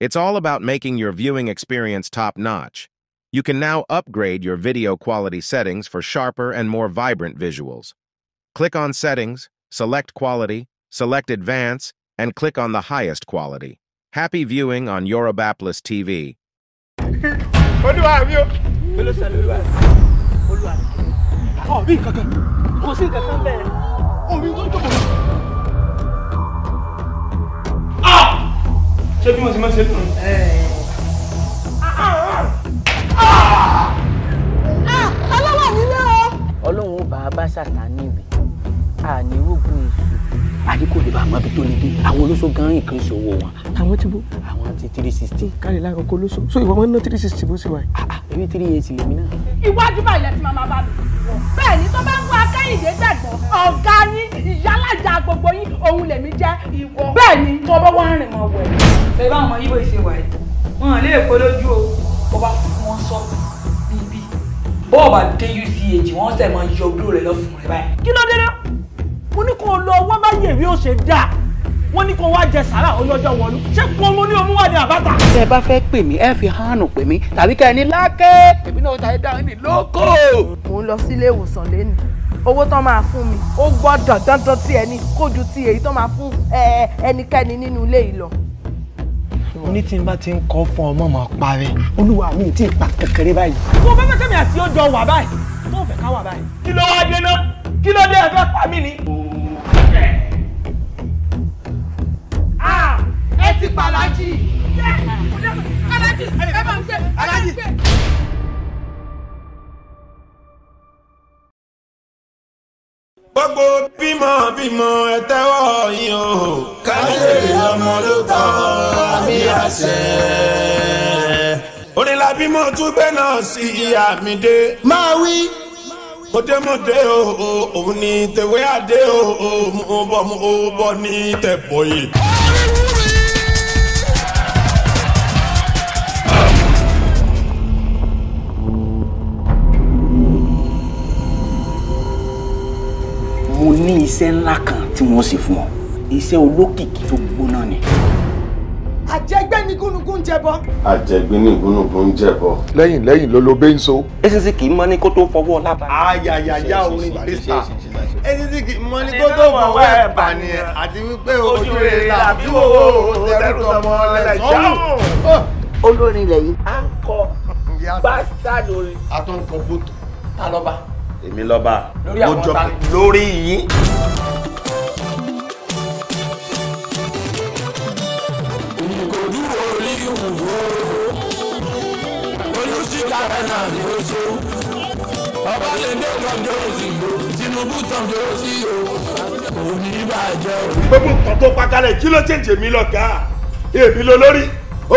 It's all about making your viewing experience top-notch. You can now upgrade your video quality settings for sharper and more vibrant visuals. Click on Settings, select Quality, select Advance, and click on the highest quality. Happy viewing on Yorubapolis TV. ṣé bí wọ́n ti máa ṣe tún. ọlọ́wọ́ nílé o. ọlọ́run ó bá a bá sàtà níbi àní rúgbìn èṣù ayé kò lè bá àwọn abitó lè dé àwọn olóṣó gan nǹkan ìṣòwò wọn. àwọn ti bó àwọn ti three sixty. kárí lára ọkọ olóṣó so ìwọ máa ń ná three sixty bó ṣe wà. Ah, ah, èmi three eighty lèmi náà. iwájú báyìí lẹ ti máa bá mi. bẹ́ẹ̀ ni tó bá ń wọ akẹ́yìndé gbẹ̀gbọ́n ọ̀gá yín ìyálàjà gbogbo yín òun lèmi jẹ́ ìwọ. bẹ́ẹ̀ ni tó bá wọ́n rìn wọn wẹ̀. ṣé bá àwọn ibo ìṣe wà yìí wọn lè kó lójú o bó bá fún wọn sọ bíbí bó o bá dé uch wọn sẹ máa yọ gbúrò rẹ lọ fún rẹ báyìí. kí ló dé náà mo ní kó o lọ wọ́n bá yèrè ó ṣe dáa wọ́n ní kó wá jẹ sàrà ọlọ́jọ́ wọnú ṣé kó mo ní omúwà ní àbáta. tẹ bá fẹ́ pè mí ẹ fi hánù pè mí tàbí ká ẹni lákẹ́ èmi náà ta ẹ dáhùn ní lóko. mò ń lọ sílé ìwòsàn lẹ́nu owó tán máa fún mi ó gbọ́dọ̀ dandan tí ẹni kó ju ti èyí tán máa fún ẹnikẹ́ni nínú ilé yìí lọ. mo ní tí n bá ti ń kọ́ fún ọmọ máa parẹ́ olúwa mi ò pa kékeré báyìí. mo fẹ́ fẹ́ kẹ́mi àti ó jọ wà báyìí mo fẹ́ ká wà báyìí. kí ló wá dé náà kí ló dé ẹ fẹ́ pa mí ni. Ah, ẹ ti pa alájì. alájì ẹ máa ń gbé alájì. gbogbo bímọ bímọ ẹ tẹ́wọ́ yín o káyọ̀dé ọmọ ló tọ́ àmì àṣẹ. orin la bímọ tún gbé náà sí ìyá mi dé. máa wí ó dé mo dé o òun ní tèwé àdé o mo bọ̀ mo bọ̀ ní tẹ̀bọ̀ yìí. mo ní iṣẹ́ ńlá kan tí wọ́n ṣe fún ọ iṣẹ́ olókìkí tó gbóná ni àjẹgbẹ́ ni gúnugún ń jẹbọ. àjẹgbẹ́ ni gúnugún ń jẹbọ. lẹ́yìn lẹ́yìn ló lo bẹ́ńsó. esisi kì í mọ ní kó tó fọwọ́ lába. ayayaya orin bàtà esisi kì í mọ ní kó tó fọwọ́ ẹ̀ bà ni ẹ̀ àti wípé ojú rere làbí wo tẹ̀rù tọmọ lẹ́jà. Oh. olórin ilẹ̀ a ń kọ bàtà lórí. a tó ń kọ bótó. ta lọ́ba. èmi lọ́ba. lórí àwọn ta lórí yìí. dúró lígì wò olùsíkà náà ni ó so ọbalẹ̀dẹ̀ tọ́jú òsìgbò Tinubu tọ́jú òsì o òní bàjẹ́ o. gbogbo nǹkan tó pakalẹ̀ kí ló change mi lọ́gà èmi lolórí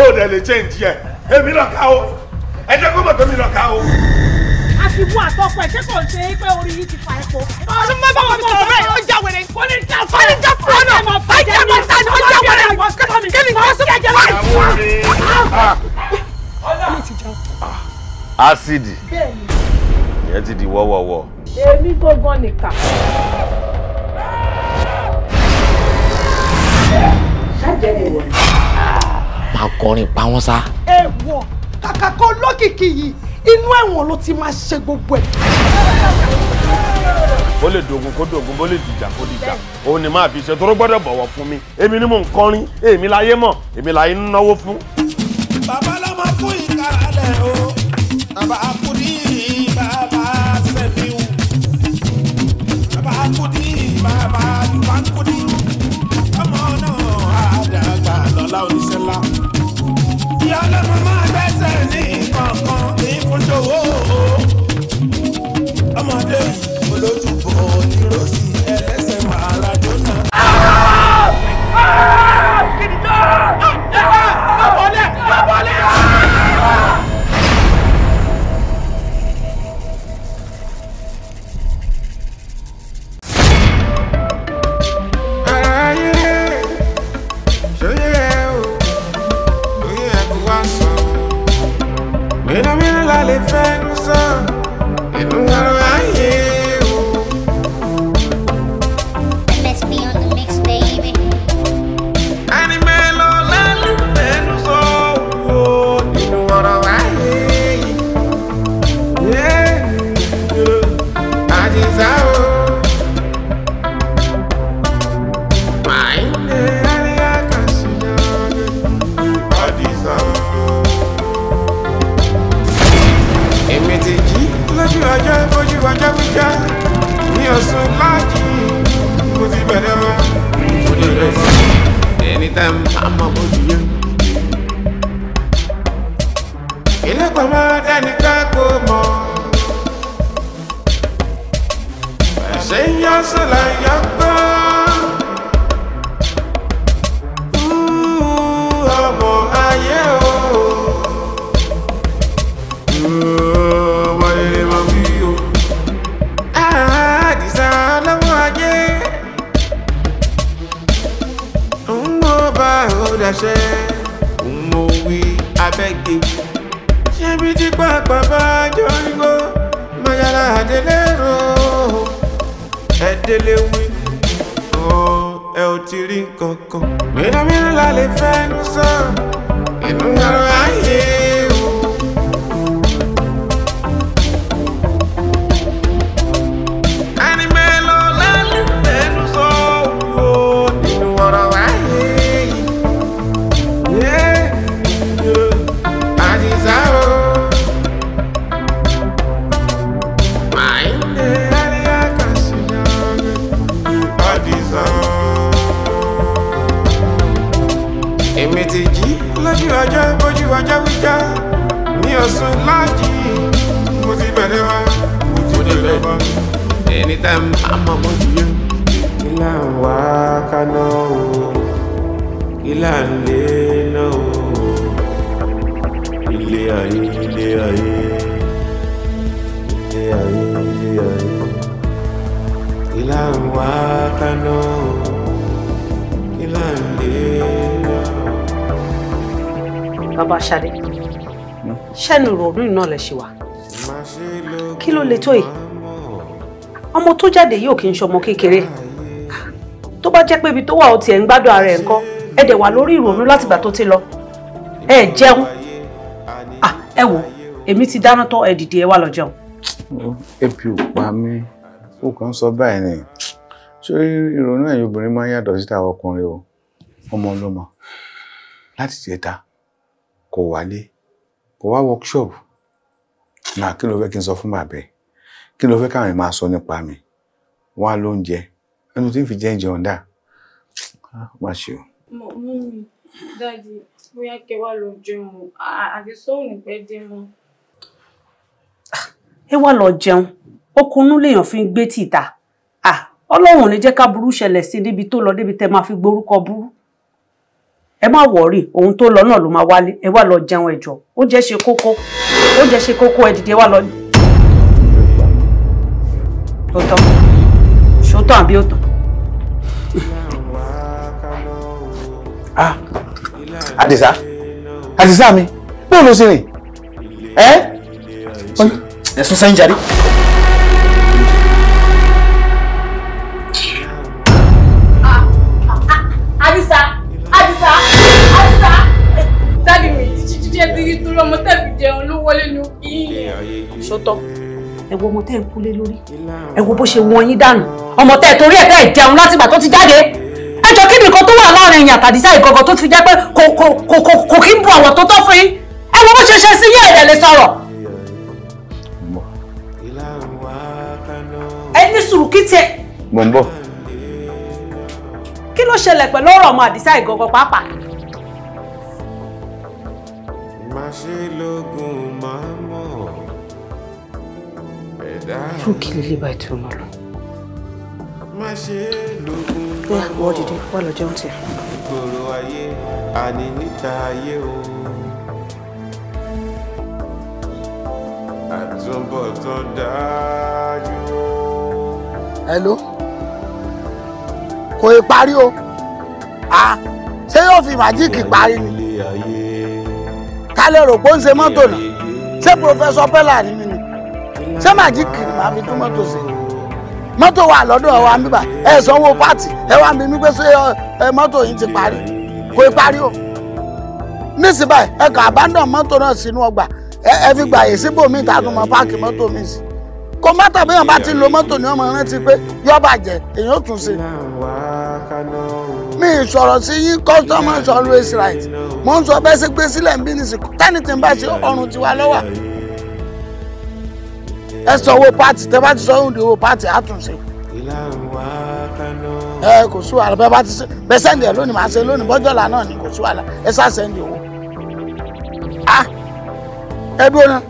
ó dẹ̀ lè change ẹ̀ èmi lọ́gà o ẹ jẹ́ kó mọ̀ pé mi lọ́gà o ti mú àtọkọ ẹ ṣé kò ṣe é pé orí yìí ti fa epo. ọdún mọ́ wọn mi bẹ́ẹ̀ ó já wèrè. kò ní já fún ọ ní já fún ọ náà bá jẹ́ mi sá ni ó já wèrè. kí ni kí sọ jẹ́ wá. ọlọ́run ti já. ásíìdì ìyẹn ti di wọ́wọ́wọ́. èmi gbọ́ngàn nìkà. ṣáàjẹ́ ni wọ̀ ni. pa kọrin pa wọ́n sá. ẹ wọ kàkà kó lókìkí yìí inú ẹ̀wọ̀n ló ti máa ṣe gbogbo ẹ̀. bó lè dogun kó dogun bó lè dìjà kó dìjà òun ni máa fi ṣe tóró gbọ́dọ̀ bọ̀wọ̀ fún mi èmi ni mò ń kọrin èmi láyé mọ̀ èmi láyé ń náwó fún. bàbá lọ́mọ fún ìkàlẹ̀ o bàbá akudi bàbá sẹ́miu bàbá akudi bàbá dùbàkudi ọmọ náà àdàgbà lọ́la oníṣẹ́lá ìyá ọlọ́mọ máa gbẹ́sẹ̀ ní kankan fúnjòwò ọmọdé olójúbọ onírọsí ẹlẹ́sẹ̀ maradona. them. I'm a ṣe òun mo wí abẹ́gi. ṣebí tí pàpà bá jọ ń gbó mọ̀jára àdélérò ẹ̀dẹ́lẹ̀ wí ẹ ò ti rí nǹkan kan. mìíràn mìíràn la lè fẹ́ nu sọ inú ọ̀rọ̀ ayé. anytime I'm a mọ̀ jù yẹn. kí là ń wá kaná o kí là ń lé náà o ilé ayé ilé ayé ilé ayé ilé ayé kí là ń wá kaná o kí là ń lé náà. bàbá Ṣadé hmm? ṣẹ́nu ìrònú náà ọmọ tó jáde yìí ò kì í ṣọmọ kékeré tó bá jẹ́ pé ibi tó wà ó tiẹ̀ ń gbádùn ara ẹ̀ ńkọ́ ẹ dẹ̀ wà lórí ìrònú látìgbà tó ti lọ ẹ jẹun ẹ wò èmi ti dáná tán ẹ dìde ẹ wá lọ jẹun. ebi ò pa mí ó kàn sọ báyìí ni ṣé ìrònú ẹ̀yin obìnrin máa ń yàtọ̀ síta ọkùnrin o ọmọ ọlọ́mọ láti jẹta kò wálé kò wá workshop náà kí ló fẹ́ kí n sọ fún bàbá ẹ̀ kí ló fẹ́ káwọn máa sọ nípa mi wá lóúnjẹ ẹnu tí ń fi jẹ́ ìjẹun dà ah, má ṣe o. mo mú mi dájú bóyá kẹ wá lọ jẹun àti sóònù pẹ́ dé mọ́. ẹ wá lọ jẹun okùnú lèèyàn fi ń gbé tìta ah, ọlọ́run ò ní jẹ́ ká burú ṣẹlẹ̀ sí débi tó lọ débi tẹ́ máa fi gborúkọ burú ẹ má wọ̀ọ́rì ohun tó lọ náà ló máa wálé ẹ wá lọ jẹun ẹ̀jọ̀ ó jẹ́ ṣe kókó ó jẹ́ ṣe kókó ẹ dìde wá lọ ó tán ṣó tán àbí ah àdìsá àdìsá mi bóun ló ṣe rìn ẹ ẹsùn sẹ́yìn jáde. àdìsá àdìsá àdìsá dáàdi mi jíjẹ ti rí torí ọmọ tẹ̀bí jẹun ló wọlé ní òkè yìí. ṣó tán ẹ wo ọmọ tẹ́ ń kúlé lórí ẹ wo bó ṣe wọ́n yín dànù ọmọ tẹ́ torí ẹ̀ tẹ́ jẹun láti ìgbà tó ti jáde ẹ jọ kí nìkan tó wà láàrin ìyàn àtàdísá ìgọ̀gọ̀ tó fi jẹ́ pé kò kí ń bu àwọ̀ tó tọ́ fún yín ẹ wo bó ṣe ṣe sí yẹ́ ẹ̀dẹ̀ lè sọ̀rọ̀. ẹ ní sùúrù kí tiẹ̀. mo ń bọ̀. kí ló ṣẹlẹ̀ pẹ̀lú ọ̀rọ̀ ọmọ àdísá ìgọ̀gọ̀ pàápàá fún kí lè lè bá ètò ọ̀nà lọ. ó yà wọ́n dìde wà lọ́jọ́ ń tẹ̀. ìgboro ayé o. àtúbọ̀ tó dájú hello kò ì parí o ṣé yóò fi màjíìkì parí ni ká lè rò pé ó ń ṣe mọ́tò náà ṣé pòfẹ́sọ pẹ́lá ni ṣé màjíkì ni màá fi tún mọ́tò ṣe mọ́tò wà lọ́dọ̀ wa níbà ẹ sanwó pààtì ẹ wá mi wípé ṣé mọ́tò yìí ti parí kò parí o nísìnyí báyìí ẹ kà abandon mọ́tò náà sínú ọgbà ẹ fi gbà yè síbòmíì tá a tún páàkì mọ́tò mi sí kò mọ́tò bẹ́ẹ̀ bá ti lo mọ́tò ni ọmọ rántí pé yọ́ bàjẹ́ èyàn tún ṣe mi sọ̀rọ̀ sí yín customers always right mo ń sọ bẹ́ẹ̀ ṣe gbé sílẹ̀ ń bí nìsín tẹ́nìtì ń bá ṣe ọrùn tiwa lọ́wọ́ ẹ wo pàtì tẹ bá ti sanwó ìdíwó pàtì àtúnṣe. ẹ kò sí wàhálà bẹ́ẹ̀ bá ti ṣe bẹ́ẹ̀ sẹ́ndì ẹ̀ lónìí màá ṣe lónìí bọ́jọ́là náà ni kò sí wàhálà ẹ sá sẹ́ndì owó. a ah! ẹ dúró náà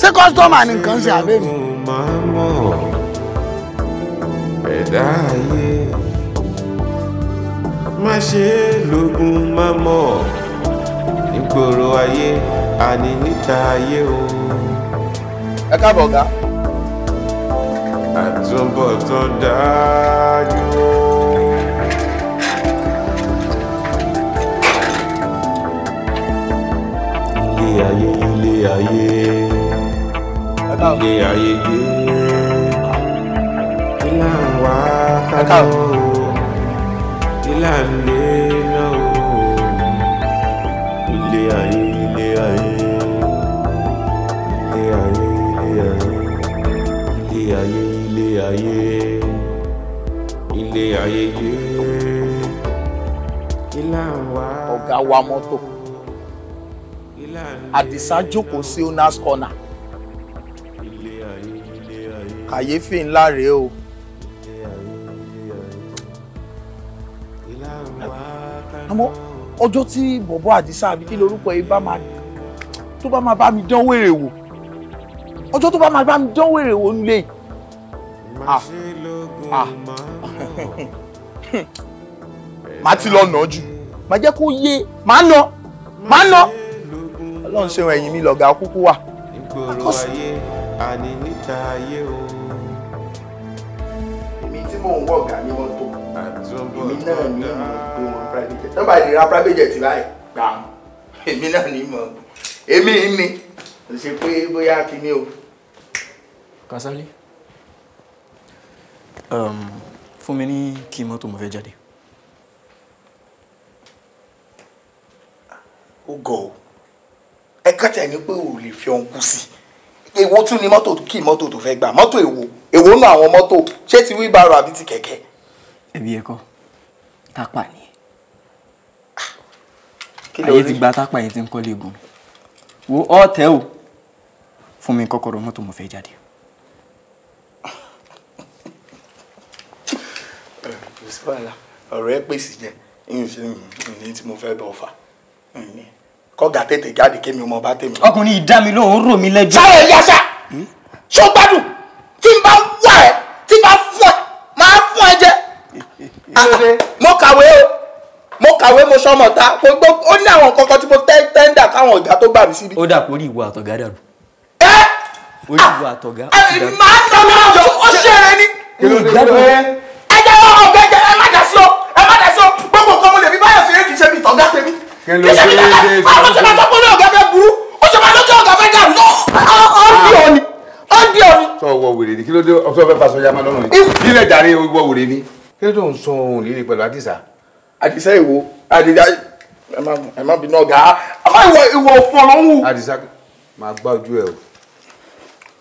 ṣé kọ́sítọ́mà ni nǹkan ṣe àbẹ́ mi. ẹ̀dá ayé má ṣe lógun má mọ̀ nígboro ayé àní níta ayé o ẹ káàbọ̀ ọ̀gá. àtúbọ̀tán dájú ó. ilé ayé ilé ayé ilé ayé yé ilá ń wá kánú ilá ayé ilé ayé yé kí là ń wá. ọ̀gá wa mọ́tò àdìsá jókòó sí owners corner kàyéfì ńlá rèé o. àmọ́ ọjọ́ tí bọ̀bọ́ àdìsá àbí kí lorúkọ yìí bá máa tó bá máa bá mi dán wèrè wò ọjọ́ tó bá máa bá mi dán wèrè wò nílé yìí Ah. Ah. màá ti lọ nà jù màá jẹ́ kó yé màá nà màá nà ọlọ́run ṣe ẹ̀yìn mi lọ̀gá kúkú wà. ìgboro ayé àní níta ayé o. èmi tí mò ń wọ̀ ni wọ́n tó èmi náà ní mò ń pè wọn private jet nọ́mbà private jet báyìí gbà mọ́ èmi náà ní mò ń èmi ní kò ṣe o. Kasali. Um, fún mi ní kí mọ́tò mo fẹ́ jáde. ó gọ̀ ọ́ ẹ kàtà ní pé o lè fi ọ̀hún kú sí èwo tún ni mọ́tò kí mọ́tò tó fẹ́ gbà mọ́tò èwo èwo nù àwọn mọ́tò ṣé ti wíbàrò àbí ti kẹ̀kẹ́. ẹbí ẹkọ tápà ni ayé ti gba tápà yẹn ti ń kọ́ léegun wo ọ́ tẹ́ o fún mi kọ́kọ́rọ́ mọ́tò mo fẹ́ jáde. kò sí wàhálà ọ̀rọ̀ ẹ pèsè jẹ ní tí mo fẹ́ bọ̀ fà kọ́gà tètè jáde kémi ọmọ bá tèmi. ọkùnrin ìdá mi lóhùn rò mí lẹ́jọ́. sáré yasa ṣó gbádùn tí n bá wà ẹ tí n bá fún ẹ máa fún ẹ jẹ. Ah, mo kàwé o mo kàwé mo sọmọ ta gbogbo ó ní àwọn kankan tí mo tẹ́ńdà káwọn ọ̀gá tó gbà mí síbi. ó dà kórìí ìwà àtọ̀gá dàrú. ẹ orí ìwà àtọ̀gá. Ah, màá tọ́ lọ́jọ́ ó ṣe é rẹ ní. ẹ̀ fi èkì ṣe mi tọ̀gá tèmi kì í ṣe mi tọ̀gá báwo ṣe máa sọ pé ọ̀gá fẹ́ burú ó ṣe máa lójú ọ̀gá fẹ́ dàrú lọ. ó ń di òní ó ń di òní. sọ wọ wèrè ni kí ló dé ọsọ fẹ́ fa sọjá máa lọ́rùn ni ilé ìjàre wọ wèrè ni kí ló dé òun sọ òun nílé pẹ̀lú àdìsá. àdìsá ìwo àdìsá ẹ má bínú ọ̀gá àmọ́ ìwọ ìwọ fún ọlọ́run. àdìsá máa gbá ojú ẹ o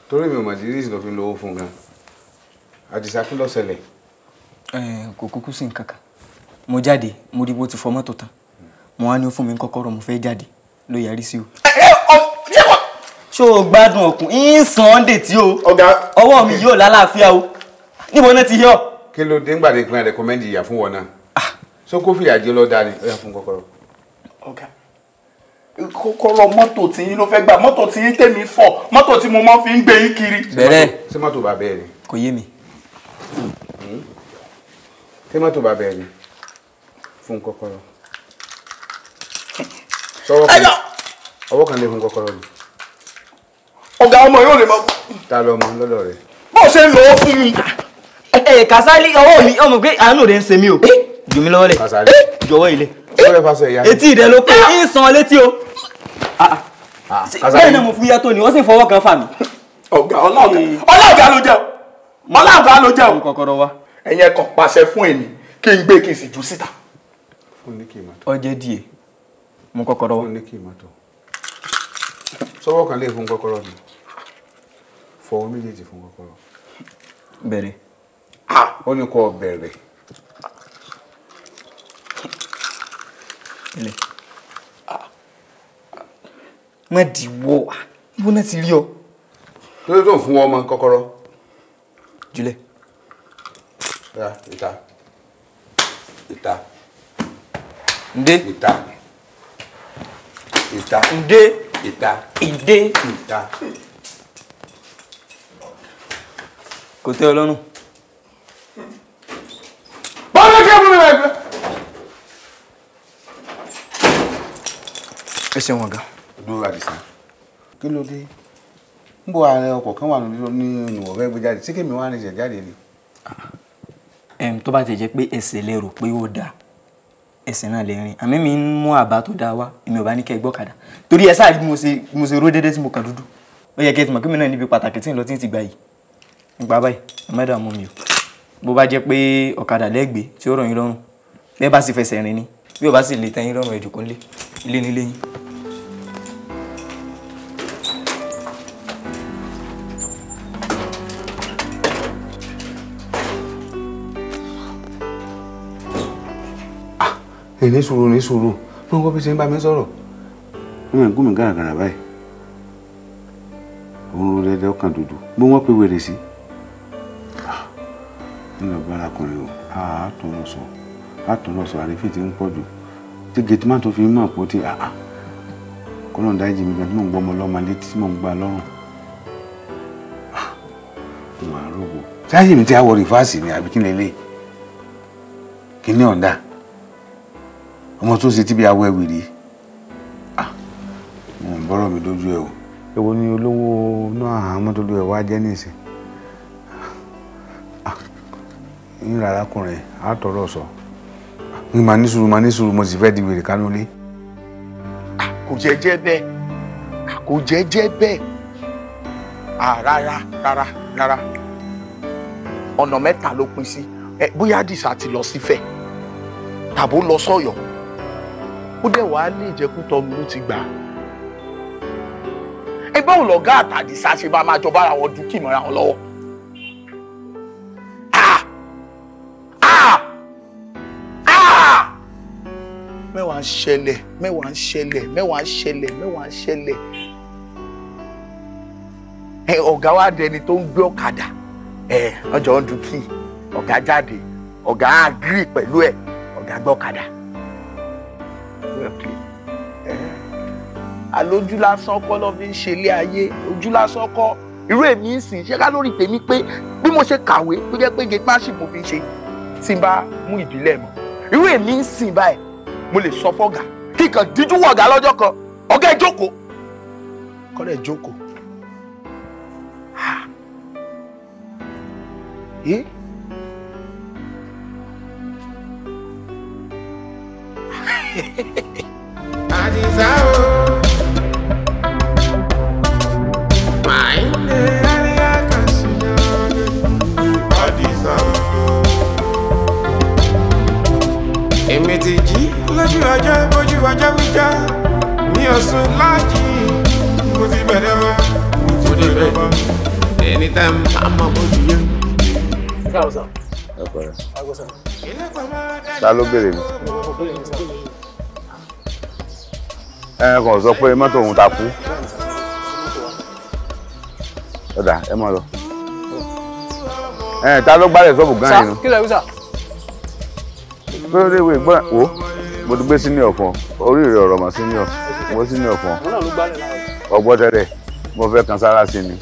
torí mi ò mọ̀ sí rísì lọ́ fi lówó fún gan àdìsá kí ló ṣẹlẹ̀. ẹ kò kúkú sí nǹkan kan mo jáde mo rí bó ti fọ mọ́tò tán mo wá ní ó fún mi ní kọ́kọ́rọ́ mo fẹ́ jáde ló yàrí sí o. ṣó o gbádùn ọkùn ń sàn tí o ọwọ́ mi yóò lálàáfíà o níbo náà ti yọ. kí ló dé ńgbà nìkan rẹkọmẹ́ndì ìyá fún wọn náà ah. ṣó kó fìyà jẹ lọ́ọ́ dání ó yà fún kọ́kọ́rọ́. ọ̀gá kọ́kọ́rọ́ mọ́tò tí yín ló fẹ́ gbà mọ́tò tí yín tèmi fọ̀ mọ́tò tí mo máa fi ń gbé yín kiri. bẹ̀rẹ̀ ṣé mọ́tò bá ni. kò yé mi. Hmm? ṣé mọ́tò bá ni fún kọ́kọ́rọ́ ọwọ́ kan lè fún kọ́kọ́rọ́ ni. ọ̀gá ọmọ yóò lè máa. ta lọ ọmọ lọ́dọ̀ rẹ̀. bó o ṣe ń lọ ó fún mi. ẹ Kasali ọwọ́ mi ọmọ pé àánú rẹ̀ ń ṣe o eh? jù mí lọ́wọ́ lẹ̀ Kasali eh? jọ̀wọ́ ilé. sọ́rẹ́ fàṣẹ ìyá. etí rẹ̀ ló leti ah! ń ah, ah. o. Ah, bẹ́ẹ̀ náà mo fún yàtọ̀ ni wọ́n sì fọwọ́ kan fà mí. ọ̀gá ọlọ́ọ̀gá eh. ló jẹun ọlọ́ọ̀gá ló jẹun. ẹ̀yin ẹ̀kan pàṣẹ fún èmi kí n gbé kí n sì jù síta ọjẹ díẹ̀ mú kọ́kọ́rọ́ wá. sọ́wọ́ kan lè fún kọ́kọ́rọ́ mi fọwọ́ méjèèjì fún kọ́kọ́rọ́. bẹ̀rẹ̀. ó ní kó bẹ̀rẹ̀. má dìwọ́ ibo náà ti rí ọ. lórí tó ń fún ọmọ kọ́kọ́rọ́. jùlẹ̀. ìta ìta. Nde. Ìta. Ìta. Nde. Ìta. Ìdé. Ìta. Kò tẹ́ ọ lọ́rùn. Bọ́lá kí ọmọ mi wà ẹgbẹ́. Ẹ ṣeun ọ̀gá. Dúró Àdìsá. Kí ló dé? Ń bọ̀ ààrẹ ọkọ̀ kan wà nínú ọ̀rẹ́ gbé jáde. Ṣé kèmi wá ní ìṣẹ̀ jáde ni? Ah. Tó bá ti jẹ́ pé ẹsẹ̀ lérò pé ó dáa ẹsẹ̀ náà lè rìn àmì mi ń mú àbá tó dáa wá èmi ò bá ní kẹ́ ẹ gbọ́kadà torí ẹ sáà rí mo ṣe mo ṣe ró déédéé tí mo kàn dúdú ó yẹ kí ẹ ti mọ̀ kí mi náà níbi pàtàkì tí ń lọ tí ń ti gbà yìí nípa báyìí mẹ́dà mú mi o bó bá jẹ́ pé ọ̀kadà lẹ́gbẹ̀ẹ́ tí ó rọ̀ yín lọ́rùn bẹ́ẹ̀ bá sì fẹsẹ̀ rìn ni bí ó bá sì lè tẹ́yìn lọ́rùn ẹ̀jọ̀ kó ń lé ilé yín. ẹ ní sùúrù ní sùúrù fún ọkọ bí ṣe ń bá mi sọ̀rọ̀. wọ́n máa ń gún mi gàràgàrà báyìí òun ló dẹ́dẹ́ ọkàn dúdú bó wọ́n pe wèrè sí. Ah, nílò bárakùnrin o àtúnlọ́sọ ah, àtúnlọ́sọ àrífín ti ń pọ̀ jù tí gẹ̀tì má tó fi mọ̀ pé ó ti àá ah, kọ́lọ́n dájú mi gan tí mò ń gbọ́ ọmọ lọ́mọ létí tí mò ń gbà lọ́rùn. mo máa rògbò. sáyé mi ti àwọ̀ rìfáàsì ni àbí kí ni eléyìí kí ọmọ tó ṣe tí bí awọ ẹwì rí ah, mo ń bọ́rọ̀ mi lójú ẹ o. èwo ni olówó náà àhámọ́ tó lu ẹ̀ wá jẹ́ nìsín ah, ń rà arákùnrin àtọ̀rọ̀ ọ̀sọ́ ń máa ní sùúrù máa ní sùúrù mo sì fẹ́ di wèrè kánú lé. àkójẹ́jẹ́ ah, bẹ́ẹ̀ àkójẹ́jẹ́ bẹ́ẹ̀ àrárá rárá rárá ọ̀nà mẹ́ta ló pín sí bóyá dìsá ti lọ sífẹ̀ tàbó lọ sọ́yọ̀ọ́ ó dẹ̀ wàá ní ìjẹkútọ́ mi ló ti gbà. ẹ báwo lọ̀gá àtàdìsá ṣe bá máa jọba ara wọn dúkìá mọ́ra wọn lọ́wọ́. mẹ́wàá ń ṣẹlẹ̀ mẹ́wàá ń ṣẹlẹ̀ mẹ́wàá ń ṣẹlẹ̀ mẹ́wàá ń ṣẹlẹ̀ ẹ ọ̀gá wa dẹni tó ń gbé ọ̀kadà ẹ ọjọ́ ń dùn ọ̀gá jáde ọ̀gá agree pẹ̀lú ẹ ọ̀gá gbọ́kadà correctly. àlójú eh, lásán kọ́ ló fi ń ṣe ilé ayé ojú lásán kọ́ irú èmi ń sìn ṣé ká lórí tèmi pé bí mo ṣe kàwé tó jẹ́ pé gatemanship mo fi ṣe tí n bá mú ìbílẹ̀ mọ́ irú èmi ń sìn báyìí mo lè sọ fọ́gà kíkan díjú wọ̀gá lọ́jọ́ kan ọ̀gá ẹ̀ jókòó kọ́lẹ̀ jókòó. Àdìsá o. èmi ti jí lójú ọjọ́ bójú ọjọ́ wíjọ́ mi ò sùn láàjì mo ti bẹ̀rẹ̀ wá mo ti bẹ̀rẹ̀ wá ẹni tá n bá mọ bójú yẹn. ẹ kọ́ ẹ. ta ló béèrè mi ẹ kàn sọ pé mọ́tò òun ta kú ọ̀dà ẹ mọ̀ lọ ẹ ta ló gbálẹ̀ sọ́ọ̀bù gan yìí nù. kí lè wí sà. péré wèé gbọ́n wò mo ti gbé sínú ọ̀fọ̀n orí rẹ̀ ọ̀rọ̀ mọ̀ sínú ọ̀fọ̀n mo sínú ọ̀fọ̀n ọgbọ́n tẹ́lẹ̀ mo fẹ́ kan sára sí ni.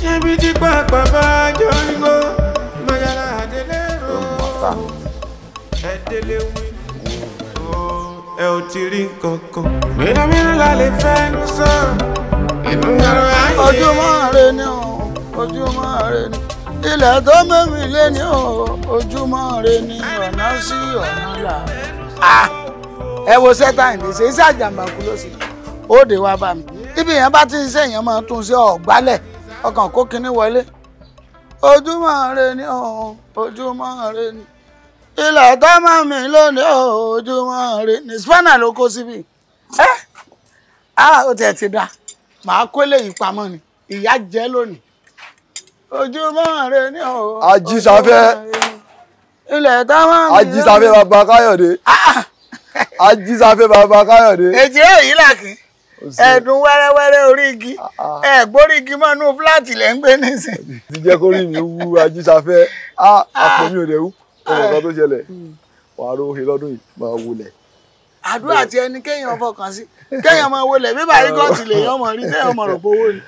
ṣé bí tí pàápàá bá jọ ń gbọ́ sà. ẹ délé wí ẹ ò ti rí nǹkan kan. mìíràn la lè fẹ́ nu sàn. ojúmọ́ rẹ ni o ojúmọ́ rẹ ni ilẹ̀ tó mẹ́mí lé ní o ojúmọ́ rẹ ni ọ̀nà sí ọ̀nà là. ẹ wo sẹ́tà ìgbésẹ̀ iṣẹ́ àjàmbákú ló sì ó dé wá bá mi ibi yẹn bá ti ń ṣe èèyàn máa tún ṣe ọ̀gbálẹ̀ ọkàn kó kinní wọlé ojúmọ́ rẹ ni o ojúmọ́ rẹ ni ilà tó máa mi lónìí o ojúmọ́ rẹ ni spanner ló kó síbi ẹ́ ah ó tiẹ̀ ti da màá kó eléyìí pamọ́ ni ìyá jẹ́ lónìí ojúmọ́ rẹ ni o ajísafẹ́ ilẹ̀ tó máa mi lónìí ajísafẹ́ bàbá káyọ̀dé ah, ah. ajísafẹ́ bàbá káyọ̀dé èjì èyí làkì ẹ̀dùn wẹ́rẹ́wẹ́rẹ́ orí igi ah, ah. ẹ̀gbórí igi mọ́nú fúláàtì lẹ́ ń gbé nísìn. ti jẹ́ kó rí mi wú ajísafẹ́ àpò ah, mi ò dẹ̀ wú ọ̀rọ̀ kan tó ṣẹlẹ̀ hmm. wàá ró he lọ́dún yìí máa wulẹ̀. àdúrà tí ẹni kéèyàn fọkàn sí kéèyàn máa wulẹ̀ bíbá rígọ́ọ̀tì lèèyàn mọ̀ rí téèyàn mọ̀ rò powó ni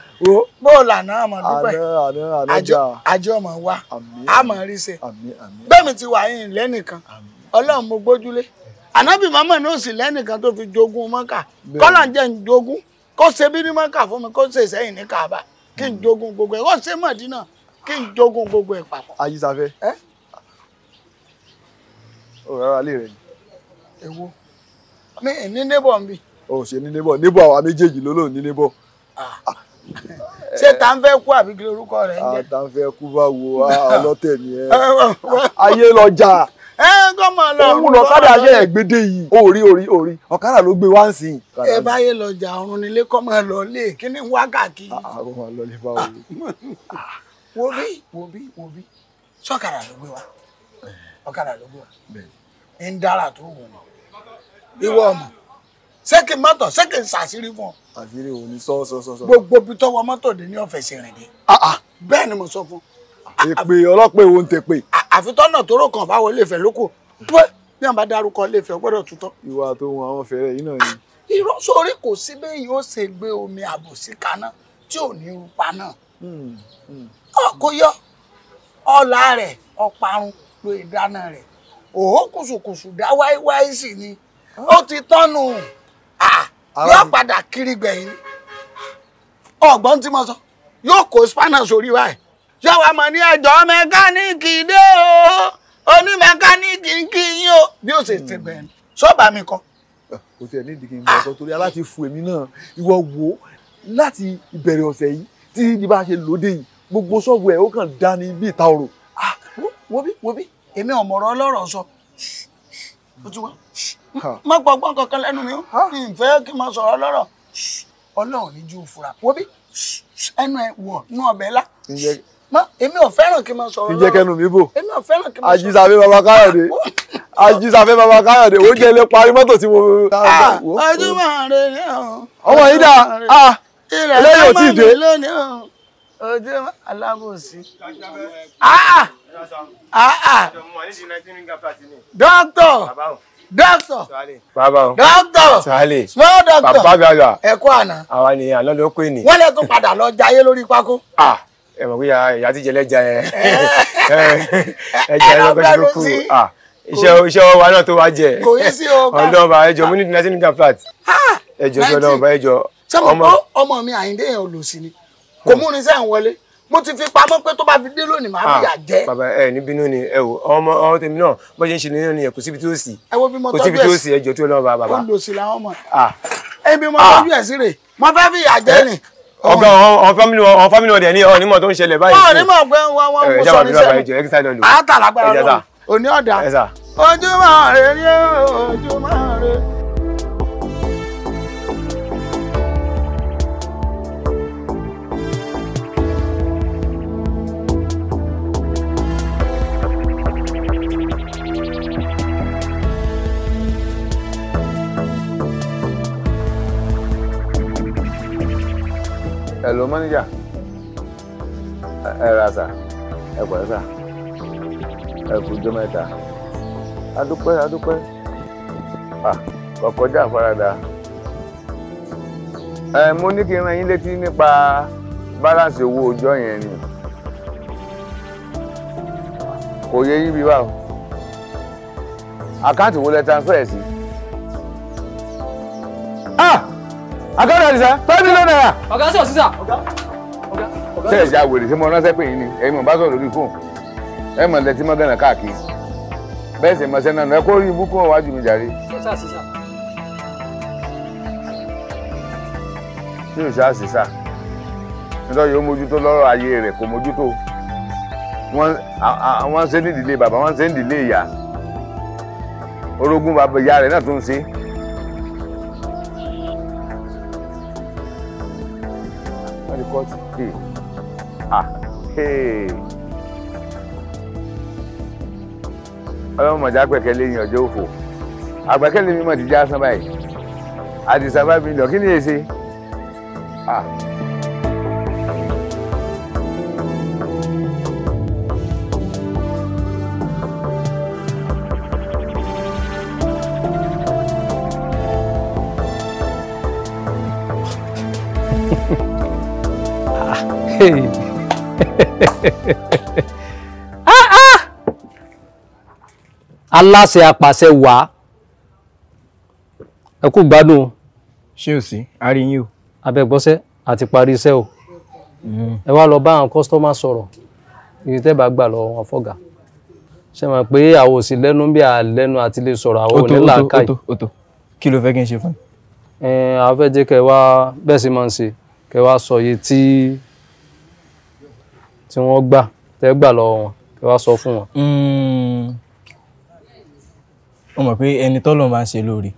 bóò lànà àmọ̀ dúpẹ́ àjọ ọmọ wa àmọ̀ rí ṣe bẹ́ẹ̀ mi ti wà yín lẹ́nìkan ọlọ́run mo gbójúlé ànábì màmá náà sì lẹ́nìkan tó fi jogún mọ́kà kọ́là jẹ́ ń jogún kó ṣe bí ní mọ́kà fún mi kó ṣe sẹ́yìn ní kàbá kí n hmm. jogún gbogbo ẹ̀ kó ṣe mọ̀dínà kí n jogún gbogbo ẹ̀ papọ̀. ajísafẹ́ o rárá lè rẹ̀ yìí. èwo ní ní nébọ̀ ń bì. o ṣe ní nébọ̀ nébọ̀ àwa méjèèjì ló lóun ní nébọ̀. ṣé ta kú àbí kí lorúkọ rẹ̀ ń jẹ́. ta ń fẹ́ kú báwo ni ẹ ayé lọ́jà ẹ kọ́ mọ̀ lọ. òun lọ́kadà ṣe ẹ̀gbédè yìí orí orí orí ọ̀kadà ló gbé wá ń sìn. ẹ báyé lọjà ọrùn nílé kọ́ mọ̀ lọ lé kíní wákàkì. àrùn ah, ah, máa lọ lè bá wọlé. Ah, wo bí wo bí wo bí sọ́kadà ló gbé wa ọ̀kadà ló gbé wa ń dára tó wù mọ́ ìwọ ọmọ sẹ́kì mọ́tò sẹ́kì ṣàṣírí fún ọ. àṣírí òní sọ́ọ́sọ́ọ́sọ́. gbogbo bí tọwọ́ mọ́tò dé ní ọ̀fẹ́ sí rìn dé. bẹ́ẹ̀ ni mo sọ fún un èpè ọlọ́pẹ̀ wo ń tèpè. àfitọ́nà tó rò kàn báwo lè fẹ́ lóko pé bí wọn bá dárúkọ lè fẹ́ gbọ́dọ̀ tutọ́. ìwà tó wọn àwọn fẹ́rẹ̀ yìí náà ni. irọ́ sórí kò sí bẹ́ẹ̀ yóò ṣe gbé omi àbòsí kaná tí ò ní rupa náà. ọkọ hmm, hmm. yọ ọlá rẹ̀ ọparun ló ìdáná rẹ̀ òhó kùsùkùsù dá wáíwáí sì ni ó ti tọ́nu yóò padà kiri gbẹ̀yìn ọgbọ́n tí mo sọ yóò kó spanner sórí wáyé ṣé wàá mọ̀ ní ẹ̀jọ́ mẹkáníìkì dé o oní mẹkáníìkì ń kí yín o bí ó ṣe ti bẹ̀rẹ̀ sọ́ọ̀bà mi kan. kò tiẹ̀ ní ìdíkì ìgbà sọ torí aláti fún èmi náà ìwọ wo láti ìbẹ̀rẹ̀ ọ̀sẹ̀ yìí tí ní bá ṣe lóde yìí gbogbo ṣọ́ọ̀bù ẹ̀ ó kàn dá ní bí ìta ọ̀rọ̀. wo bí wo bí èmi ò mọ̀rọ̀ ọlọ́rọ̀ sọ ojú wa má gbọ́gbọ́n kankan lẹ́nu mi ó ìfẹ́ kí n máa sọ̀rọ̀ ọlọ́rọ̀ ọlọ́run níjú fura wo bí ẹnu ẹ wọ̀ ní ọbẹ̀ lá má èmi ò fẹ́ràn kí n máa sọ̀rọ̀ lọ́wọ́. ìjẹ́kẹ́nu mi bò. èmi ò fẹ́ràn kí n máa sọ̀rọ̀. ajísàfẹ́ baba káyọ̀dé ajísàfẹ́ baba káyọ̀dé ó jẹ́ ilé parí mọ́tò tí mo. Ah, ah, ojúmọ́ rẹ̀ ni ọ̀hún. ọmọ yìí dà á ah, eléyìí ò tí ì dé. ojú alábòsí. dókítọ̀ dókítọ̀ bàbá o dókítọ̀ small doctor. bàbá mi àgbà ẹ̀kọ́ àná. àwa ni àná ló pè ní. wọ́n lè tún padà lọ jayé lórí pákó ẹ mọ̀ bóyá ìyá tí jẹlẹ́jà ẹ ẹja ẹlọ́gbẹ́ tó kù ah, iṣẹ́ iṣẹ́ wa náà tó wá jẹ ọlọ́ọ̀bà ẹjọ́ mo ní di nineteen gram flat ẹjọ́ tó ọlọ́ọ̀bà ẹjọ́ ọmọ. ọmọ mi àyíndé yẹn olùsí ni kò mú ní sẹ́yìn wọlé mo ti fi pamọ́ pé tó bá fi dé lónìí máa fi ah, yà bàbá ẹ ní bínú ni ẹ wò ọmọ ọmọ tèmi náà bó ṣe ń ṣe nínú nìyẹn kò síbi tí ó sì kò síbi tí ó sì ẹjọ́ tó lọ́wọ́ bàbá. olùsí làwọn mọ̀ ah. ẹ bí mo tọ́jú ẹ̀ sí rè mo fẹ́ fi yà eh. ni ọgá ọ̀n fámìlì ọ̀n fámìlì ọ̀dẹ̀ ní ọ̀nímọ̀ tó ń ṣẹlẹ̀ báyìí. wọn onímọ̀ gbẹ wọn wọn mú sọ ní sẹ́nu àátà lágbára lọ òní ọ̀dà ojúmọ́ rẹ̀ rí ojúmọ́ rẹ̀. hello manager ẹ ra sà ẹ pẹ̀lẹ́ sà ẹ kú jọ mẹ́ta adúpẹ́ adúpẹ́ à kọ̀kọ́jà farada ẹ mo ní kí n rán yín létí nípa báláǹsì owó ọjọ́ yẹn ni kò yẹ yín bí báwo àkáǹtì wo lẹ transfer sí. Si àkàrà ẹ̀rìṣẹ́ five million naira. ọ̀gá sọ̀ sísà. ṣé ẹ já wèrè ṣé mo ránṣẹ́ pé yín ni ẹ̀yin mo bá sọ̀rọ̀ lórí fóònù ẹ̀ mọ̀ lẹ́tí mọ́ gánà káàkiri bẹ́ẹ̀ sì mọ̀ sẹ́nà ẹ kó rí ibú kó wájú mi jàre. sísà sísà. yóò ṣáà sísà nítorí ó mójútó lọ́rọ̀ ayé rẹ̀ kò mójútó wọ́n ṣe nídìílé bàbá wọ́n ṣe nídìílé ìyá orogún bàbá ìyá rẹ̀ náà tó ń ṣe. ọlọ́run mọ̀já pẹ̀kẹ́lé yín ọjọ́ òfò àgbẹ̀kẹ́lé mi mọ̀ ti já sán báyìí àdìsá bá mi lọ kí ni èsì. Hey. Ah, ah! aláṣẹ apàṣẹ wà ẹ kú gbádùn o. ṣé o sí àárín yín o. abẹ́gbọ́sẹ́ àti parí iṣẹ́ o mm. ẹ wá lọ bá àwọn kọ́sítọ́mà sọ̀rọ̀ ibi tẹ́ bá gbà lọ wọn fọ́gà ṣe mọ̀ pé àwọn òsì lẹ́nu bí àlẹ́nu àti lè sọ̀rọ̀ àwọn òní làákàyè. oto oto kí ló fẹ́ kí n ṣe fún mi. àwọn fẹ́ jẹ́ kẹ́ wá bẹ́ẹ̀ sì máa ń ṣe kẹ́ wá sọ iye tí tí wọ́n gbà tẹ́ gbà lọ́wọ́ wọn kí wàá sọ fún wọn. ó hmm. mọ̀ pé ẹni tọ́lọ́run bá ń ṣe lóore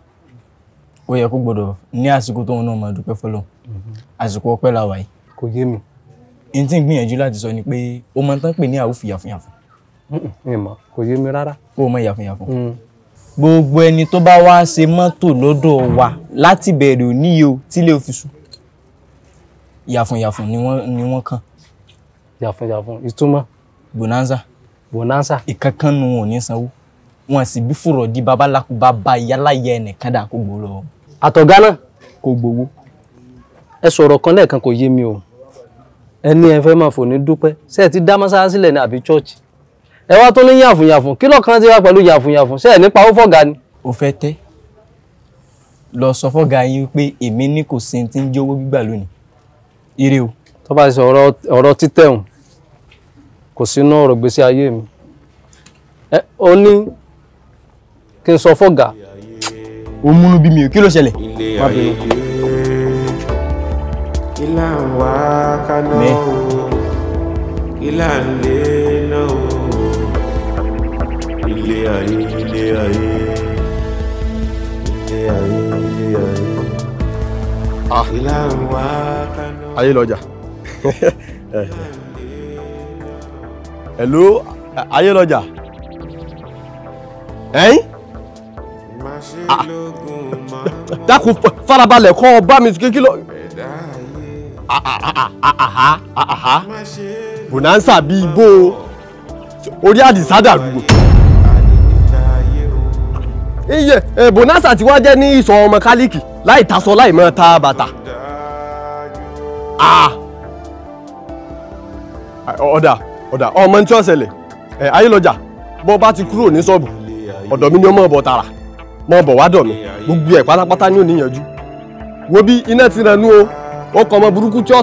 ó yẹ kó gbọ́dọ̀ ní àsìkò tóun náà máa dúpẹ́ fọlọ́run àsìkò ọpẹ́ la wà yìí. kò yé mi. n tí ń gbìyànjú láti sọ ni pé o máa ń tán pè ní àwùfù yàfùnyàfùn. ìmọ̀ kò yé mi rárá. kó o mọ yàfùnyàfùn. Mm. gbogbo ẹni tó bá wá ṣe mọ́tò lọ́dọ̀ wa láti bẹ̀rẹ̀ òní yìí o tílé òfìsù ni wọ́n kàn jàfúnjàfún ìtumọ̀. bonanza. bonanza. ìkankan nu wọn ò ní sanwó wọn sì bí fúrọ̀ di babaláku bàbá ìyáláyà ẹnìkan dà kó gbòòrò. àtọ̀gá náà. kò gbowó. ẹ sọ̀rọ̀ kan lẹ́ẹ̀kan kò yé mi o ẹni ẹ fẹ́ máa fò ní dúpẹ́ ṣé ẹ ti dá mọ́sálásí lẹ̀ ní àbí chọ́ọ̀chì ẹ wá tó ní yàfùnyàfùn kí lọ́kàn ti wá pẹ̀lú yàfùnyàfùn ṣé ẹ nípa ó fọ̀gá ni. o fẹ́ tẹ́ lọ sọ fọ́gá yín pé èmi ní kò sí ti ń jówó gbígbà lónìí ire o. tó bá ṣe ọ̀rọ̀ títẹ̀ hùn kò sínú ọ̀rọ̀ gbèsè ayé mi ẹ ó ní kí n sọ fọ́gà. ó múnú bí mi ò kí ló ṣẹlẹ̀. má bínú. ilá ń wá o ilá ń náà o ilé ayé ilé ayé ilé ayé ilé ayé. ilá ah. ń wá kaná. ayé lọ́jà. Hello Ayélọ́jà. Ẹyin. Ah. Dákun farabalẹ̀ kọ́ ọ bá mi kí ló. Bonanza bíi bó orí àdìsá dàrú iye eh, bonanza ti wá jẹ́ ní ìsọ̀ ọmọ kálíkì láì tasọ láì mọ́ ta bàtà. Ah. ọ̀dà ọ̀dà ọmọ ní tí wọ́n ṣẹlẹ̀ ẹ̀ ayélujára bọ́ bá ti kúrò ní ṣọ́ọ̀bù ọ̀dọ̀ mi ni ó mọ̀ bọ̀ tààrà gbogbo ẹ̀ pátápátá ni wo bí iná ti rẹ̀ nú o ó kọ ọmọ burúkú tí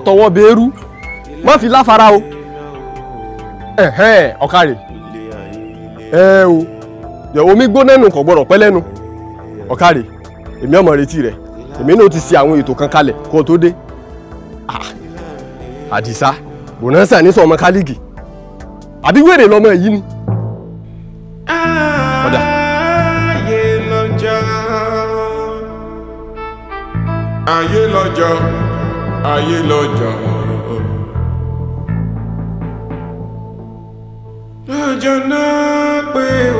fi láfara o ọ̀kàrẹ̀ ẹ o yẹ omi gbóná nù ọ̀kàrẹ̀ èmi ọmọ retí èmi náà ti ṣe àwọn ètò kan kalẹ̀ kó o tó dé ah, àdìsá àbí wèrè lọmọ yìí ni. ọ̀dà. ayé lọ́jọ́ ayé lọ́jọ́ ayé lọ́jọ́ lọ́jọ́ náà pé o.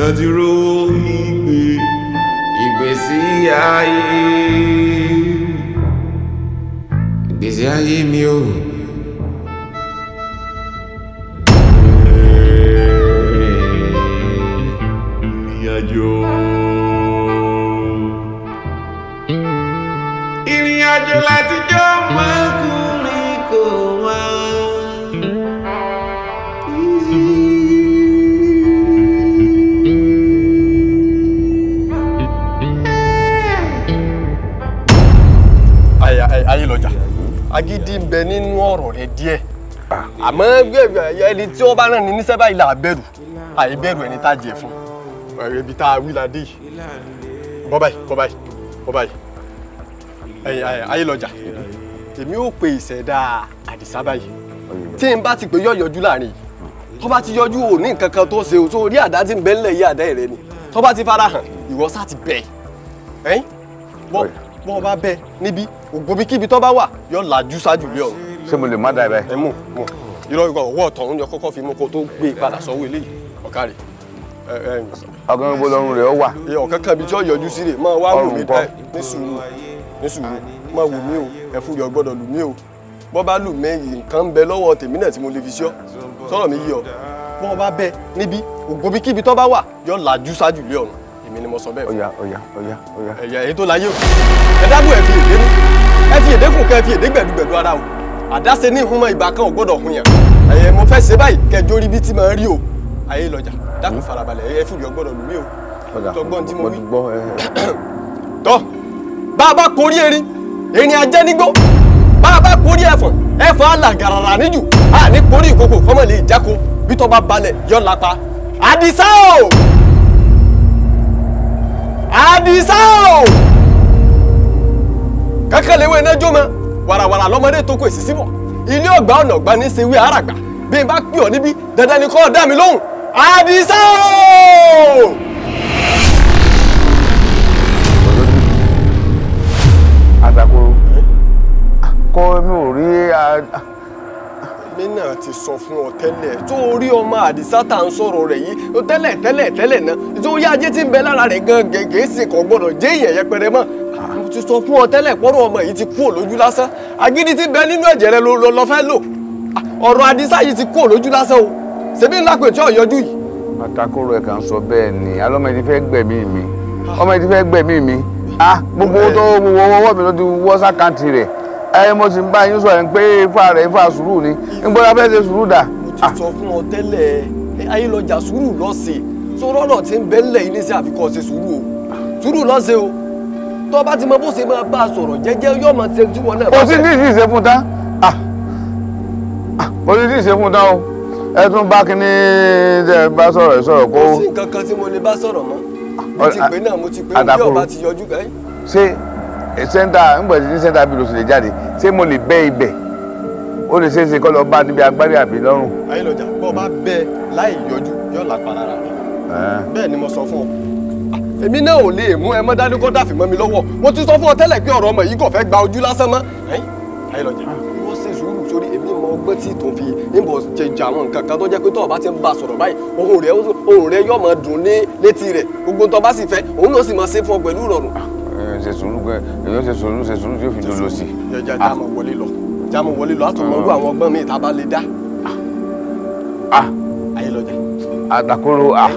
láti ròyìn pé ìgbésí ayé ìgbésí ayé mi ò. ìrìnàjò. ìrìnàjò láti jọ mọ́kùnrin kò. agídí ń bẹ nínú ọ̀rọ̀ rẹ díẹ̀ ah. àmọ́ ẹni tí ó bá rán ni níṣẹ́ báyìí là á bẹ̀rù àìbẹ̀rù ẹni tá a jẹ fún ibi tá a wí la dé yìí bọ́ báyìí bọ́ báyìí bọ́ báyìí ayé lọ́jà èmi ò pe ìṣẹ̀dá àdìsá báyìí tí n bá ti pè yọ̀ yọjú láàrin yìí tó bá ti yọjú ò ní nǹkan kan tó ṣe o tó rí àdá tí ń bẹ ńlẹ̀ yìí àdá ìrẹ́ ni tó bá ti farahàn ìwọ sá ti bẹ̀ ẹ́ wọ́n wọn bá bẹ níbi ògbómi kíbi tó bá wà yóò làjú ṣáájú ilé ọ̀run. ṣé mo lè má dàbẹ. ẹ mú mú irọ́ ìgbà ọwọ́ ọ̀tọ̀run yọ kọ́kọ́ fi mú kó tó gbé padà sọ́wọ́ eléyìí ọ̀kárì. ọ̀gá gbogbo lọ́rùn rẹ̀ ó wà. ọ̀kán kan ibi tí ó yọjú sí rè máa wá wù mí bẹ́ẹ̀ ní sùúrù ní sùúrù máa wù mí o ẹ̀fù yọ gbọ́dọ̀ lù mí o bọ́ bá lù mẹ́yìn nǹkan ń bẹ lọ́wọ́ tèmi tí mo lè fi ṣọ́ sọ́rọ̀ mi yí ọ bọ́n bá bẹ níbi ògbómi kíbi tó bá wà yọ làjú ṣáájú ilé ọ̀run èmi ni mo sọ bẹ́ẹ̀. ọ̀yà ọ̀yà ọ̀yà ọ̀yà. ẹ̀yà èyí tó láyé o ẹ dábò ẹ fi èdè mú ẹ fi èdè kù kẹ fi èdè gbẹ̀dúgbẹ̀dú ara o àdáṣe ní ìhun mọ ìgbà kan ò gbọ́dọ̀ hun yàn ẹ̀yẹ mo fẹ́ ṣe báyìí kẹjọ rí bí tí màá rí o ayé lọ́jà dákun hmm? farabalẹ̀ ẹ fìlì ọgbọ́dọ̀ lù mí o tọgbọ́n tí mo wí. tọ́ bá a bá korí erin erin ajẹ́ nígbó bá a bá korí ẹ̀fọ̀n ẹ̀fọ̀n alàgàràrà níjù a ní korí ìkòkò kọ́mọ̀lẹ́ ìjáko bí tọ́ bá balẹ̀ yọ̀ lápá àdìsá o. adisawo kakalewe ne joma wara wara lomode to ko bo ile ogba ona ogba ni se wi aragba bi ba pi o nibi dada ni ko da mi lohun adisawo atakuru ko mina ti sọ fún ọ tẹ́lẹ̀ tó orí ọmọ àdìsá tá ń sọ̀rọ̀ rẹ̀ yìí tẹ́lẹ̀ tẹ́lẹ̀ tẹ́lẹ̀ náà nítorí ajé tí ń bẹ lára rẹ̀ gan gẹ́gẹ́ sì kò gbọ́dọ̀ jẹ́ ìyẹn yẹpẹrẹ mọ́ mo ti sọ fún ọ tẹ́lẹ̀ pọ́rọ̀ ọmọ yìí ti kú òlójú lásán agídí tí ń bẹ nínú ẹ̀jẹ̀ rẹ ló lọ fẹ́ lò ọ̀rọ̀ àdìsá yìí ti kú òlójú lásán o ṣèbí ńlá pè tí ò yọjú yìí. àtakòrò ẹ̀ kàn sọ bẹ́ẹ̀ ni alọ́mọdé fẹ́ gbẹ̀mí mi ọmọ ẹ̀ ti fẹ́ gbẹ̀mí mi ah gbogbo owó tó wọ́wọ́ mi ló ti wọ́ sákàǹtì rẹ̀ ẹ mo sì ń bá yín sọ ẹ̀ ń pé ifá rẹ̀ ifá sùúrù ni ń gbọ́dọ̀ fẹ́ ṣe sùúrù dà. mo ti sọ fún ọ tẹ́lẹ̀ ayé lọ́jà sùúrù lọ́sẹ̀ tó rọ́rọ̀ tí ń bẹ́ lẹ̀ yìí níṣẹ́ àfikọ́ ṣe sùúrù o sùúrù lọ́sẹ̀ o tó bá ti mọ bó ṣe máa bá a sọ̀rọ̀ jẹ́jẹ́ yóò máa ṣe tí wọn náà bá o ti ní ìṣe fún tán ah, ah, o ti ní ìṣe fún tán o ẹ tún bá kíní ẹ bá sọ̀rọ̀ ẹ sọ̀rọ̀ kó. kò sí nǹkan kan tí mo lè bá sọ̀rọ̀ mọ́ mo ti ah, pè náà mo ti pè ní bí ọba ti yọjú ẹ. ṣé sẹ́ńtà ńgbẹ̀sí ní sẹ́ńtà bíi lóṣèlè jáde ṣé mo lè bẹ́ ibẹ̀ ó lè ṣeéṣe kọ́ lọ bá níbi agbárí àbí lọ́rùn. ayélujára bọ́ bá bẹ láì yọjú yóò lápá lára rẹ bẹ́ẹ̀ ni mo sọ fún ọ èmi náà ò lè mú ẹ mọ́ dání kó dàfí mọ́ mi lọ́wọ́ mo ti sọ fún ọ tẹ́lẹ̀ pé ọ̀rọ̀ ọmọ yìí kò fẹ́ gba ojú lásán mọ́ ayélujára wọ́n ṣe sùúrù sórí èmi mọ ọgbẹ́ tí tó fi níbọ̀ ṣe jẹ àwọn nǹkan kan tó jẹ́ pé tọ́ọ̀ bá ti ń bá sọ̀rọ̀ báyìí ohùn rẹ̀ yóò máa dùn ní létí rẹ̀ gbogbo tó bá sì fẹ́ òun ló ṣe sùúrù gan èèyàn ṣe sùúrù ṣe sùúrù tí ó fi dolo sí. yọjá já mọ wọlé lọ já mọ wọlé lọ á tún mọ irú ah. àwọn ọgbọ́n mi ìta bá lè dá. Ah. Ah. ayé lọjà. àtàkùrọ̀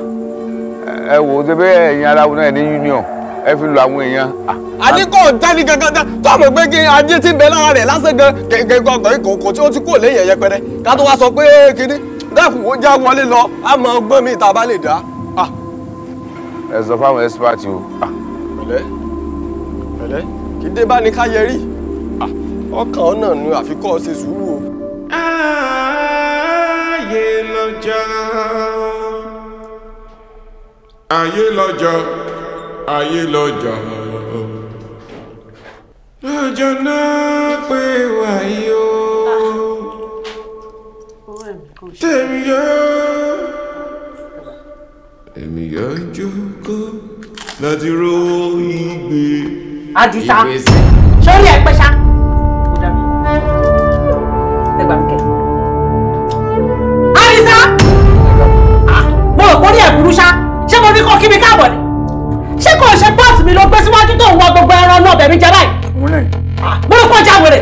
ẹ wò ó débẹ̀ ẹ̀yin aláwo náà ní union ẹ fi lu àwọn èèyàn. àdínkù tẹ́ni gangan tẹ́ tó àmọ̀ pé kí ajé ti ń bẹ lára rẹ̀ lásán gan gẹ̀gẹ̀gọ̀ ìkòkò tí ó ti kúrò lẹ́yìn ẹ̀yẹ pẹrẹ ká tó wá sọ pé kínní dákun ó já wọlé lọ á mọ ọgbọ́n mi ìta bá lè dá. ẹ sọ fáwọn expert o. ọ̀lẹ́ kìdé bá ní ká yẹrí ọkàn ọ náà nu àfikọ́ ṣe sùúrù o. ayé lọ́jọ́ ayé lọ́jọ́ ayé lọ́jọ́ lọ́jọ́ náà pé wáyé o tèmi yóò èmi yóò jókòó láti ro ìgbé. Àdìsá sorry ẹ pẹ́ ṣá. ah, mo rò kórí ẹ̀ burú ṣá ṣé mo ní kó kí mi káàbọ̀ ni ṣé kò ṣe bọ́ọ̀sì mi ló gbé síwájú tó ń wọ gbogbo ẹran náà bẹ̀mí jẹ báyìí. Ah, mo rò kó ọjà wèrè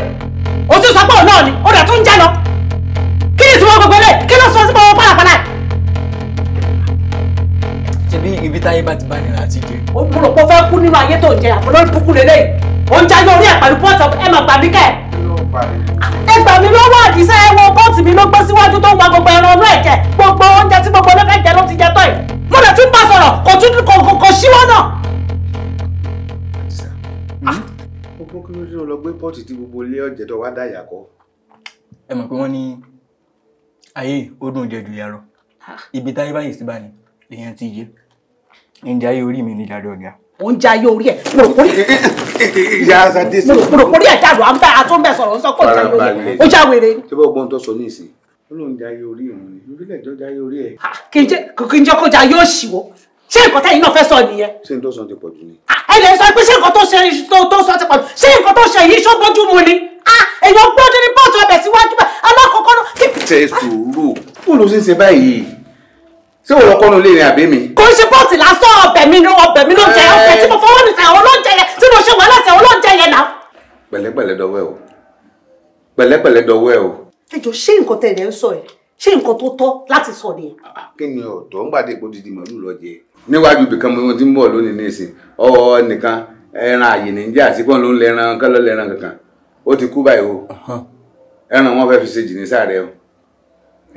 o tún sọ pé òun náà ni o rẹ̀ tún ń jẹ́ lọ kí ni ìsìnkú gbogbo eléyìí kí ló àbí ibi táyé bá ti bá nira àti jẹ. ó gbọ́dọ̀ pọ̀ fẹ́ kú nínú ayé tó jẹ àpòlọ́dún kúkú lélẹ̀ ó ń jáyé orí ẹ̀ pẹ̀lú pọ́ọ̀tà ẹ̀ mà gbà mí kẹ́. ẹ gbà mí ló wà àdìsá ẹ wọ bọ́ọ̀tì mi ló gbé síwájú tó ń wa gbogbo ẹran ọlọ́ ẹ̀jẹ̀ gbogbo oúnjẹ tí gbogbo olófẹ́ jẹ ló ti jẹ tọ́ yìí mo lè tún bá sọ̀rọ̀ kò tún kò síwọ́ náà. gbogbo ah. hmm? kí ló dé lọ gbé pọ́ọ̀tì tí gbogbo ilé ọ̀jẹ̀ tó wá dá ìyàkọ́. ẹ mọ̀ pé wọ́n ní ayé ó dùn jẹ ju ah. ibi táyé báyìí sí bá lèèyàn ti yé ǹjẹ́ ayé orí mi ní ìdádọ́ ọ̀gá. ó ń jẹ ayé orí ẹ̀ pòròpórí ẹ̀ dàrú àbẹ́ àtúnbẹ̀ sọ̀rọ̀ ń sọ pé ayé orí ẹ̀ ó já wèrè. tí bá ọgbọ́n tó sọ ní ìsìn ó lóun jẹ ayé orí ẹ̀ wọn ni ìbílẹ̀ ìjọ jẹ ayé orí ẹ̀. kì í jẹ́ kó jẹ ayé òṣìwọ́ ṣé nǹkan tẹ́yìn náà fẹ́ sọ nìyẹn. ṣé n tó sọ ti pọ̀ jù ni. ẹ lè sọ pé ṣé nǹkan tó ṣe tó sọ ti pọ̀ jù ṣé nǹkan tó ṣe yìí ṣógbójú mu ni. èèyàn gbọ́dọ̀ ní pọ́ọ̀tù ọbẹ̀ síwájú bẹ́ẹ̀ alákọ̀ọ́kọ́ náà. ṣe sùúrù kó ló ṣe ń ṣe báyìí ṣé òun ọkọ nu lè rìn àbí mi. kò ń ṣe pọ́ọ̀tì lásán ọbẹ̀ mi ló ọbẹ̀ mi ló jẹ ọbẹ̀ tí mo fọwọ́ nìta àwọn olóúnjẹ yẹn tí mo ṣe wọ́n láti àwọn olóúnjẹ yẹn náà. pẹ̀lẹ́pẹ̀lẹ́ dọwọ́ ẹ o pẹ̀lẹ́pẹ̀lẹ́ dọwọ́ ẹ o. ẹ jọ ṣé nǹkan tẹ̀lé ń sọ ẹ ṣé nǹkan tó tọ́ láti sọ nìyẹn. Ah, ah, kí ni ọ̀dọ́ ń gbàdé epo dídì màálù lọ jẹ. níwájú ibìkan mo ti ń bọ̀ lónìí nísìn ọwọ́ nìkan ẹran àyè ní jẹ́ àsìkò ló ń lẹ́ran kọ́lọ́ lẹ́ran kankan ó ti kú báyìí o ẹran wọn fẹ́ fi ṣe jìnnì sáré o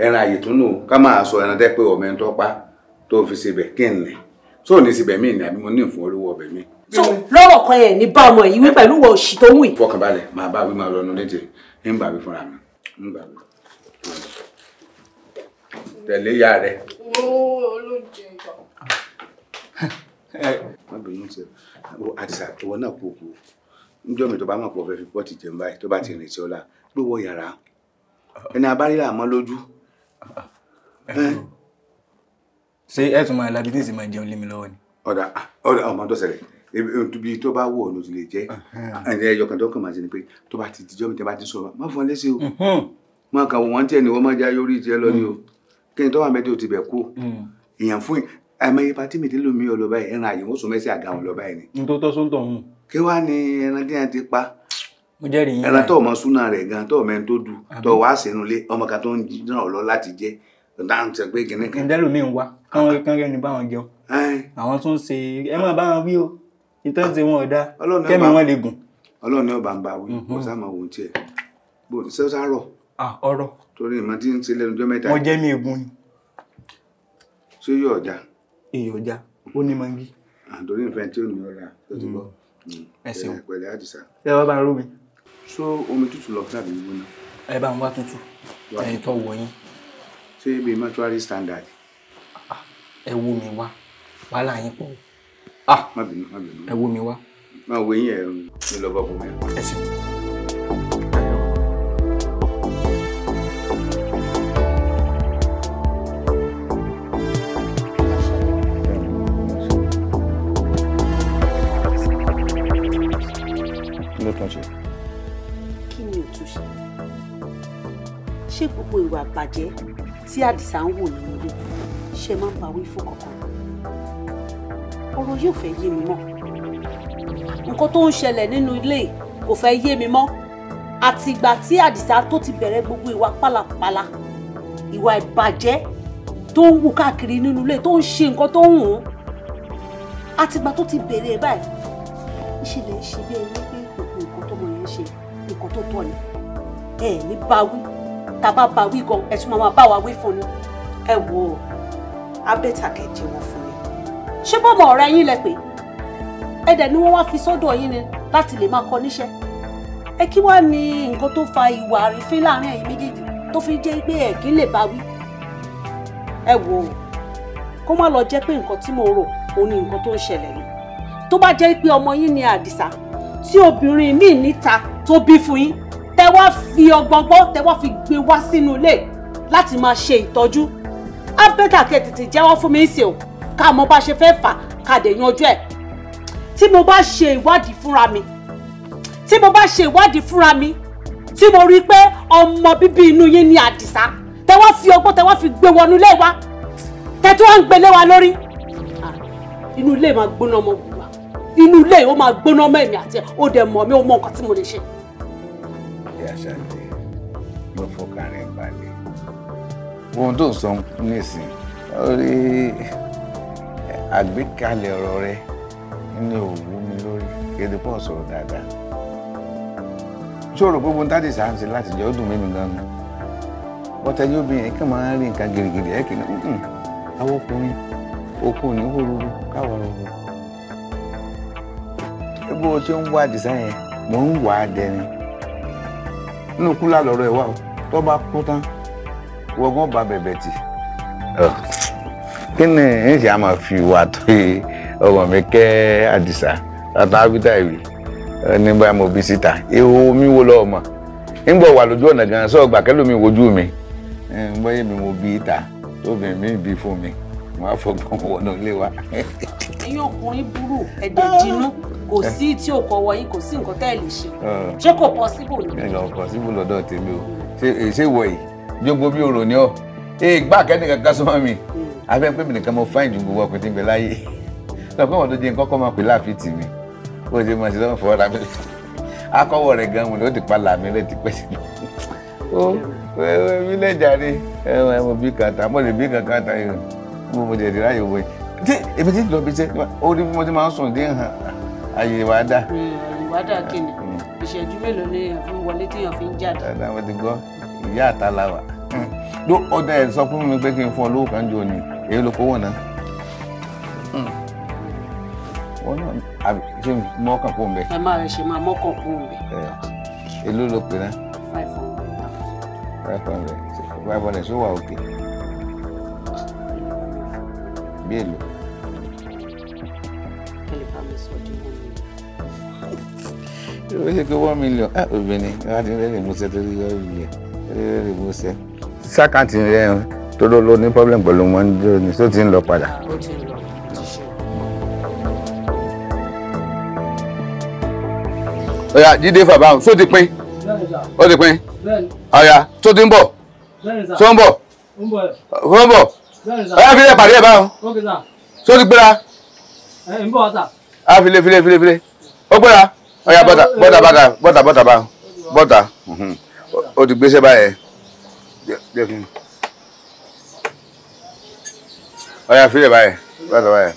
ẹran àyè tó nù ká máa sọ ẹran tẹ pé ọmọ ẹni tó pa tó fi ṣebẹ̀ kí n nì tó ní ṣebẹ̀ mí ni àbí mo ní ìfún olówó ọbẹ̀ mi. so lọ́rọ̀ kan ẹ̀ ní bá ọmọ yìí wí pẹ̀lú wọ̀ òṣì tó wù yìí. fọkànbalẹ̀ màá bá wí máa lọ́nu léde ń gbà wí fúnra mi ń gbà wí. tẹ̀lé ya rẹ̀. má bínú sí ọ àdìsá ìwọ náà kú kú njọ́ mi tó bá mọ̀ pọ̀ fẹ́ fi pọ́ọ̀tì jẹun báyìí tó bá ti rìn sí ọlá Eh? ṣé ẹ tún máa labi tí ìsìn máa jẹun lé mi lọ́wọ́ ni. ọ̀dà ọ̀dà ọmọ tó ṣẹlẹ̀ ibi tó bá wọ̀ ló ti lè jẹ́ ẹyọkàn tó kàn máa ṣe ni pé tó bá ti dijọ́ mi tẹ́ bá ti sọ̀rọ̀ má fọ́n lẹ́sẹ̀ o máa kà wọ́n tiẹ̀ ni wọ́n máa já yọrí tiẹ̀ lọ ni o mm. kí ni tọ́wọ́ àmẹ́tẹ́ ò ti bẹ̀ kú mm. èèyàn fún àmọye pati mi ti lómi ọlọ́ba yìí ẹran àyẹ̀wò sùn mẹ́sì àgàwọn ọlọ́ba yìí ni. n tó tọ́ mo jẹ́rìí yín. ẹran tó ọmọ súnà rẹ̀ gan tó ọmọ ẹni tó dù tó wá sínú ilé ọmọ kan tó ń ràn ọ́ lọ láti jẹ́ dáhùn sọ pé kìnnì kan. ǹjẹ́ lómi ń wá kán ah. kán rẹ́ni báwọn jẹun àwọn tó ń ṣe ẹ máa bá wọn wí o ìtọ́ ti wọn ò dá kẹ́mi wọn lè gùn. ọlọ́run ní ọba ń bá wí mhm. kó sá máa wò ó tiẹ̀ bó ní sẹ́sà rọ̀. ọ̀rọ̀ torí ìmọ̀ tí ń ṣe lẹ́nu ọjọ́ mẹ́ta. wọ́n jẹ́ mi ègún ni. ṣé yóò ọjà. èyí ọjà ó ní mangi. àtòrí ìfẹ́ tí ò ní ọ̀la tó ti mhm. bọ̀. ẹ ṣeun ẹ wá bá rú mi so omi tútù lọ tàbí gbóná. ẹ bá ń wá tútù ẹ tọ wọ yín. ṣé ibi mọ́túárì standard. Ah, ẹ wo mi wá wàhálà yín pọ̀. má bínú má bínú. Ah, ẹ wo mi wá. máa wo yín ẹ̀ ń lọ bá bọ̀ mẹ́rin. ẹ sì mú. ìbàjẹ́ tí àdìsá ń wò nínú ilé ṣe máa ń bá wí fún kankan ọ̀rọ̀ yóò fẹ́ yé mi mọ́ nǹkan tó ń ṣẹlẹ̀ nínú ilé kò fẹ́ yé mi mọ́ àtìgbà tí àdìsá tó ti bẹ̀rẹ̀ gbogbo ìwà pálapàla ìwà ìbàjẹ́ tó ń wù káàkiri nínú ilé tó ń ṣe nǹkan tó ń hùn àtìgbà tó ti bẹ̀rẹ̀ báyìí ìṣẹ̀lẹ̀ ń ṣe bí pé gbogbo nǹkan tó mọ̀ yẹn ṣe nǹkan tó tọ́ ni ẹ̀ ní báwí tàbá bá wí gan ẹ tún máa bá wa wí fún ni ẹ wò ó abẹ́tàkẹ́ jẹ́ wọn fún mi. ṣé bọ́mọ ọ̀rẹ́ yín lẹ pé ẹ dẹ̀ ni wọ́n wá fi sọ́dọ̀ yín ni láti lè máa kọ níṣẹ́ ẹ kí wàá ní nǹkan tó fa ìwà àrífín láàrin ẹ̀yin méjèèjì tó fi jẹ́ pé ẹ kì lè bá wí. ẹ wò kó má lọ jẹ́ pé nǹkan tí mo rò òun ni nǹkan tó ń ṣẹlẹ̀ yìí tó bá jẹ́ pé ọmọ yín ni àdìsá tí obìnrin míì níta tó bí fún yín tẹ wá fi ọgbọgbọ́ tẹ wá fi gbé wá sínú ilé láti máa ṣe ìtọ́jú á bẹ́tà kẹ́ tètè jẹ́wọ́ fún mi ṣe o ká mọ bá ṣe fẹ́ fà ká dẹ̀ yanjú ẹ̀ tí mo bá ṣe ìwádìí fúnra mi tí mo bá ṣe ìwádìí fúnra mi tí mo rí i pé ọmọ bíbí inú yín ni àdìsá tẹ wá fi ọgbọ́n tẹ wá fi gbé wọnú ilé wa tẹ tí wọ́n ń gbélé wa lórí inú ilé máa gbóná ọmọ gbogbo inú ilé ó máa gbóná ọmọ ẹ̀mí àti ó dẹ̀ mọ̀ ó mọ nǹkan tí mo lè ṣe àṣàjẹ ló fọkàn rẹ̀ balẹ̀ ohun tó sọ nísìn orí àgbékalẹ̀ ọ̀rọ̀ rẹ̀ ní òwú mi lórí kéde pọ̀ sọ̀rọ̀ dáadáa ṣòro gbogbo ntádì sáǹsì láti jẹ́ ó dùn mímu gan-an bọ́tẹ́jú obìnrin kàn máa ń rí nǹkan gírígírí ẹ̀ kìnnà àwọn ọkùnrin okun ní hururu káwọn ọ̀rọ̀ bó o ṣe ń wá àdìsá yẹn mò ń wà á dẹni inú kúlà lọ́rọ̀ ẹ̀ wá o tó bá kú tán wọ́gán bá bẹ̀bẹ̀ tì. kí ni n ṣe àmọ́ fi wà tó ọmọ mi kẹ́ àdìsá àtàkùtà ìwé nígbà mo bí síta ihò mi wo lọ ọmọ ń bọ̀ wà lójú ọ̀nà gan sọ ọgbà kẹlómi wojú mi. bóyá mi mo bí ta tóbi mi bí fún mi wọn á fọgbọ́n wọnú ilé wa. ẹ̀yin burú ẹ̀jẹ̀ jinú kò eh. sí tí ò kọwọ yín kò sí nǹkan tẹ́ ẹ lè ṣe ah. ṣé kò possible ni. ẹnì kan possible lọ́dọ̀ tèmi o hmm. eh, ṣé ìwọ yìí jogbo bí ọ̀rọ̀ ni ọ ìgbà kẹ́ni kankan sọ́mọ́ mi hmm. abẹ́ pé mi nìkan mo fáìn ju gbogbo ọkùnrin tí ń bẹ láyé lọ́pọ̀ àwọn tó jẹ́ nǹkan kọ́ máa pè láàfin tì mí bó ṣe máa ṣe lọ́wọ́ fọ́ra mi akọ́wọ́ rẹ̀ gan-an ló ti palà mi lẹ́ẹ̀tì pẹ́ sí ó mi lẹ́jàre ẹ̀wọ̀n ẹ̀wọ̀n bí kàtà mo lè bí kankan ta yìí mo mo jẹ̀dí láyé wọ̀ yìí èmi ti lọ bí iṣẹ́ ó mo ti máa ń sùn dé hàn ayé wa dà. ayé hmm, wa dà kìnnì hmm. ìṣẹ́jú mélòó ni èèyàn fi ń wọlé tí èèyàn fi ń jáde. ẹ dáwọ́ ti gbọ́ ìyá àta la wà ló ọdọ ẹ sọ fún mi pé kí n fún ọ lówó kan jọ ni èyí ló kówó náà hmm. wọn náà àbí ṣé mọ́kàn kó ń bẹ. ẹ máa rẹ ṣe máa mọ́kàn kó ń bẹ. èló ló pè náà. five hundred. five hundred five hundred ṣó wà òkè bí èlò. ó ṣe pé one ah obìnrin láti rẹ́ lè múṣẹ́ torí yọ ìyẹn torí rẹ́ lè múṣẹ́. sákàtì rẹ tó ló ló ní problem pẹ̀lú wọn ní tó ti ń lọ padà. ó ti ń lọ. ọ̀yà jíde fàbá ọ̀hún só ti pín ó ti pín ọ̀yà tó ti ń bọ̀ tó ń bọ̀ tó ń bọ̀ ọ̀yà fi lè pàdé ẹ̀ báwọn só ti gbéra. ẹ̀ ń bọ̀ ọ̀tà. a ah, file file file file ó gbéra ọ̀yà bọ́tà bọ́tà bọ́tà bọ́tà bọ́tà bá bọ́tà mhm. o ti gbéṣẹ́ báyẹn jẹ́ kí n ọ̀yà fílẹ̀ báyẹn bọ́tà báyẹn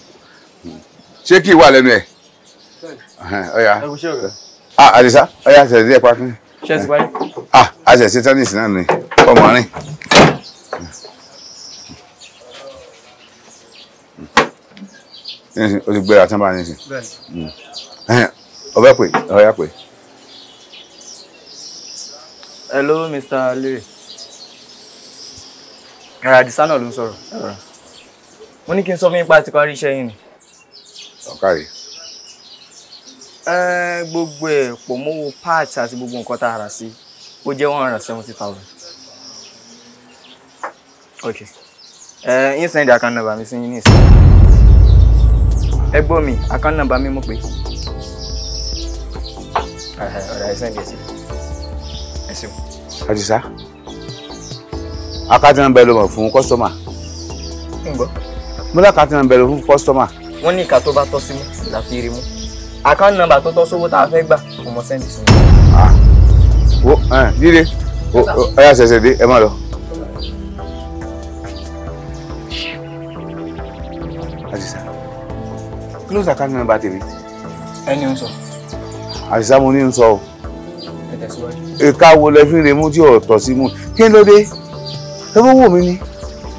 mhm. ṣé kí wà lẹ́nu ẹ̀ ọ̀yà ah àdìsá ọ̀yà àṣẹ̀ṣẹ̀ díẹ̀ pàtó ah àṣẹ̀ṣẹ̀ tánìsì náà ni ọmọ rìn. o mhm. ti gbéra tán bá ní sí ọbẹ̀ pè ọ̀yà pè. hello mr lere ara àdìsá náà ló ń sọ̀rọ̀ mo ní kí n sọ fún yín pa àti parí iṣẹ́ yín ni. ọ̀kàrí. gbogbo ẹ̀ pọ̀ mọ́wó páàtì àti gbogbo nǹkan tá a rà sí ó jẹ́ one hundred seventy thousand. ok yín send account mi sí yín ní ìsìn. ẹ gbọ́ mi account mi mú pé àdìsá àkáàtì náà bẹ̀rẹ̀ lọ́wọ́ fún kọ́sítọ́mà mo lákàtì náà bẹ̀rẹ̀ fún kọ́sítọ́mà. wọ́n ní ìka tó bá tọ́ sí mú la fi rí mú àkáǹtì nọ́mbà tó tọ́ sówó tá a fẹ́ gbà ọmọ sẹ́ndì sí mi. dídé ọ̀yà ṣẹ̀ṣẹ̀ dé ẹ má lọ. àdìsá kí ló ń sàkáàtì nọ́mbà tèmi. ẹni ń sọ àṣìṣà mo ní ń sọ o ìka wo lẹ fi ń remú tí ọ̀tọ̀ sí mú kí ló dé ẹ bó wò mí ni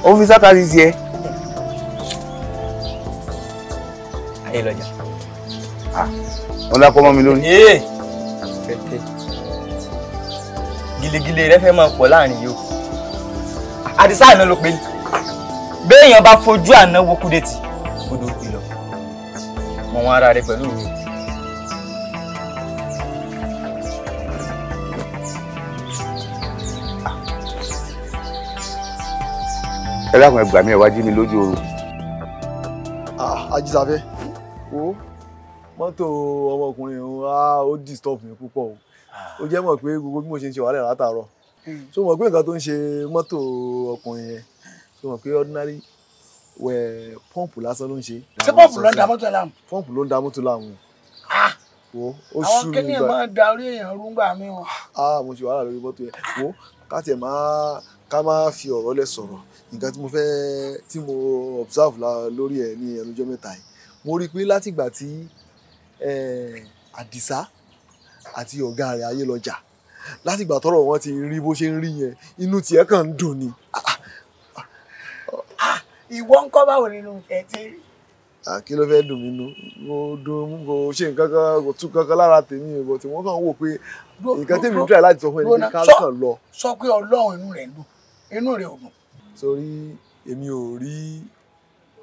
ó fi sákàtì tiẹ̀. ayé lọjà. wọn dákọ mọ mi lónìí. fẹ́tẹ̀ gilegile rẹ fẹ́ máa pọ̀ láàrin yìí o àdìsá àná ló pe ni béèyàn bá fojú àná wo kúdétì odò ìlọ mọ wọn ara rẹ pẹ̀lú mi. ẹ dákun ẹ gbà mí ẹ wá jí mi lójú oorun. Ah, ajísafẹ́ wo mọ́tò ọmọkùnrin òun ah, ó disturb mi púpọ̀ o ó jẹ́ mọ̀ pé gbogbo bí mo ṣe ń ṣe wàhálà látàárọ̀ so hmm. mọ̀ pé nǹkan tó ń ṣe mọ́tò ọkùnrin yẹn so mọ̀ pé ordinary wẹ̀ pọ́ǹpù lásán ló ń ṣe. ṣé pọ́ǹpù ló ń da mọ́tò láàmú. pọ́ǹpù ló ń da mọ́tò láàmú ah! wo ó sú mi gbà. àwọn kéèyàn máa da orí èèyàn rú gbà wọn. a mo ṣe wàhálà lórí mọ́tò yẹn wo ká tiẹ̀ máa ká máa fi ọ̀rọ̀ lẹ̀ sọ̀rọ̀ nǹkan tí mo fẹ́ tí mo observe la lórí ẹ̀ ní ẹnujọ́ mẹ́ta yìí mo rí i pé látìgbà tí àdìsá àti ọ̀gá rẹ̀ ayé lọ́jà látìgbà tọ́rọ̀ wọn ti rí bó ṣe ń rí yẹn inú tiẹ̀ kàn ń dùn ni. Ah, ìwọ ń kọ́ báwo nínú ìfẹ́ tí. kí ló fẹ́ dùn mí nu mo dùn mo ṣe nǹkan kan kò tún kankan lára tèmi ìbọn tí wọ́n kàn wò pé nǹkan tèmi ń try láti sọ fún ẹni pé ká kàn lọ. sọ pé ọlọ́run inú rẹ̀ ń dùn inú rẹ̀ ò dùn sórí èmi ò rí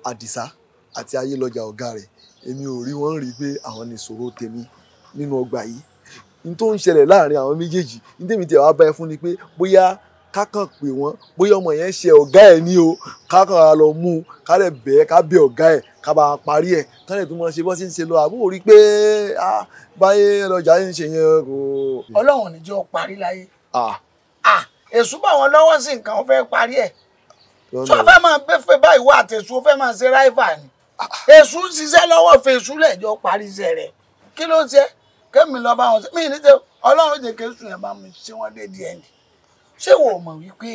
àdìsá àti ayélọjà ọ̀gá rẹ̀ èmi ò rí wọ́n rí pé àwọn ni ìṣòro tèmi nínú ọgbà yìí n tó ń ṣẹlẹ̀ láàrin àwọn méjèèjì ní tèmi tẹ̀ wá bá ẹ fún ni pé bóyá kákan pè wọ́n bóyá ọmọ yẹn ṣe ọ̀gá ẹ̀ ní o kákan á lọ mú un ká lè bẹ̀ ẹ́ ká bẹ ọ̀gá ẹ̀ ká bá parí ẹ̀ ká lè tún mọ ṣe bọ́ sí ń ṣe lọ àbúrò rí pé báyé lọ́jà ń ṣe yẹn o. ọlọ́run níjọ́ parí láyé. èṣù bá wọn lọ́wọ́ sí nǹkan wọn fẹ́ parí ẹ̀ tó fẹ́ máa gbé fẹ́ báyìí wà tẹ̀sùn ó fẹ́ máa ṣe ráìfà ni èṣù ń ṣiṣẹ́ lọ́wọ́ fèṣù lẹ́jọ́ parí iṣẹ́ rẹ̀ kí ló ṣe kémi lọ bá wọn ṣe mí níṣẹ́ ọlọ́run jẹ́ kéṣù yẹn máa mú ṣé wọ́n dé díẹ̀ ni ṣé wò mọ̀ wípé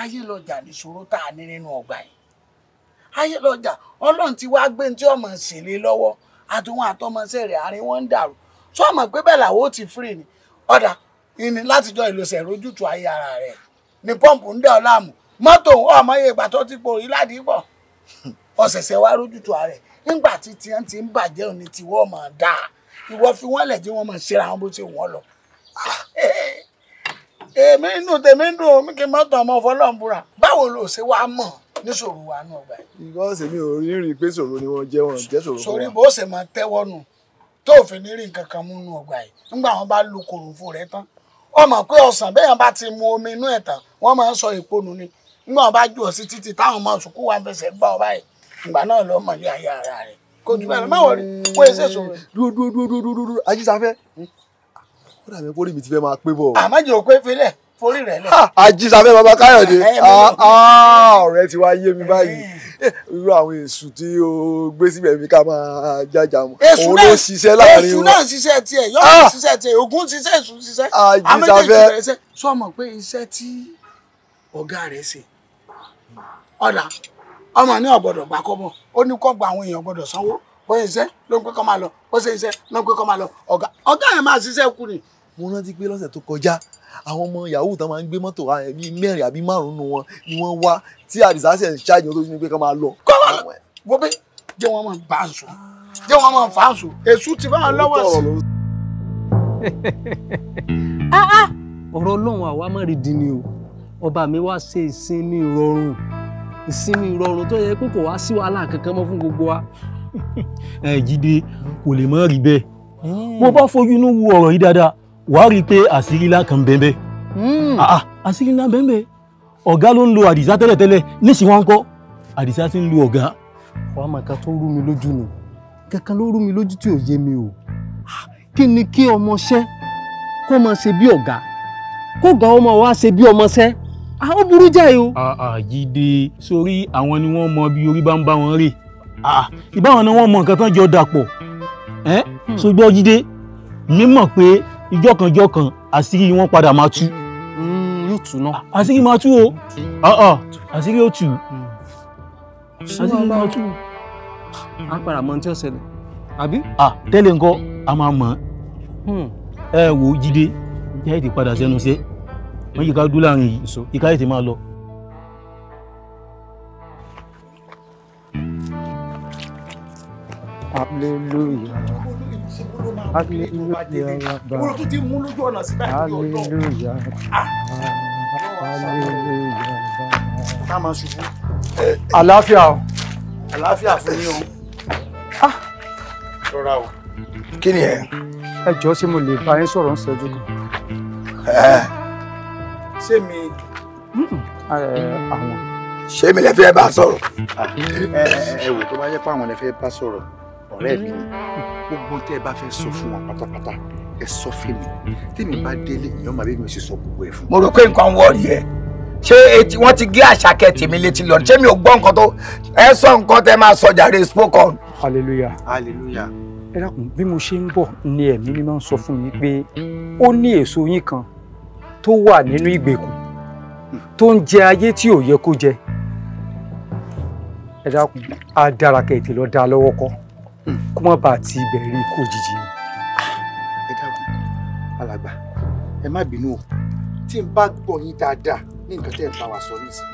ayé lọ́jà nìṣòro tá a ní nínú ọgbà yìí ayé lọ́jà ti wá gbé ní tí ọmọ ṣèlè lọ́wọ́ àtúnwọ̀n àtọmọṣẹ́ rẹ̀ àárín wọn ń dàrú sọ ọmọ pé bẹ́ẹ̀ làwọn ò ti fírì ni ọ̀dà ìní látijọ́ ìlòsẹ̀ rójútu ayé ara rẹ̀ ni pọ́ǹpù ń dà ọ́ láàmú mọ́tò ọmọ iye ìgbà tó ti pòrí ládìí pọ̀ ọ̀sẹ̀sẹ̀ wá rójútu ààrẹ nígbà tí tiẹ̀ ti ń bàjẹ́ òní tí wọ́n máa dà ìwọ fi wọ́n lẹ̀ jẹ́ wọ́n máa ṣe ra bó ṣe wọ́n lọ. èmi ń dùn tèmi ń dùn mí kí n má tàn ọmọ ọfọlọ́run báwo ló ṣe wá mọ̀ níṣòro wa nù ọgbà ìgbọ́ ṣe mi ò rí rí pé ṣòro ni wọ́n jẹ́ wọn jẹ́ ṣòro fún wa. sori bó ṣe máa tẹ́wọ́ nù tó òfin ní rí nǹkan kan mú nù ọgbà yìí nígbà wọn bá lu kòròfo rẹ tán wọ́n mọ̀ pé ọsàn bẹ́yàn bá ti mu omi inú ẹ̀ tán wọ́n máa ń sọ èpo nù ni nígbà wọn bá jù ọ sí títì táwọn ọmọ sùkú wa ń fẹsẹ̀ gbá ọ báyìí ìgbà náà lọ mọ̀lẹ́ ayé ara rẹ̀ kò jù bẹ́ẹ̀ má wọlé wọ́n ṣe sọ̀rọ̀. dúró dúró dúró ajísáfẹ́ ó dàbí kórìí mi ti fẹ́ máa pé bọ̀. àmọ́ jẹ́ òkú efele forí rẹ̀ lẹ̀. àjísàfẹ́ bàbá káyọ̀dé ọ̀rẹ́ ti wá yé mi báyìí irú àwọn èṣù tí o gbé síbẹ̀ mi ká máa jájà mọ́ òun ló ṣiṣẹ́ láàrin wọn. èṣù náà ṣiṣẹ́ tiẹ̀ yọ̀ọ́ ṣiṣẹ́ tiẹ̀ ògún ṣiṣẹ́ èṣù ṣiṣẹ́. àjísàfẹ́ sọ mọ̀ pé iṣẹ́ tí ọ̀gá rẹ̀ ṣe ọ̀dà ọmọ ní ọ̀gbọ́dọ̀ gbà kọ́ bọ̀ ó ní kọ́ gba àwọn èèyàn gbọ́dọ̀ sanwó bó ṣe iṣẹ́ ló ń pẹ́ kọ́ máa lọ bó ṣe iṣẹ́ ló ń pẹ́ kọ́ máa lọ ọ̀gá ọ̀gá yẹn máa ṣiṣẹ́ kù ni. mo rántí pé lọ́sẹ̀ tó kọjá àwọn ọmọ yahoo tán máa ń gbé mọ́tò wa bíi mẹ́rin àbí márùn-ún wọn ni wọ́n wá tí àdìsá ṣe ń ṣáàjì wọn tó ní pé kán máa lọ. kọ́ wọn wọ́n pé jẹ́ wọn máa bá a sùn jẹ́ wọn máa fà á sùn èṣù ti bá wọn lọ́wọ́ sí. Ah, ah! ọ̀rọ̀ ọlọ́run àwa má rí dín ni o ọba mi wá ṣe ìsinmi ìrọ̀rùn ìsinmi ìrọ̀rùn tó yẹ pé kò wá sí wàhálà kankan mọ́ fún gbogbo wa. ẹ eh, jíde kò lè má rí bẹ́ẹ̀ hmm. mo bá fojú inú wo ọ̀rọ̀ yìí dáadáa wàá rí i pé àṣírí ńlá kan bẹ́ẹ̀ bẹ́ẹ̀ hmm. ah, ah, àṣírí ńlá bẹ́ẹ̀ bẹ́ẹ̀ ọ̀gá ló ń lo àdìsá tẹ́lẹ̀tẹ́lẹ̀ níṣìí wọn kọ́ àdìsá ti ń lo ọ̀gá. wàá máa ka tó rú mi lójú ni kankan ló rú mi lójú tí ò yé mi o kí ni kí ọmọọṣẹ́ kó máa ṣe bí ọ̀gá kó ga ọmọ wa ṣe bí ọmọọṣẹ́ ó burú jáì o. àjídé ah, sórí àwọn ni wọ́n mọ bí orí bá ń bá wọn rè ìbáwọn ni wọ́n mọ nǹkan tán jọ dàpọ̀ hmm. ṣùgbọ́n jíde mímọ̀ pé ìjọkànjọkàn àṣírí wọn padà máa tú. Mm, yóò tú náà. àṣírí máa tú o àṣírí ó tú. àṣírí máa tú. a padà mọ ohun tí ó ṣẹlẹ̀ àbí. tẹ́lẹ̀ ńkọ́ a máa mọ̀ hmm. ẹ wò ó jíde jẹ́ ètè padà sẹ́nu iṣẹ́ wọ́n yìí ká dúró láàrin yìí ìka ètè máa lọ. Hallelujah ṣubú ló máa kú ní ìtura délé ìwúrò tún ti mú lójú ọ̀nà síbẹ̀ tó yọ̀ ọ̀dọ́ ká máa ṣubú. àlàáfíà o. àlàáfíà fún yín o. rọra o. kí ni ẹ. ẹ jọ̀ọ́ ṣé mo lè bá yín sọ̀rọ̀ ń ṣẹ́jú kan. ṣé mi. ṣé mi lè fẹ́ bá a sọ̀rọ̀. ẹ ẹ wò tó bá yẹ pé àwọn lè fẹ́ bá sọ̀rọ̀ ọ̀rẹ́ mi mm. gbogbo tẹ́ ẹ bá fẹ́ sọ fún wọn pátápátá ẹ sọ fún mi mm. tèmi bá délé èèyàn máa bí mi ṣe sọ gbogbo ẹ fún. mo rò pé nǹkan wọ̀ rí ẹ ṣé etí wọn ti gé àṣàkẹ́ tèmi létí lọ ṣé mi ò gbọ́ nǹkan tó ẹ sọ nǹkan tẹ máa sọ jàre spoke hallelujah. hallelujah. ẹ bí mo ṣe ń bọ̀ ni ẹ̀mí mi máa ń sọ fún mi pé ó ní èso yín kan tó wà nínú ìgbèkùn tó ń jẹ ayé tí ò yẹ kó jẹ ẹ dákun á dára kẹ̀tì lọ dá lọ́wọ́ kọ́ kó má bàa ti ìbẹ̀rẹ̀ rí ikú òjijì ni. Ah, ẹ dákun alàgbà ẹ má bínú o tí n bá gbọ́ yín dáadáa ní nǹkan tẹ́ ẹ bá wa sọ nísìn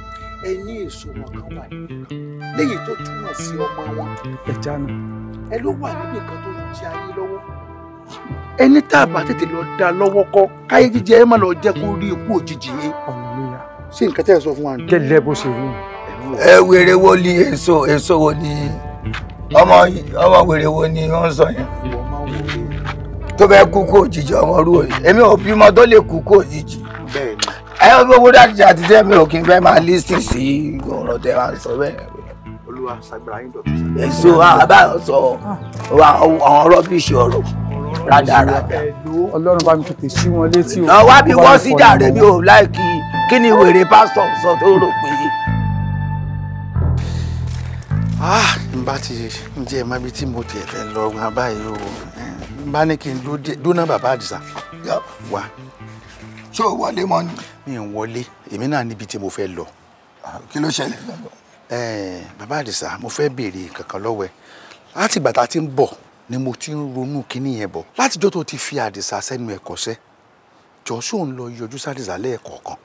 ẹ ní èso wọn kan wà nínú kan lẹ́yìn tó túmọ̀ sí ọmọ wọn. ẹ jáná. ẹ ló wà nínú nǹkan tó ń jẹ ayé lọ́wọ́ ẹni tá a bá tètè lọ da lọ́wọ́ kọ́ káyé jíjẹ ẹ má lọ jẹ́ kó rí ikú òjijì yìí. ṣé nǹkan tẹ́ ẹ sọ fún wa. gẹ́lẹ́ bó ṣe wù. ẹ wẹrẹ wọlé èso èso wo ni ọmọ ọmọ wèrè wo ni wọ́n sọ yẹn tó bẹ kú kó òjijì ọmọ rú òye èmi ò bímọ tó lè kú kó òjijì ẹ ọ bí owó dájú àti tẹ mi ò kí n fẹ́ máa lísìn sí ọ̀rọ̀ tẹ máa ń sọ bẹ́ẹ̀. olúwa sagbara yín dọ̀tí. èso àbáyọ sọ àwọn ọ̀rọ̀ bí ìṣe ọ̀rọ̀ rádaràdà. ọlọ́run bá mi tètè sí wọn létí wá bí wọ́n sí jàre mi ò láìkí kí ni wèrè pásítọ̀ sọ tó rò pé ah n bá ti ń jẹ́ má bí tí mo tiẹ̀ fẹ́ lọ gan báyìí o n bá ní kí n dúná bàbá àdìsá wá. ṣé o wọlé mọ́ ni. mi ò wọlé èmi náà níbi tí mo fẹ́ lọ. Ah, kí ló ṣẹlẹ̀ lọ́dọ̀. bàbá àdìsá mo fẹ́ béèrè kankan lọ́wọ́ ẹ láti ìgbà tá a ti ń bọ̀ ni mo ti ń ronú kíní yẹn bọ̀ látijọ́ tó ti fi àdìsá sẹ́nu ẹ̀kọ́ṣẹ́ jọ̀ọ́sọ ń lọ yọjú sádìsá lẹ́ẹ̀kọ̀ọ̀kan.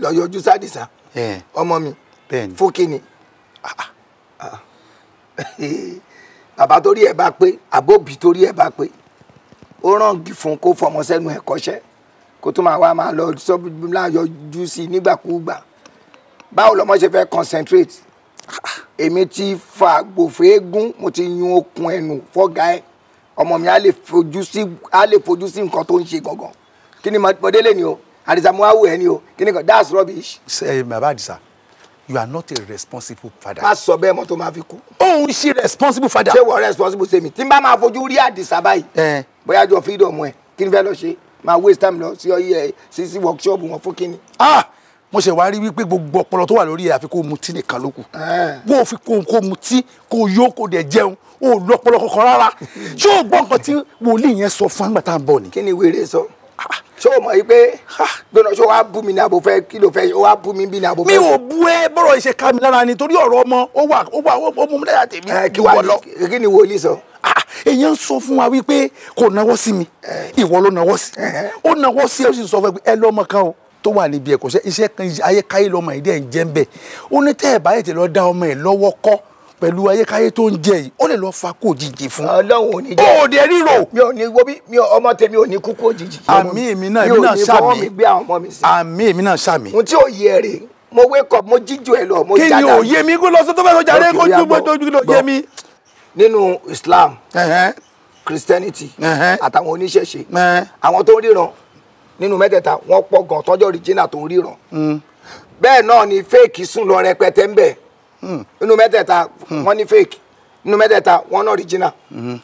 lọ yọjú sádìsá ọmọ mi fún kíni. Ah, ah. Ah. bàbá torí ẹ̀ bá pé àbóbì torí ẹ̀ bá pé ó ràǹgì fún kó fọmọ sẹ́nu ẹ̀ kọ́ṣẹ́ kó tó máa wá máa lọ láyọjú sí nígbàkúùgbà báwo lọmọ ṣe fẹ́ concentrate èmi ti fa gbòfé gún mo ti yun okùn ẹnu fọ́gà ẹ̀ ọmọ mi á lè fojú sí á lè fojú sí nǹkan tó ń ṣe gangan kí ni mọ̀délé ni o àdìsá mo á ni o kí ni that's rubbish. ṣe bàbá àdìsá you are not a responsible father. má sọ bẹ́ẹ̀ mọ́ tó máa fi kú. òun ṣe responsible father. ṣé wọ́n responsible ṣe mi tí n bá máa fojú rí àdìsá báyìí. bóyá jọ freedom ẹ kí ni fẹ́ lọ ṣe máa waste time lọ sí ọyẹ sí sí workshop wọn fún kíni. ah mo ṣe wá rí wípé gbogbo ọpọlọ tó wà lórí ẹ àfi kó mutí nìkan ló kù wọn ò fi kó mutí kó yó kó dẹ jẹun ò lọ ọpọlọ kankan rárá ṣé o gbọ́ nǹkan tí wòlíì yẹn sọ fún àgbàtà bọ̀ ni. kí ni wèrè sọ. So? ṣé o mọ̀ yìí pé ah, gbọ́dọ̀ ṣé o wá bú mi ní abo fẹ́ kí ló o wá bú mi bí ní abo fẹ́. mi ò bú ẹ bọ́rọ̀ ìṣe ká mi lára ni torí ọ̀rọ̀ ọmọ ó wà ó wà ó mú mi láyà tèmi. kí wàá kí ni wòlíì sọ. èèyàn ah, ń sọ fún wa wípé kò náwó sí mi ìwọ ló náwó sí ó náwó sí ẹ ó sì sọ fún ẹ lọ́mọ kan o tó wà níbi ẹ̀kọ́ iṣẹ́ kan ayé káyé lọ́mọ ìdí ẹ̀ ń jẹ́ ń bẹ̀ ó ní tẹ́ ẹ̀ báyìí tẹ lọ dá ọmọ ẹ̀ lọ́wọ́ kọ́ pẹ̀lú ayékáyé tó ń jẹ yìí ó lè lọ fa kó òjijì fún. ọlọ́run ò ní jẹ́ o ò ríro. mi ò ní wo bí mi ọmọ tèmi ò ní kú kó òjijì. àmì èmi náà èmi náà sàmì àmì èmi náà sàmì. ohun tí ò rè mo wake up mo jíjọ ẹ lọ mo jáda. kí ni òye mi kó lọ sí tó bá sọ jáde kó ju gbójú lọ yé mi. nínú Islam Christianity àtàwọn oníṣẹ̀ṣe àwọn tó ríran nínú mẹ́tẹ̀ẹ̀ta wọ́n pọ̀ gan tọ́jọ́ original tó ríran mm. bẹ́ẹ̀ ni fake sùn lọ rẹpẹtẹ nínú mẹ́tẹ̀ẹ̀ta hmm. wọ́n ní fake nínú mẹ́tẹ̀ẹ̀ta wọ́n ní original hmm.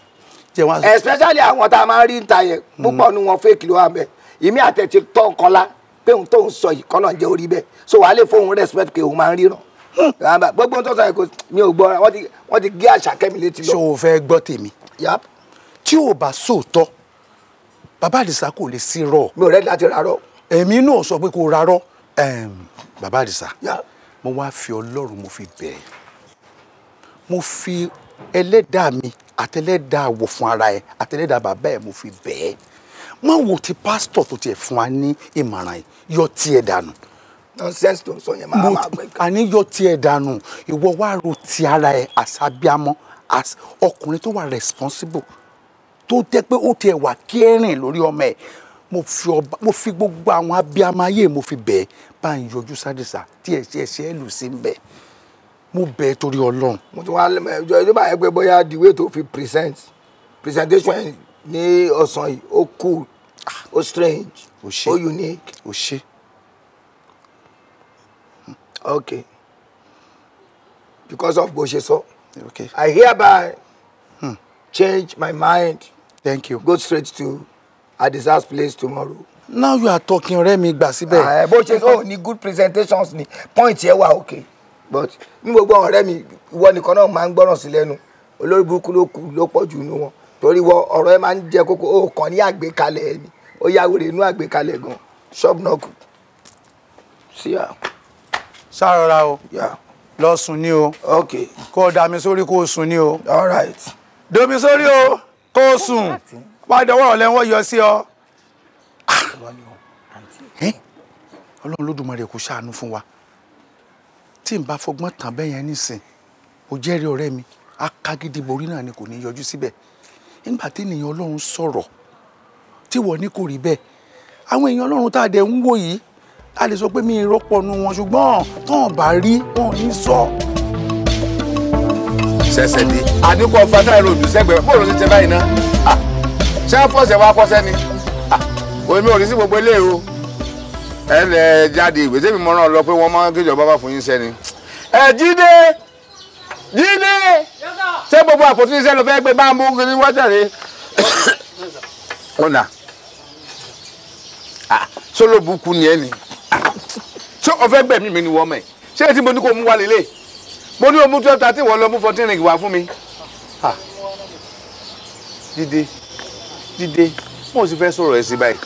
especially àwọn tá a máa ń rí níta yẹn hmm. púpọ̀ nu wọn fake ló wà bẹ́ẹ̀ ìmí àtẹ̀tí tọ́ kọ́lá pé òun tó ń sọ yìí kọ́nà jẹ́ orí bẹ́ẹ̀ so wàá lè fóun respect pé òun máa ń ríran gbogbo tó sọ yẹn kò mi ò gbọ́ wọ́n ti gé àṣà kẹ́mi létí lọ. ṣé o fẹ́ gbọ́ tèmi tí o bá sòótọ́ bàbá àdìsá kò lè sí rọ. mi ò rẹ́ láti rárọ́. èmi náà sọ pé kò rárọ́ bàbá àdìsá. Yeah mo wá fi ọlọ́run mo fi bẹ̀ ẹ́ mo fi ẹlẹ́dàá mi àtẹlẹ́dàá wò fún ara ẹ àtẹlẹ́dàá bàbá ẹ mo fi bẹ̀ ẹ́ má wo ti pásítọ̀ tó tiẹ̀ fún wa ní ìmọ̀ràn yìí yọ tiẹ̀ dànù nonsense tó ń sọ yẹn máa máa gbé kan. àní yọ tiẹ̀ dànù ìwọ wá ro ti ara ẹ̀ àṣàbíamọ́ ọkùnrin tó wà responsible tó jẹ́ pé ó tiẹ̀ wà kẹ́rìn lórí ọmọ ẹ̀ mo fi gbogbo àwọn abiyamọ ayé mo fi bẹ̀ẹ́ bá ń yọjú sádìsá tí ẹ̀ṣẹ̀ ẹ̀ṣẹ̀ ẹ̀ lù sí ń bẹ̀ mo bẹ̀ẹ́ torí ọlọ́run. mo ti wá ẹjọ ìjọba yẹn pé bóyá the way to fi present presentation ní ọ̀sán yìí ó cool ó strange ó unique. ó ṣe. okay because of bó ṣe sọ. I hereby hmm. change my mind. thank you go straight to at Disa's place tomorrow. now you are talking rẹ́mi gbà síbẹ̀. Ah, eh, bó ṣe oh, ni good presentations ni point yẹn wà okay but ní gbogbo go on ìwọ nìkan náà máa ń gbọ́ràn sí lẹ́nu olórí burúkú ló kù ló pọ̀ jù nù wọn torí wọ ọ̀rọ̀ ẹ máa ń jẹ kókó ó kàn ní àgbékalẹ̀ ẹ ni ó yá wèrè inú àgbékalẹ̀ gan ṣọ́ọ̀bù náà kù sí à. sárọra o lọ sùn ní o kó o dà mí sórí kó o sùn ní o domi sórí o kó o sùn wàá dọwọ́ ọ̀lẹ́ wọn yọ sí ọ. ọlọ́run lódùmarè kò ṣàánú fún wa tí n bá fọgbọ́n tàn bẹ́ẹ̀ yẹn nísìn o jẹ́rìí ọ̀rẹ́ mi akagídí borí náà ni kò ní yọjú síbẹ̀ nígbà tí ènìyàn ọlọ́run sọ̀rọ̀ tí wọ́n ní kò rí bẹ́ẹ̀ àwọn èèyàn ọlọ́run tá a dẹ̀ ń wò yìí a lè sọ pé mi rọ́pọ̀ nu wọn ṣùgbọ́n tán bá rí wọn ní sọ. ṣẹ̀ṣẹ̀ di àdínkù ọfà táyà ròdù sẹ́gbẹ̀ẹ́ bóòlù ti tẹ báyìí ná. Ah ṣé fọ̀ṣẹ̀ wá kọ́ṣẹ́ ni omi ah, ò gbogbo ilé o ẹ lẹ jáde ìwé tẹ́mi mọ́ràn lọ pé wọ́n máa ń kéjọba bá fún yín sẹ́ni. ẹ jíde jíde ṣé gbogbo àpótí iṣẹ́ ló fẹ́ gbé bá mú kiri wájà rè ọ̀nà sólóbùkù ah, ni ẹ ni ṣé ọ̀fẹ́ gbẹ̀mí mi ni wọ́n mẹ̀ ṣé etí mo ní kó mú wá lélẹ̀ mo ní o mú twelve thirty wọ́n lọ mú fourteen ring wá fún mi ah. jíde dìde mo sì fẹ́ sọ̀rọ̀ ẹ̀ sí báyìí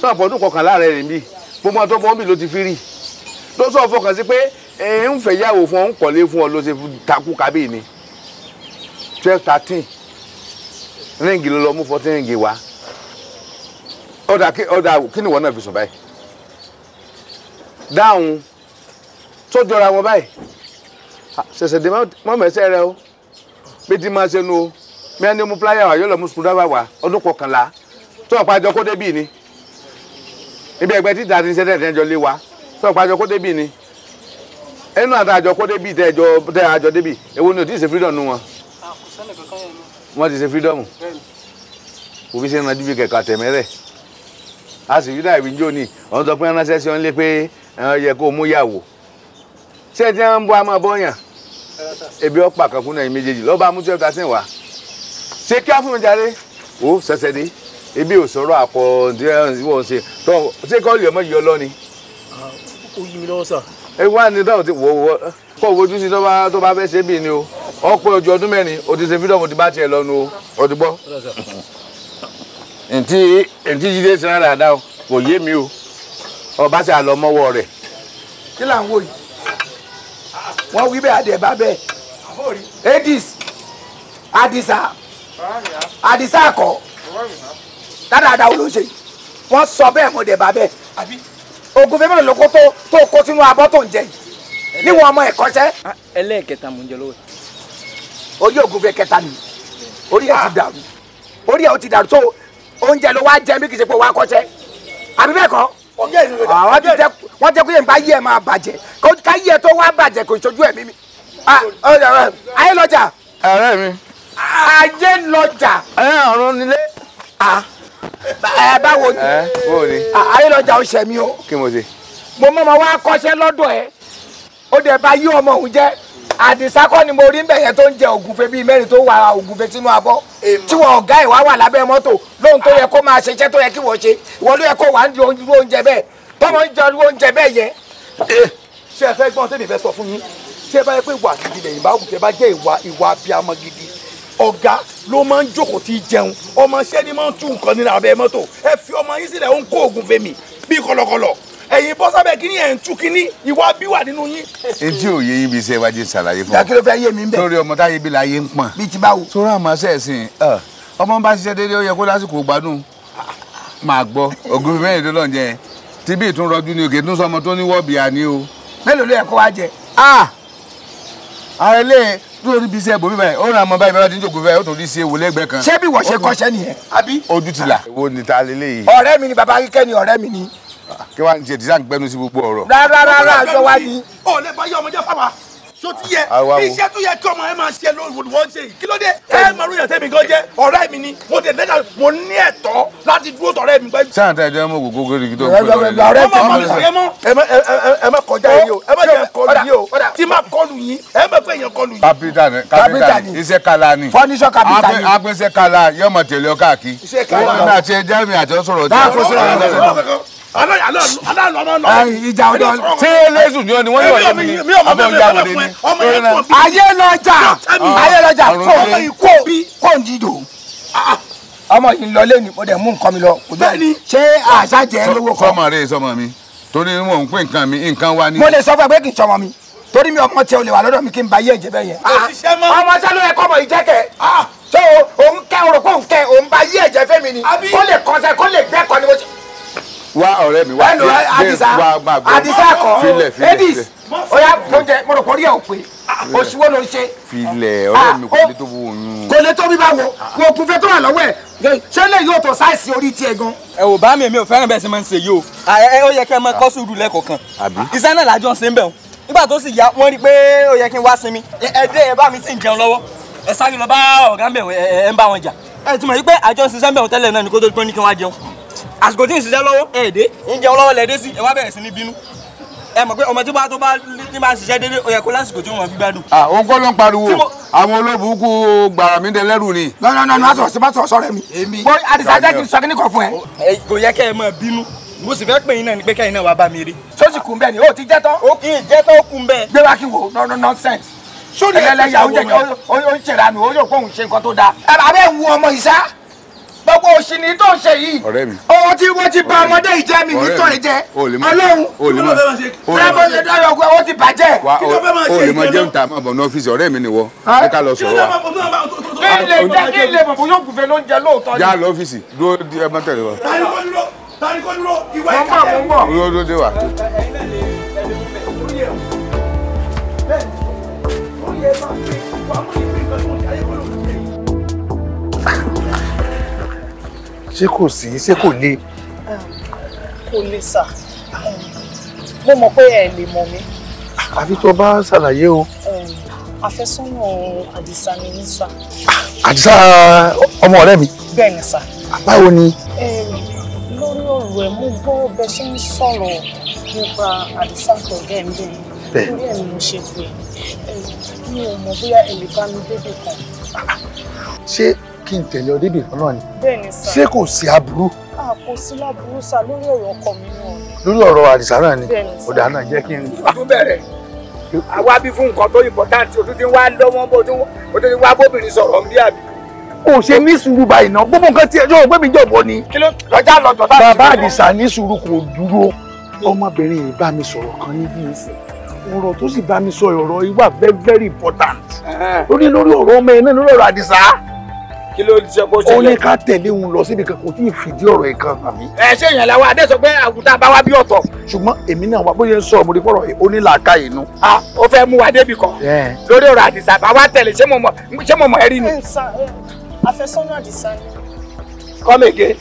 sọ àpọ̀dún kọkànlá rẹ̀ rìn bí gbogbo àtọ́ fọ́n bí ló ti fi rí ló sọ fọkàn sí pé ẹ̀ ń fẹ́ yàwó fún ọ ń kọ̀lé fún ọ ló ṣe takú kábíyì ni twelve thirteen ríǹgì ló lọ mú fourteen ríǹgì wá ọ̀dà ọ̀dà kí ni ìwọ náà fi sùn báyìí dáhùn tó jọra wọn báyìí ṣẹ̀ṣẹ̀ dé mọ́mọ́ ẹsẹ̀ rẹ o bí ti máa ṣe nu o mẹ́rin ni mo pláyà wá yóò lọ mú sukùdáwà wá ọdún kọkànlá tó ọ̀pá àjọ kó débì ni ibi ẹgbẹ́ tí ìdájí ṣẹ́dẹ̀ tẹ́jọ lé wa tó ọ̀pá àjọ kó débì ni ẹnu àti àjọ kó débì tẹ́jọ tẹ́ àjọ débì èwo ni ò tí ì ṣe freedom nu wọn. wọ́n ti ṣe freedom kò fi ṣe ń ranjú bí kẹ̀kọ́ àtẹ̀mẹ́rẹ̀ a sì rí dàbí jóni ọ̀n sọ pé ránṣẹ́ sí ọ nílé pé ẹ̀rọ yẹ kó mú yàwó ṣé ẹ ti ń bọ́ àmọ́ bọ́yàn ebi ọ̀pá kankun náà méjèèjì lọ́ba mú sí wa ṣe kí á fún mi jáde ó ṣẹ̀ṣẹ̀ dé ebi ò sọ̀rọ̀ àpọ ìwọ ṣe tó ṣe kọ́ ìyọmọ yìí ọlọ́ni. ó yí mi lọ́wọ́ sà. ẹ wá ní dáhùn tí wọ́wọ́ kọ́ ojú sí tó bá fẹ́ ṣe bí ni o ọ̀pọ̀ ojú ọdún mẹ́rin o ti ṣe fídọ̀mù ti bá tiẹ̀ lọ́nu o ọdún gbọ́. ntí ntí jíde sinra o kò yé mi o ọba ṣe àlọ́ mọ́wọ́ rẹ̀. kí là ń wò yìí wọ́n wí bẹ́ẹ̀ adẹ̀ bá bẹ́ẹ̀ adis adisa àdìsá àkọ́ dáadáa wo ló ń ṣe wọ́n sọ bẹ́ẹ̀ mo dẹ̀ bá bẹ́ẹ̀ ogun fẹ́ mẹ́rin lóko tó kó sínú abọ́ tó ń jẹ yìí níwọ̀n ọmọ ẹ̀kọ́ṣẹ́. ẹlẹ́ẹ̀kẹta mò ń jẹ lọ́wọ́ ẹ̀. orí ogun fẹ́ kẹta ni orí ẹ̀ ah. ti dàrú orí ẹ̀ ti dàrú tó oúnjẹ ló wá jẹ bí kì í ṣe pé wàá kọ́ṣẹ́ àbí bẹ́ẹ̀ kọ́ wọ́n jẹ́ kó yẹn bá máa bàjẹ́ ká tó wá bàjẹ́ kò ìṣojú ẹ̀mí ah, mi. ayé lọ́jà. mi ajé lọjà. ẹ ọ̀run nílé. ẹ báwo ni. ẹ báwo ni. ayé lọjà ó ṣẹ̀mí o. kí mo ṣe. mo mọ̀ mọ́ wá kọ́ṣẹ́ lọ́dọ̀ ẹ̀ ó dẹ̀ bá yí ọmọ òun jẹ́ àdìsá kọ́ ni mo rí mbẹ̀ yẹn tó ń jẹ ògùnfe bíi mẹ́rin tó wà ògùnfe sínú abọ́ tí wọn ọ̀gá ẹ̀ wá wà lábẹ́ mọ́tò lóhun tó yẹ kó máa ṣe iṣẹ́ tó yẹ kí wọ́n ṣe ìwọ ló yẹ kó wà ń lo irú oúnjẹ bẹ́ẹ̀ tọ́mọ ń jẹ irú oúnjẹ bẹ́ẹ̀ yẹn. Eh, ṣé ẹ fẹ́ gbọ́n tèmi fẹ́ sọ fún yín tí ẹ bá yẹ pé ìwà gidi lẹ́yìn bá wù tẹ́ bá jẹ́ ìwà ìwà abiyamọ gidi ọ̀gá ló máa ń jókòó ti jẹun ọmọ iṣẹ́ ni máa ń tú nǹkan nínú abẹ́ mọ́tò ẹ fi ọmọ yín sílẹ̀ ó ń kó oògùn fèmí bíi kọlọkọlọ ẹ̀yin bọ́ sábẹ́ kínní ẹ̀ ń tú kínní ìwà bí wà nínú yín. etí òye yín bí iṣẹ́ wájú ṣàlàyé fún ọ. ìdákẹ́lẹ́ fẹ́ yé mi bẹ́ẹ̀. torí ọmọ táyé bí láyé ń pọ̀n. bíi ti báwo. sórí àmọ́ sẹ́ẹ̀sìn ọmọ bá ṣiṣẹ́ déédéé ó yẹ kó lásìkò gbádùn máa gbọ́ ògùn mẹ́rìndínlọ́ọ̀ jẹ tí bí ìtún rọjú ni òkè tún sọmọ tó ní wọ́ọ̀bì àní o. mélòó ló yẹ kó wá jẹ. ah àrẹ̀lẹ́ lórí bí iṣẹ́ ìbòmí báyìí ó ràn mọ́ báyìí bá ti ń jòkó báyìí ó tún rí sí ewu lẹ́gbẹ̀ẹ́ kan. ṣé bí wọ́n ṣe kọ́ṣẹ́ nìyẹn. àbí ojú ti là. wo ni ta lélẹ̀ yìí. ọ̀rẹ́ mi ni baba akíkẹ́ ni ọ̀rẹ́ mi ni. kí wàá ní tiẹ̀ tí sáà ń gbẹnu sí gbogbo ọ̀rọ̀. rárá rárá àjọ wa ni. ó lè bá yọ ọmọ jẹ́ fáwa so ti yẹ iṣẹ́ tó yẹ kí ọmọ ẹ máa ṣe ló wọ́n ṣe yìí kí ló dé ẹ máa ròyìn tẹ́mi gan jẹ́ ọ̀rẹ́ mi ni mo tẹ̀ lẹ́tà mo ní ẹ̀tọ́ láti dúró tọ̀rẹ́ mi pẹ́. tẹ ẹ jẹ́ mọ̀ wò gógó rigi tó ń pè lọ́rẹ́ ọ̀rẹ́ tí mo sọ yẹn mọ́ ẹ má kọjá yìí o ẹ má jẹ́ kọlu yìí o tí má kọlu yìí ẹ má fẹ́ yẹn kọlu yìí. kápítà ni kápítà ni iṣẹ́ kala ni fọ́nísọ́ kápítà ni apẹ́sẹ́ ìjà ọ̀dọ̀ ṣé lẹ́sù ni wọ́n ni wọ́n yọ̀ ọ́ ni ọmọ ìyá wò ni. ayé lọ́jà ayé lọ́jà kò kò ń dídò ọmọ yìí ń lọ lẹ́nu mo dẹ̀ mú nǹkan mi lọ kò dá ṣé àṣà jẹ́ lówó kan. sọmọ rẹ sọmọ mi torí mò ń pè nǹkan mi nǹkan wa ni. mo lè sọ fún ẹ pé kì í sọmọ mi torí mi ọmọ tí o lè wà lọ́dọ̀ mi kí n ba yé ẹ̀jẹ̀ bẹ́ẹ̀ yẹn. Ah, ọmọ sálọ yẹ kọ́ ọmọ yìí jẹ́kẹ̀ tó òun kẹ́ òun ah. kẹ́ òun ba yé ẹ̀jẹ̀ fẹ́mi ni kó lè kọ́sẹ̀ kó lè gbẹ́kọ̀ ni mo ṣe wá ọ̀rẹ́ mi wá Adisa Adisa kọ Edis oya oúnjẹ mo rò kórìí ẹ̀ ò pé òṣìwọ́ ah, ló ń ṣe. filẹ̀ ọ̀rẹ́ mi kò lè tó bó oyún. kò lè tó bí bá wo wo kun fẹ́ tó wà lọ́wọ́ ẹ̀ ṣé lè yóò tó sáìsì orí tiẹ̀ gan. ẹ ò bá mi èmi ò fẹ́ràn bẹ́ẹ̀ ṣe máa ń ṣe yìí o ó yẹ kẹ́ ẹ máa kọ́ sùúrù lẹ́kọ̀ọ̀kan iṣẹ́ náà làjọ ń ṣe ń bẹ̀ nígbà tó sì yá wọ́n rí i pé ó yẹ kí n wá sinmi ẹ dé ẹ bá mi sì ń jẹun lọ́wọ́ ẹ sáré lọ bá ọ̀gá ń bẹ̀ ẹ ń bá wọn jà ẹ ti mọ̀ yí pé àjọ ń ṣiṣẹ́ ń bẹ̀ wọn tẹ́lẹ̀ náà ni kó tó gbọ́n ní kí wọ́n á jẹun àsìkò tí ń ṣiṣẹ́ lọ́wọ́ ẹ̀ dé ń jẹun lọ́wọ́ lẹ́ẹ̀dẹ́ sí ẹ wá bẹ̀rẹ̀ sí ní bínú ẹ mọ̀ pé ọmọ tí bá tó bá tí máa ṣiṣẹ́ dédé ó yẹ kó lásìkò tí wọ́n fi gbádùn. òun kọ́ ló ń pariwo àwọn olóògùn kú gbàrà mí dẹ lẹ́rù ni. lọ́nà náà má sọ̀rọ̀ sí má sọ̀rọ̀ sọ̀rọ̀ mi. bó àdìsá jẹ́ kí n sọ kí ni kò fún ẹ. kò yẹ kẹ́ ẹ máa bínú mo sì fẹ́ pè yín náà ni pé kẹ́yìn náà wàá bá mi rí. sọ́sì kùn bẹ́ẹ̀ ni ó ti jẹ́tọ́. ó kì í jẹ́tọ́ ó kùn bẹ́ẹ̀. gbé kí wo no nonsense. sóni gbogbo òṣìní tó ń ṣe yìí owó tí wọ́n ti bá ọmọdé ìjẹ́ mi ní tọ́ ìjẹ́ ọlọ́run tẹ́lẹ̀mọ́ ṣe dára ọgbẹ́ owó ti bàjẹ́ kí ló fẹ́ máa ṣe ìjẹ́ lọ. olùmọ̀jẹ́ ń ta máa bọ̀ ní ọ́fíìsì ọ̀rẹ́ mi ni wọ́ ẹ ká lọ sọ̀rọ̀ wa. kí lè jẹ́ kí lè bọ̀bọ̀ yóò gùnfẹ́ lóúnjẹ lóòótọ́ ni. yá lọ ọ́fíìsì dúró ẹ má tẹ̀lé wa. tani kò dúró tani kò dúró ìwà ìkàlẹ̀. mo bọ̀ mo ń bọ̀. ṣé kò sí ṣé kò le. kò le sà mo mọ̀ pé ẹ lè mọ̀ mí. àfi tó bá ṣàlàyé o. àfẹ́sọ́nà àdìsá ni mí sà. àdìsá ọmọ ọ̀rẹ́ mi. bẹ́ẹ̀ ni sà. báwo ni. lórí ọ̀rọ̀ ẹ̀ mo gbọ́ bẹ ṣe ń sọ̀rọ̀ nípa àdìsá tó gẹ̀ ń bẹ̀ bẹ́ẹ̀ lórí ni mo ṣe pé mi ò mọ̀ bóyá ẹ bá mi débì kan. ṣé kí n tẹ̀lé ọ débi ìkan náà ni. bẹ́ẹ̀ni sá. ṣé kò sí aburú. a kò sí láburú sá lórí ọ̀rọ̀ ọkọ mi náà. lórí ọ̀rọ̀ àdìsá náà ni ọ̀dà náà jẹ́ kí n. ọdún bẹ̀rẹ̀ àwa bí fún nǹkan tó important o tún ti wá lọ́wọ́ bó o tún ti wá bóbìnrin sọ̀rọ̀ ń bí àbí. kò ṣe ní sùúrù báyìí náà gbogbo nǹkan tí ẹjọ́ ògbé mi jọ̀bọ ni. kí ló lọ́jà lọ́jọ́ tá a ti dúró. bàbá àdìsá ní sùúrù kò dúró ọmọbìnrin yìí bá mi sọ̀rọ̀ kan níbi ìsìn ọ̀rọ̀ tó sì bá mi sọ ọ̀rọ̀ yìí wà very very important lórí lórí ọ̀rọ̀ ọmọ ẹ̀ náà lórí ọ̀rọ̀ àdìsá kí ló ṣe kó ṣẹlẹ̀. ó ní ká tẹ̀lé òun lọ síbi kan kò tí ì fìdí ọ̀rọ̀ yìí kan àbí. ẹ ṣe èèyàn làwọn adé sọ pé àgùntàn bá wá bí ọ̀tọ̀. ṣùgbọ́n èmi náà wà bóyá ń sọ ọmọdé fọ̀rọ̀ ó ní làákà inú. a ó fẹ́ mú wa débi kan lórí ọ̀rọ̀ àdìsá bá wá tẹ̀lé ṣé mo mọ̀ ṣé mo mọ̀ ẹ rí ni. àfẹ́sọ́nà àdìsá ni. come again.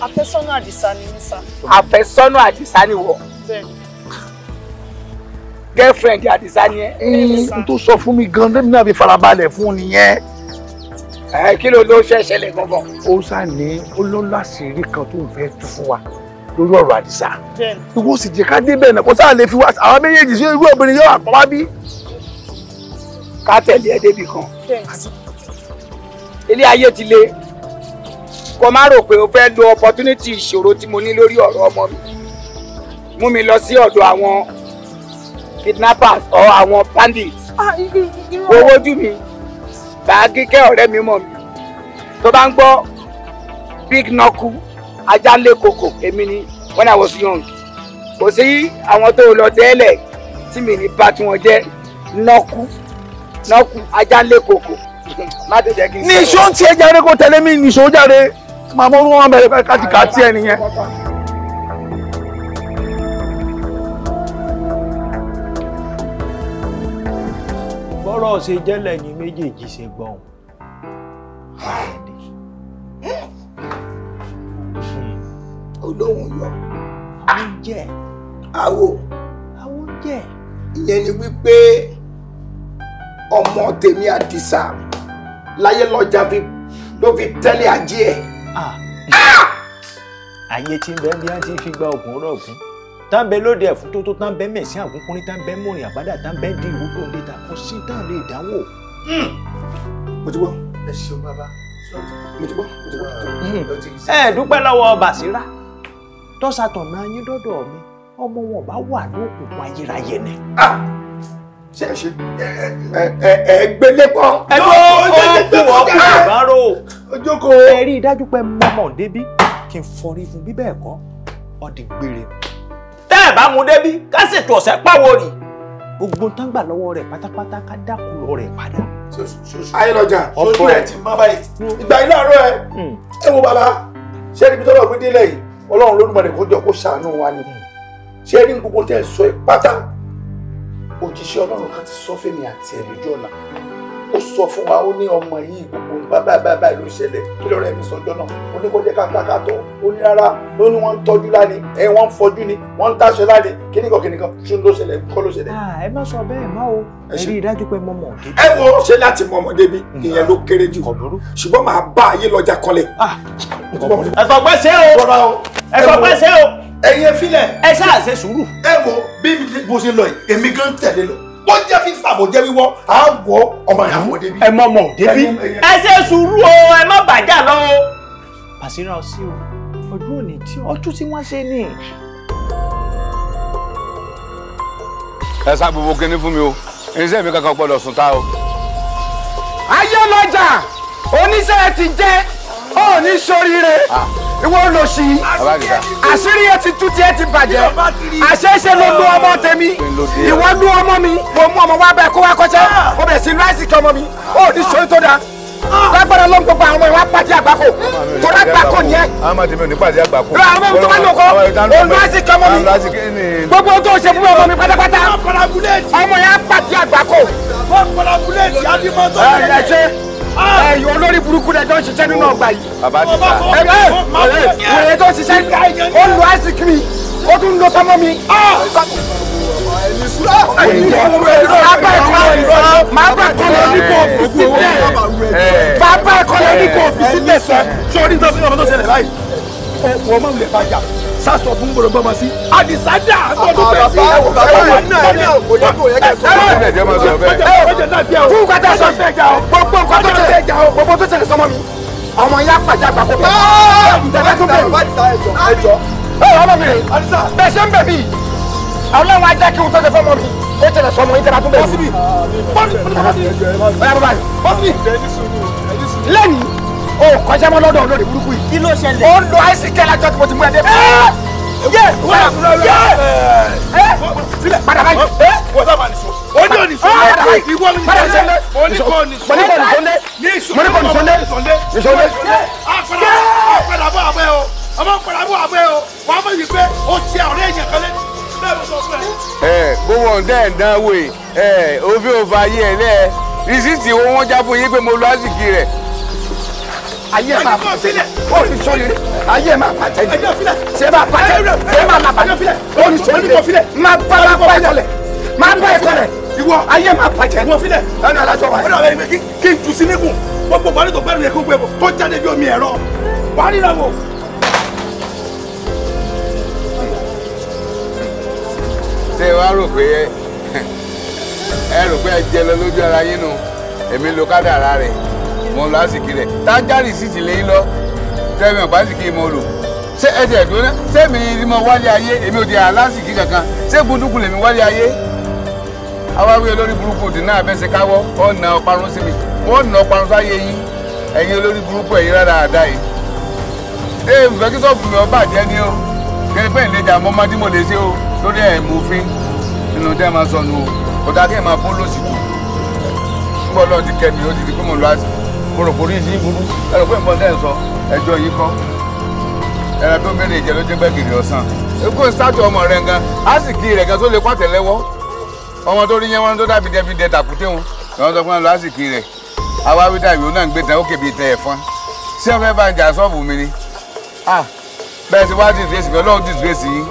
àfẹ́sọ́nà àdìsá ni mí sá. àfẹ́sọ́nà àdìsá ni wọ. bẹ́ẹ̀ni girlfriend àdìsá ni ẹ. n tó sọ fún mi gan-an lẹ́mìnà fi farabalẹ̀ fún nìyẹn ẹ kí ló ló ṣe ṣẹlẹ̀ gbọgbọ. ó sá ní olólù àṣírí kan tó ń fẹ́ tú fún wa lórí ọ̀rọ̀ àdìsá ìwọ sì jẹ́ ká débẹ̀ náà kó sáà lè fi wá àwọn méjèèjì sí irú obìnrin yóò àpá bí. ká tẹ̀lé ẹ débi kan ilé ayé ti le kó má rò pé o fẹ́ lo opportunity ìṣòro tí mo ní lórí ọ̀rọ̀ ọmọ mi mú mi lọ sí ọ̀dọ̀ àwọn kidnappers or àwọn bandits owó ojú mi bàágíkẹ́ ọ̀rẹ́ mi mọ̀ mi tó bá ń gbọ́ big knuckle ajálẹ̀ kòkò èmi ni when I was young kò sí àwọn tó lọ tẹ́lẹ̀ tí mi ní bá tí wọ́n jẹ́ nọ́kú nọ́kú ajálẹ̀ kòkò má tẹ̀ jẹ́ kí n sọ̀rọ̀. ní iṣó tiẹ̀ jáde kó tẹ̀lé mi ní iṣó jáde màmá olúwa bẹ̀rẹ̀ káàtì káàtì ẹ̀ nìyẹn. bọ́rọ̀ ṣe jẹ́lẹ̀ ni méjèèjì ṣe gbọ̀n. olóhùn yọ oúnjẹ àwo àwọn oúnjẹ. ìyẹn ni wípé ọmọ tèmi àdìsá láyé lọ́jà ló fi tẹ́lẹ̀ ajé ẹ̀. ayé ah! tí ń bẹ́ẹ̀ bí wọ́n ti fi gba ògùn rọ̀gùn tá ń bẹ lóde ẹ̀fún tó tó tá ń bẹ mẹ̀sí àgúnkùnrin tá ń bẹ mọ̀rìn àbádà tá ń bẹ dín ìwú tó ń déta kò sí tá lè dánwò. Hmm. mo ti gbọ́. ẹ ṣeun bàbá mo ti gbọ́ mo ti gbọ́. Hmm. ẹ dúpẹ́ lọ́wọ́ Bàsírá tọ́sàtọ̀ náà yín dọ́dọ̀ mi ọmọ wọn bá wà ní òkùnkùn ayérayé ni. Ah! ṣe ṣe ẹgbẹ́lẹ́pọ̀. ẹgbẹ́ ọkùn ìbárò ẹ rí i dájú pé mọ́mọ́ débí kí n forí fún bíbẹ́ ẹ̀kọ́ ọ̀dìgbére tẹ́ ẹ̀ bá mu débi ká ṣètò ọ̀sẹ̀ pàwọ́ rì gbogbo tán gbà lọ́wọ́ rẹ̀ pátápátá ká dákúrò rẹ̀ padà. ayélujára ojú ẹ ti má báyìí ìgbà yìí láàárọ̀ ẹ hmm. ẹ wo bala ṣé ibi tọ́lọ̀ gbé délẹ̀ yìí ọlọ́run lódùmarè kó jọ kó ṣàánú wa ni hmm. ṣé ní gbogbo tẹ̀ sọ ẹ pátá òjíṣẹ́ ọlọ́run kan ti sọ fẹ́mi àti ẹ̀ lójú ọ̀la ó sọ fún wa ó ní ọmọ yìí gbogbo nǹkan báyìí báyìí ló ṣẹlẹ̀ kí lọ́rọ̀ ẹ̀mí sọjọ́ náà ó ní kó jẹ́ ká káká tọ̀ ó ní rárá ló ní wọ́n ń tọ́jú láni ẹ wọ́n ń fọjú ni wọ́n ń táṣọ láni kíníkan kíníkan tún ló ṣẹlẹ̀ kọ́ ló ṣẹlẹ̀. Ah, ẹ má sọ bẹ́ẹ̀ má o ẹ rí i dájú pé mọ́mọ́ òde. ẹ wo ṣe láti mọ́mọ́ débi hmm. ìyẹn ló kéré jù ṣùgbọ́n màá bá ayé lọ́jà kọ́lẹ̀. Ah. ẹ sọ pé ṣé o ẹ sọ pé o. ẹyin filẹ. ẹ ṣáà ṣe sùúrù. ẹ wo bí mo ṣe lọ yìí èmi gan tẹ̀lé lọ bó jẹ́ fífà bó jẹ́ wíwọ́ á wọ ọmọ ìyàwó débi. ẹ mọ ọmọ òdébí. ẹ ṣe sùúrù o ẹ má bàjá lọ o. pàṣírà ọsí o ọdún òní tí ọdún tí wọ́n ṣe ni. ẹ sá gbogbo kinní fún mi o irinṣẹ́ mi kankan gbọ́dọ̀ sùn ta o. ayé lọ́jà oníṣẹ́ ti jẹ́ ó ní sóríire ah. ìwọ lò sí àṣírí ẹ ti tú tiẹ ti bàjẹ́ àṣeéṣe ló lu ọmọ ah. tèmi ìwọ lu ọmọ mi mo mú ọmọ wa bẹ kó wa kọjá ó ah. bẹ sí láìsí kí ọmọ mi ó ní sórí tó dáa lágbára ló ń gbogbo àwọn ìwà pàdé àgbákò torí àgbákò ni ẹ. àwọn máa tẹ̀mí ò ní pàdé àgbákò. lọ àwọn ohun tó bá lò kọ òun á sì kọ́ ọmọ mi gbogbo tó ṣe fún ọmọ mi pátápátá ọmọ yẹn á pàdé àgbákò. wọ́n pọ̀lọ́gùlẹ̀tì á ti mọ́tò. ẹ ẹ ṣe. Ah! ẹ̀yin olórí burúkú rẹ̀ tó ń ṣiṣẹ́ nínú ọgbà yìí. bàbá ti ta ẹ ẹ wòye tó ń ṣiṣẹ́ ó lu ice cream ó tún lo tọmọ mi. Ah! Bàbá ẹ̀kọ́ ní bàbá ẹ̀kọ́ ní kò fi sílẹ̀ bàbá ẹ̀kọ́ ní kò fi sílẹ̀ sọ. Ṣé orí tó fi ọmọ tó ṣẹlẹ̀ báyìí? Wọ́n máa ń lè bá jà sásọ fún gbọdọ gbọmọ sí àdìsá dà gbọdọ bẹ́ẹ̀ sí ẹwọ ẹwọ náà ní kò yẹ yẹ kẹ sọ fún mi. fún nǹkan tẹ sọ gbogbo nǹkan tó tẹ gbogbo tó tẹ sọmọ mi ọmọ ya pàjá gbàgbọ́ pé tẹ̀lé tó bẹ̀rù. ẹ ọmọ mi bẹ́ẹ̀ ṣe ń bẹ̀ mí ọlọ́run ajá kí n tó ṣe fọmọ mi ó tẹ̀lé sọmọ yìí tẹ̀lé tó bẹ̀rù. bọ́sibí bọ́sibí bọ́sibí lẹ́yìn o kọjá mọ́ lọ́dọ̀ olórí burúkú yìí. kí ló ṣẹlẹ̀. ó ń lo àìsí kẹlá jọ tí mo ti mú ẹ dé. yé wọ́n yé sílẹ̀ padà báyìí. wọ́n sábà nìṣó. ó ní ònìṣó. ìwọ mi nìṣó lé. mo ní kò nìṣó lé. mo ní kò nìṣó lé. nìṣó lé. àpàdà bọ̀ àbẹ́ o ọmọ àpàdà bọ̀ àbẹ́ o wàá mọ̀ yìí pé ó ti ọ̀rẹ́ èèyàn kan lé gbogbo ọ̀dẹ́ ẹ̀dánwó ẹ̀ òfin òfin ayé ẹ̀ lẹ́ẹ̀ rìsíìtì owó wọn já fún yín pé mo lọ àsìkí rẹ̀ ayé máa bàjẹ́ ó ní sọ́yìn rẹ̀ ayé máa bàjẹ́ ni ṣé máa bàjẹ́ ṣé máa máa bàjẹ́ ó ní sọ́yìn rẹ̀ máa bá máa bá ẹ̀kọ́ lẹ̀ máa bá ẹ̀kọ́ lẹ̀ ìwọ ayé máa bàjẹ́ ìwọ filẹ̀ ẹnu alájọ wa yẹn. kí n jù sí níkùn gbogbo buhari tó gbẹrù yẹn kó gbẹ bọ tó jáde bí omi ẹ̀rọ buhari náà wò. ṣé wàá rò pé ẹ rò pé ẹ jẹ lọ lójú ara yín nu èmi lo kádàrá rẹ̀ mo lọ àsìkí rẹ̀ tájárì sì ti lè lọ tẹ́mi ọ̀pá àsìkí mo lò ṣé ẹ̀jẹ̀ ẹ̀dúró náà sẹ́mi ni mo wálé ayé èmi ò di àlásìkí kankan ṣé gbúdúkú lèmi wálé ayé awáwí olórí burúkú òdì náà bẹ́sẹ̀ káwọ́ ọ̀nà ọ̀parun sí mi wọ́n nà ọ̀parun sáyé yín ẹ̀yin olórí burúkú ẹ̀yin rárá àdá yìí ee nfẹ́ kí sọ́ọ̀bù mi ọba àjẹ́ ni o kí n pẹ́ ìlẹ́jà mọ́ máa dí mo lè ṣe o lórí ẹ̀ mú fín nínú tẹ́ máa sọnù o kò dáa máa bó lòsì tó ń ti kẹ́ mi ó ti di pé mo lọ àsìkò mo rò pé orí yín burú ẹ rò pé nǹkan tẹ́ ẹ̀ sọ ẹjọ́ yìí kọ́ ẹ̀rọ tó bẹ̀rẹ̀ ìjẹ́ ló jẹ́ gbẹ̀gìrì ọ̀sán ikú ìsájú ọmọ rẹ̀ gan á sì kí rẹ̀ gan tó lè pàtẹ́lẹ́wọ́ ọmọ tó rí yẹn wọn tó dàbí dẹbi dẹ tàkúté wọn lọ́wọ́ sọ fún wọn lásìkò rẹ̀ àwa wí dàbí òun náà ń gbé tán ó kèbi tẹ ẹ̀fọn ṣé ẹ fẹ́ bá ń jà sọ́ọ̀bù mi ni bẹ́ẹ̀ ti wá dìtírẹ́sì mi ọlọ́run dìtírẹ́sì yín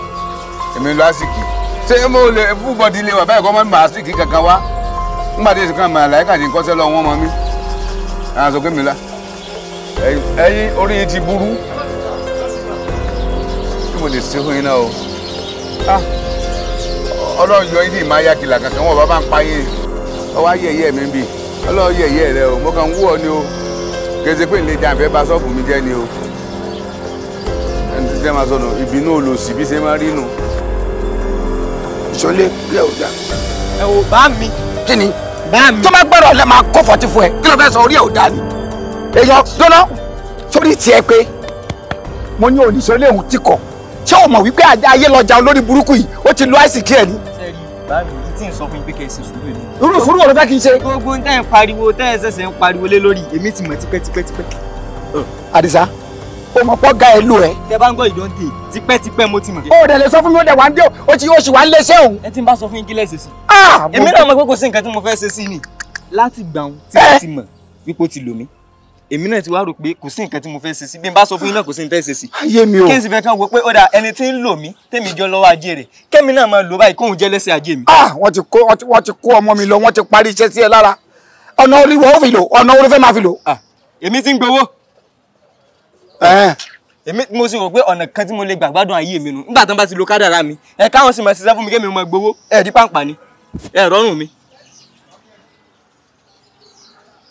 èmi lásìkò ṣé mo lè fúbọ̀dì lè wà báyìí kọ́ mọ́ mi sì wá nígbà kan lọ́wọ́ wọn àwọn ah, sọgbẹ́ mi la ẹyin orí yìí ti burú tí mo lè ṣe fún yín náà o ah, ọlọ́run yọ yín ní ìmáyà kìlà kankan wọn bá ń pa yín ọwọ́ ayé ẹ̀yẹ mi ń bì ọlọ́run yẹ ẹ̀yẹ rẹ o mo kàn ń wú ọ ni o kèsì pé ìlẹ̀ jàǹfẹ́ bá sọ́ọ̀bù mi jẹ́ ni o ẹni tí jẹ́ máa sọnù ìbínú olòṣì bí ṣe máa rí nù. ìṣọlẹ ilé ò dá. ẹ ò bá mi. kí ni tó bá gbọ́dọ̀ lẹ́ máa kó fọ́tí fún ẹ kí ló fẹ́ sọ orí ẹ̀ ò dá ni. èèyàn dọ́nà sórí tiẹ̀ pé mo ní oníṣẹ́ ilé òun ti kọ̀ ṣé o mọ̀ wípé ayé lọ́jà olórí burúkú yìí ó ti lo àìsíkí ẹ̀ ni. sẹ́ẹ̀rì bá tí n sọ fún yín pé kẹ́ ẹ ṣe sùúrù ni. irú sùúrù wo ló fẹ́ kí n ṣe. gbogbo tẹ́ ẹ pariwo tẹ́ ẹ ṣẹ̀ṣẹ̀ ń pariwo lé lórí èmi ti mọ̀ tipẹ́tipẹ́tipẹ́ o mọ̀ pọ́ ga ẹ̀ lò ẹ́. tẹ bá ń gbọ́ ìdóńtè tipẹ́tipẹ́ mo ti mọ̀. o dẹ̀ lè sọ fún mi ó dẹ̀ wá ń dé o ti oṣù wá ń léṣẹ́ o. ẹ ti ń bá sọ fún yín kí lẹ́sẹ̀ sí. Ah, èmi náà mọ̀ pé kò sí nǹkan tí mo fẹ́ ṣe sí ni láti gbà wọn tí mo eh! ti mọ̀ wípé ó ti lò mí èmi náà ti wá rò pé kò sí nǹkan tí mo fẹ́ ṣe sí bí n bá sọ fún yín náà kò sí nǹkan ṣe sí. ayé mi o kí n sì fẹ́ kàn wọ pé ó dà ẹni tí ń lò mí tèmi jọ lọ́wọ́ ajé rẹ̀ kẹ́mi náà máa lò báyìí kóun jẹ́ lẹ́sẹ̀ ajé mi. Ah, wọ́n ti kó Eh. èmi mo sì rò pé ọ̀nà kan tí mo lè gbàgbádùn ayé mi nù nígbà tán bá ti lo kádàrá mi ẹ káwọn sì máa ṣiṣẹ́ fún mi kémi mo gbowó ẹ di pàǹpà ni ẹ rọrùn mi.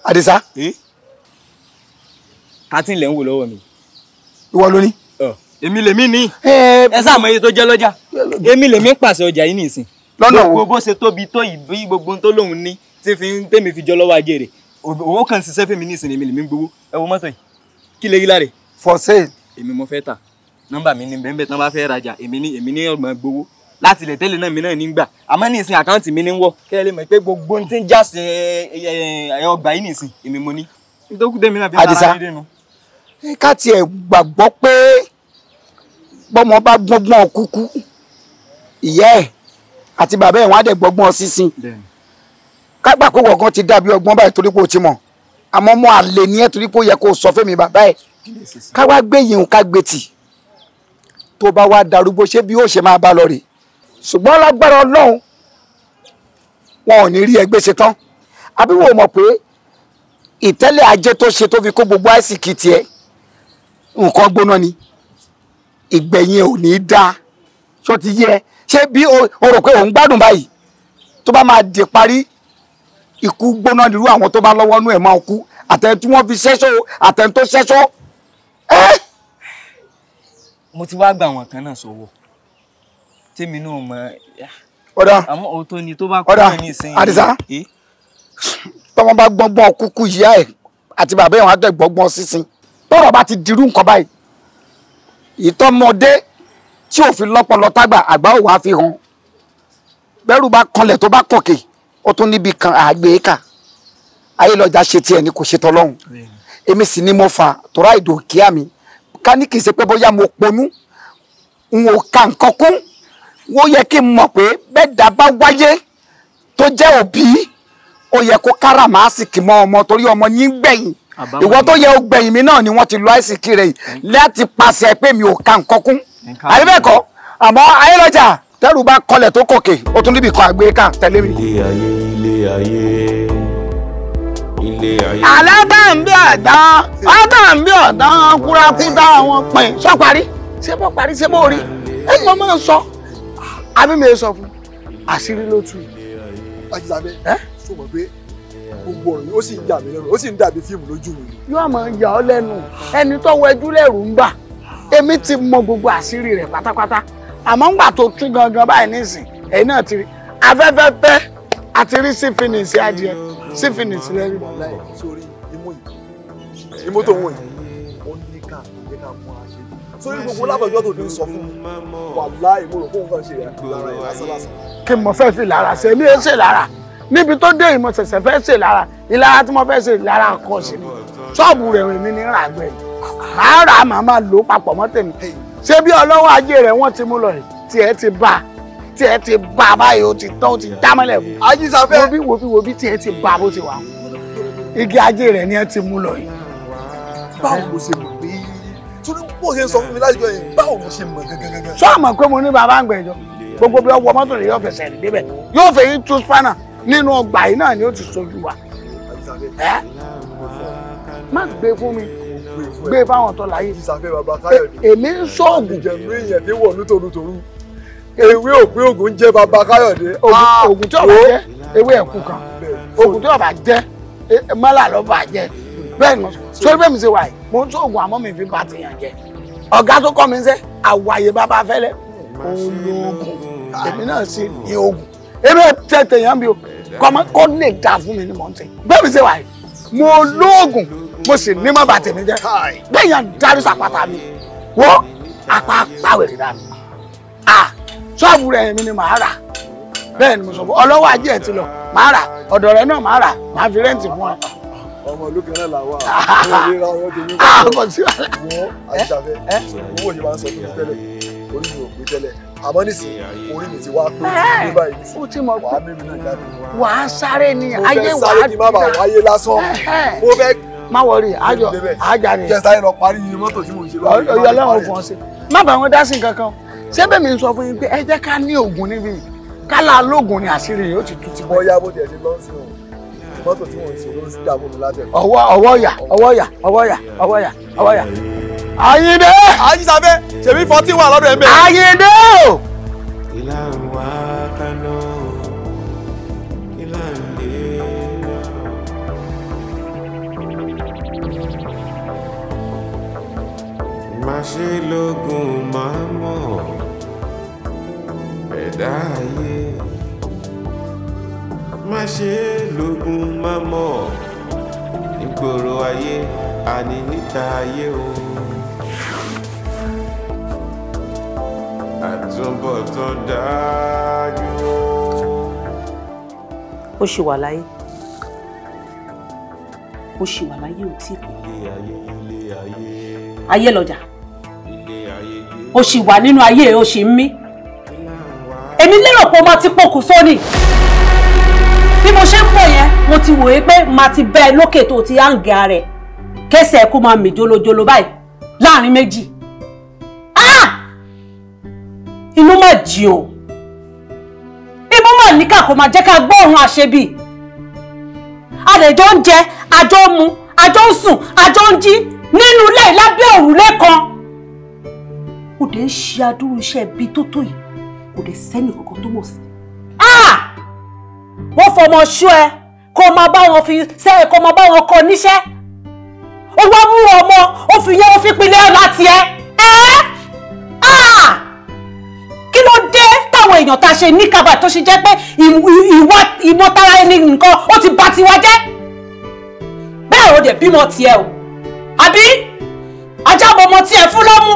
àdìsá. kàtí ilẹ̀ ń wò lọ́wọ́ mi. ìwọ ló ní. èmi lèmi ní eh, ẹ sáà mọ iye tó jẹ́ lọ́jà èmi lèmi ń pàṣẹ ọjà yìí nìsín. lọ́nà wo bó ṣe tóbi tó ìbí gbogbo tó lòun ní tí fi ń tèmi fi jọ lọ́wọ́ ajé rẹ̀ owó kan ṣiṣẹ́ fèmí nìsín èmi lèmi ń gbowó ẹ wo mọ́tò yìí kí lè rí láre for sale. èmi mo fẹ́ tà nọ́mbà mi ni bẹ́ẹ̀ tán bá fẹ́ rajà èmi ni èmi ni ọgbọ̀n gbowó láti ilẹ̀ tẹ́lẹ̀ náà mi náà ní gbà àmọ́ ní ìsìn àkáǹtì mi ní wọ̀ kẹ́ ẹ lè mọ̀ pé gbogbo ohun tí ń já sí ọgbà yìí nìsín èmi mo ní. nítorí kúndé mi náà fi ń tara dídé nu. ká tiẹ̀ gbàgbọ́ pé bọ́mọ bá gbọ́gbọ́n kúkú ìyá ẹ̀ àti bàbá ẹ̀ wọ́n á dẹ̀ gbọ́gbọ́n sísìn kágbà kó wọ̀gán ti dàbí ọgbọ́n báyìí torí pé o mọ̀ àmọ́ mọ́ àlè ní ẹ̀ torí pé yẹ kó sọ fẹ́mi bàbá ẹ̀ ká wá gbé yìnyín ká gbé tì tó bá wá darúgbó ṣé bí ó ṣe máa bá lọ rè ṣùgbọ́n lágbára ọlọ́run wọn ò ní rí ẹgbẹ́ ṣe tán àbí wò mọ̀ pé ìtẹ́lẹ̀ ajé tó ṣe tó fi kó gbogbo àìsíkì tiẹ̀ nǹkan gbóná ni ìgbẹ̀yìn ò ní dáa ṣó ti yẹ ṣé bí o rò pé òun gbádùn báyìí tó bá máa dé parí ikú gbóná nírú àwọn tó bá lọ́wọ́ nú ẹ̀ máa kú àtẹ̀ntí wọ́n fi ṣẹ́ṣọ́ àtẹ̀ntó ṣẹ́ṣọ́. Eh! mo ti wá gba àwọn kan náà sọ́wọ́ tèmi náà mọ ọ̀dà àmọ́ òótọ́ ni tó bá kú ní ìsinyìí àdìsá eh? tọ́wọ́n bá gbọ́ngbọ́n kúkú ìyá ẹ̀ àti bàbá ẹ̀ wọn á jẹ́ gbọ́ngbọ́n sísin tọ́rọ̀ bá ti dirú nǹkan báyìí ìtọ́mọdé tí òfin lọ́pọlọ tágbà àgbà ò wá fi hàn bẹ́rù bá kanlẹ̀ tó bá kọ̀kẹ́ ó tún níbi kan àgbéékà ayélujára ṣe tiẹ̀ ni kò ṣe tọ́lọ́hún emi sì ni mo fà tọ́ra ìdò kíá mi ká ní kì í ṣe pé bóyá mo ponú n ò ka nǹkan kún wọ́n yẹ kí n mọ̀ pé bẹ́ẹ̀ dá bá wáyé tó jẹ́ òbí ó yẹ kó kára màá sì kì mọ́ ọmọ torí ọmọ ní gbẹ̀yìn ìwọ tó mi náà ni wọ́n ti lọ àìsíkì rẹ̀ yìí láti pàṣẹ pé mi ò ka nǹkan kún àyẹ̀bẹ̀kọ́ àmọ́ ayélujára tẹ́rù bá kọlẹ̀ tó kòkè ó tún níbi kan àgbéká mi. ilé ayé ilé ayé ilé ayé. alábàǹbí ọ̀dọ́ ọ̀dàǹbí ọ̀dọ́ kúrakúta wọn pẹ̀ sọ parí ṣé bó parí ṣé bó rí ẹ mọ máa sọ àbí mi sọ fún àṣírí ló tú. ajísàbẹ sọ mọ pé gbogbo ọ̀rọ̀ yìí ó sì ń yà mí lẹ́nu ó sì ń dàbí fíìmù lójú mi. yóò máa yà ọ́ lẹ́nu ẹni tó wẹjú lẹ́rù ń bà èmi ti mọ gbogbo àṣírí rẹ̀ pátápátá àmọ́ ńgbà tó tú gangan báyìí nísìn ẹ̀yin náà ti rí afẹ́fẹ́ fẹ́ àti rí sí fínísì adìẹ sífìnì sílẹ̀ rí màá láì sórí imú yìí imú tó ń wọ̀ yìí ó ní ká ní ká mú aṣẹ sórí gbogbo lábàjọ́ tó ti ń sọ fún mi wà láì mo rò kó n fẹ́ ṣe lára ẹ̀ lásán kí mo fẹ́ fi lára ṣe ní ẹsẹ̀ lára níbi tó dé ìmọ̀ ṣẹ̀ṣẹ̀ fẹ́ ṣe lára ìlara tí mo fẹ́ ṣe lára nǹkan ṣe ni ṣọ́ọ̀bù rẹ̀ rìn mí ní ràgbẹ́ yìí màá rà á màá máa lò ó papọ̀ mọ́ tèmi ṣé bí ọlọ́wọ́ ajé rẹ̀ wọ́n ti mú lọ rẹ̀ tiẹ̀ ti bá a tí ẹ ti bá a báyìí ó ti tán ó ti dá mọ́lẹ̀ fún. ajísafẹ́ wo bí wo bí wo bí tí ẹ ti bá a bó ti wà. igi ajé rẹ̀ ni ẹ ti mú lọ yìí. báwo ló ṣe mọ̀ pé torí bó ṣe ń sọ fún mi lájọ yẹn báwo ló ṣe mọ̀ gangan gangan. sọ àmọ̀ pé mo ní bàbá àgbẹ̀jọ gbogbo bí ọwọ́ mọ́tò rẹ̀ yóò fẹsẹ̀ rìn débẹ̀ yóò fẹ́ yín tú spanner nínú ọgbà yìí náà ni ó ti sojú wa. má gbé e fún mi gbé e fáwọn tó láyé. èmi ń sọ̀gùn. ìjẹ̀mú ìyẹ̀dẹ́wọ̀ nítorútorú ewé òpin ògùn ń jẹ bàbá káyọ̀dé. ògùn ah, tí ọba jẹ ewé ẹ̀kú kan ògùn tí ọba jẹ e, mọ́là lọ́ba jẹ bẹ́ẹ̀ ni sórí bẹ́ẹ̀ mi ṣe wà yìí mo ń tó ògùn àmọ́ mi fi bá ti yàn jẹ ọ̀gá tó kọ́ mi ń sẹ́ àwàyè bàbá fẹ́lẹ́ olóògùn èmi náà sì ní ògùn èmi ò tẹ̀tẹ̀ yàn bí o kọ́mọ kó lè dà fún mi ni mò ń tẹ̀ bẹ́ẹ̀ mi ṣe wà yìí mo lóògùn mo sì ní má bàtẹ̀ mi jẹ́ bẹ́ẹ̀ yàn dárúsà pátá mi wọ́n apá pàwẹ̀rẹ̀ dà mí ṣọ́ọ̀bù rẹ̀ mi ni màá rà bẹ́ẹ̀ ni mo sọ fún ọlọ́wọ́ ajé ẹ̀ ti lọ màá rà ọ̀dọ̀ rẹ̀ náà màá rà màá fi rẹ́ǹtì fún ọ. ọmọ olókè náà làwà àwọn ìlera ọ̀rọ̀ tèmi ah, kọ́ ọ̀rọ̀ wọ́n àṣàfẹ́ eh, eh. owó yìí máa ń sọ àmọ́ nísìnyí orí mi ti wá pé tí eh, báyìí ó ti mọ̀ wàá mímu náà jáde. wàá sáré ni ayé wàá dùn. mo fẹ́ sáré kí má bàa wáyé lásán mo fẹ́ má wọrí àjọ àjà ni. jẹ sáré lọ parí mọ́tò tí mo ṣe lọ́wọ́. ọlọ́run fún sí. má bàa wọn dá sí nǹkan kan ṣé bẹ́ẹ̀ mi ń sọ fún yín pé ẹ jẹ́ ká ní oògùn níbí kálá lóògùn ni àṣírí yóò ti tú ti bọ́. bóyá bó tiẹ̀ ti lọ sí o mọ́tò tí wọ́n ń ṣe ló ń dààmú mi lábẹ́. ọwọ́ ọwọ́ yà ọwọ́ yà ọwọ́ yà ọwọ́ yà ọwọ́ yà. Àyìndé. àyíṣàbẹ ṣèbí fourteen wà lọ́dọ̀ ẹ̀ bẹ́ẹ̀. Àyìndé o. ìlà ṣe lóògùn máa ń ayé má ṣe lógun má mọ̀ nígboro ayé àní níta ayé o. àtúbọ̀tán dájú o. ó ṣì wà láyé ó ṣì wà láyé ò tí kò. ilé ayé ilé ayé. ayé lọjà ó ṣì wà nínú ayé ó ṣì ń mí èmi lérò pé o máa ti pokùn sóni bí mo ṣe ń pọ̀ yẹn mo ti wòye pé màá ti bẹ́ẹ̀ lókè tó ti hàǹgà rẹ̀ kẹsẹ̀ kó máa mì jólójóló báyìí láàrin méjì ah! inú mà jì o ibú mà níkà kó máa jẹ́ ká gbọ́ òun àṣebì àdèjọ́ ń jẹ àjọ mu àjọ ń sùn àjọ ń jí nínú ilé lábẹ́ òrùlé kan ó dé ń ṣe adúrú iṣẹ́ ibi tó tó yìí kò dẹ̀ sẹ́nì kankan tó mọ̀ sí. wọ́n ah! fọmọ ṣú ẹ kó o máa bá wọn fi sẹ́yìn kó o máa bá wọn kọ níṣẹ́ ó wá mú ọmọ ó fi yẹ ó fi pinlẹ̀ ọ̀la tiẹ̀ ẹ́ ah! kí ló dé táwọn èèyàn tá ṣe ní kábà tó ṣe jẹ́ pé ìwà ìmọ̀tara ẹni nǹkan ó ti bà tiwa jẹ́ bẹ́ẹ̀ ò dẹ̀ bímọ tiẹ̀ o àbí ajá bọmọ tiẹ̀ fún lọ́mú.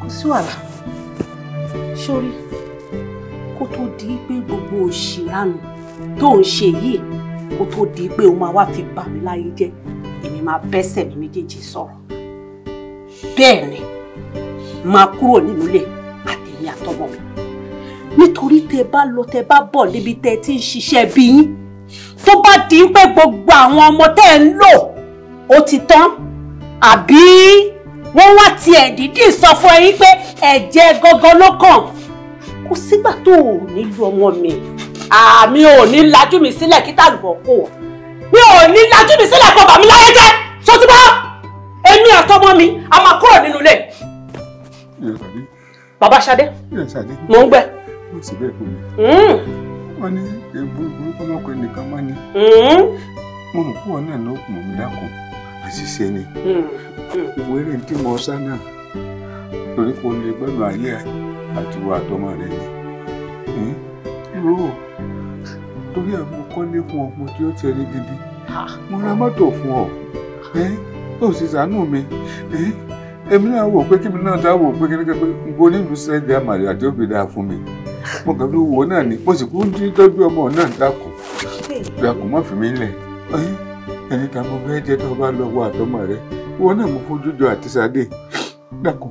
kò sí wàhálà sórí kó tó di pé gbogbo òṣìrànù tó ń ṣe yìí kó tó di pé o máa wá fi bà mí láyé jẹ́ èmi máa bẹ́sẹ̀ mi méjèèjì sọ̀rọ̀ bẹ́ẹ̀ ni máa kúrò nínú ilé àtẹ̀yìn àtọmọ mi nítorí tẹ bá lọ tẹ bá bọ̀ níbi tẹ ti ń ṣiṣẹ́ bí yín tó bá di pé gbogbo àwọn ọmọ tẹ́ ń lò ó ti tán àbí wọ́n wá tiẹ̀ dídì sọ fún ẹyin pé ẹ̀jẹ̀ gangan ló kàn kò sígbà tó o nílò ọmọ mi àmì ò ní lajú mi sílẹ̀ kí tàlùbọ̀ kò mi ò ní lajú mi sílẹ̀ kó bà mí láyé jẹ́ sọtúbọ̀ èmi àtọmọ mi a máa kúrò nínú ilé. bàbá Ṣadé mò ń gbẹ. mo sì bẹ́ẹ̀ fún mi. Hmm. wọ́n ní egbò burúkú ọmọkùnrin nìkan máa ní. Hmm. mo mọ̀ kó wọn náà lọ́kùnrin mi dákun àṣìṣe ni. Hmm òwe rè ń tì mọ́ sánà torí kò lè gbọ́dọ̀ ayé àti wo àtọmọ rẹ ni hm? rò ó torí àwọn kọ́lé fún ọmọ tí ó ti rí gidi mo ra mọ́tò fún ọ ó hm? sì sànú mi hm? èmi náà wò pé kíbi náà dáwò pé kí n gbó nílùú sẹ́jà màrí àti òbí dáa fún mi mo kàn ló wò náà ni mo sì kú ní tọ́jú ọmọ náà dákò dákò má fi mí lẹ̀ ẹni tá mo fẹ́ jẹ́ tó bá lọ́wọ́ àtọmọ rẹ̀ wọn náà mo fojú jọ àti sàdé dàkún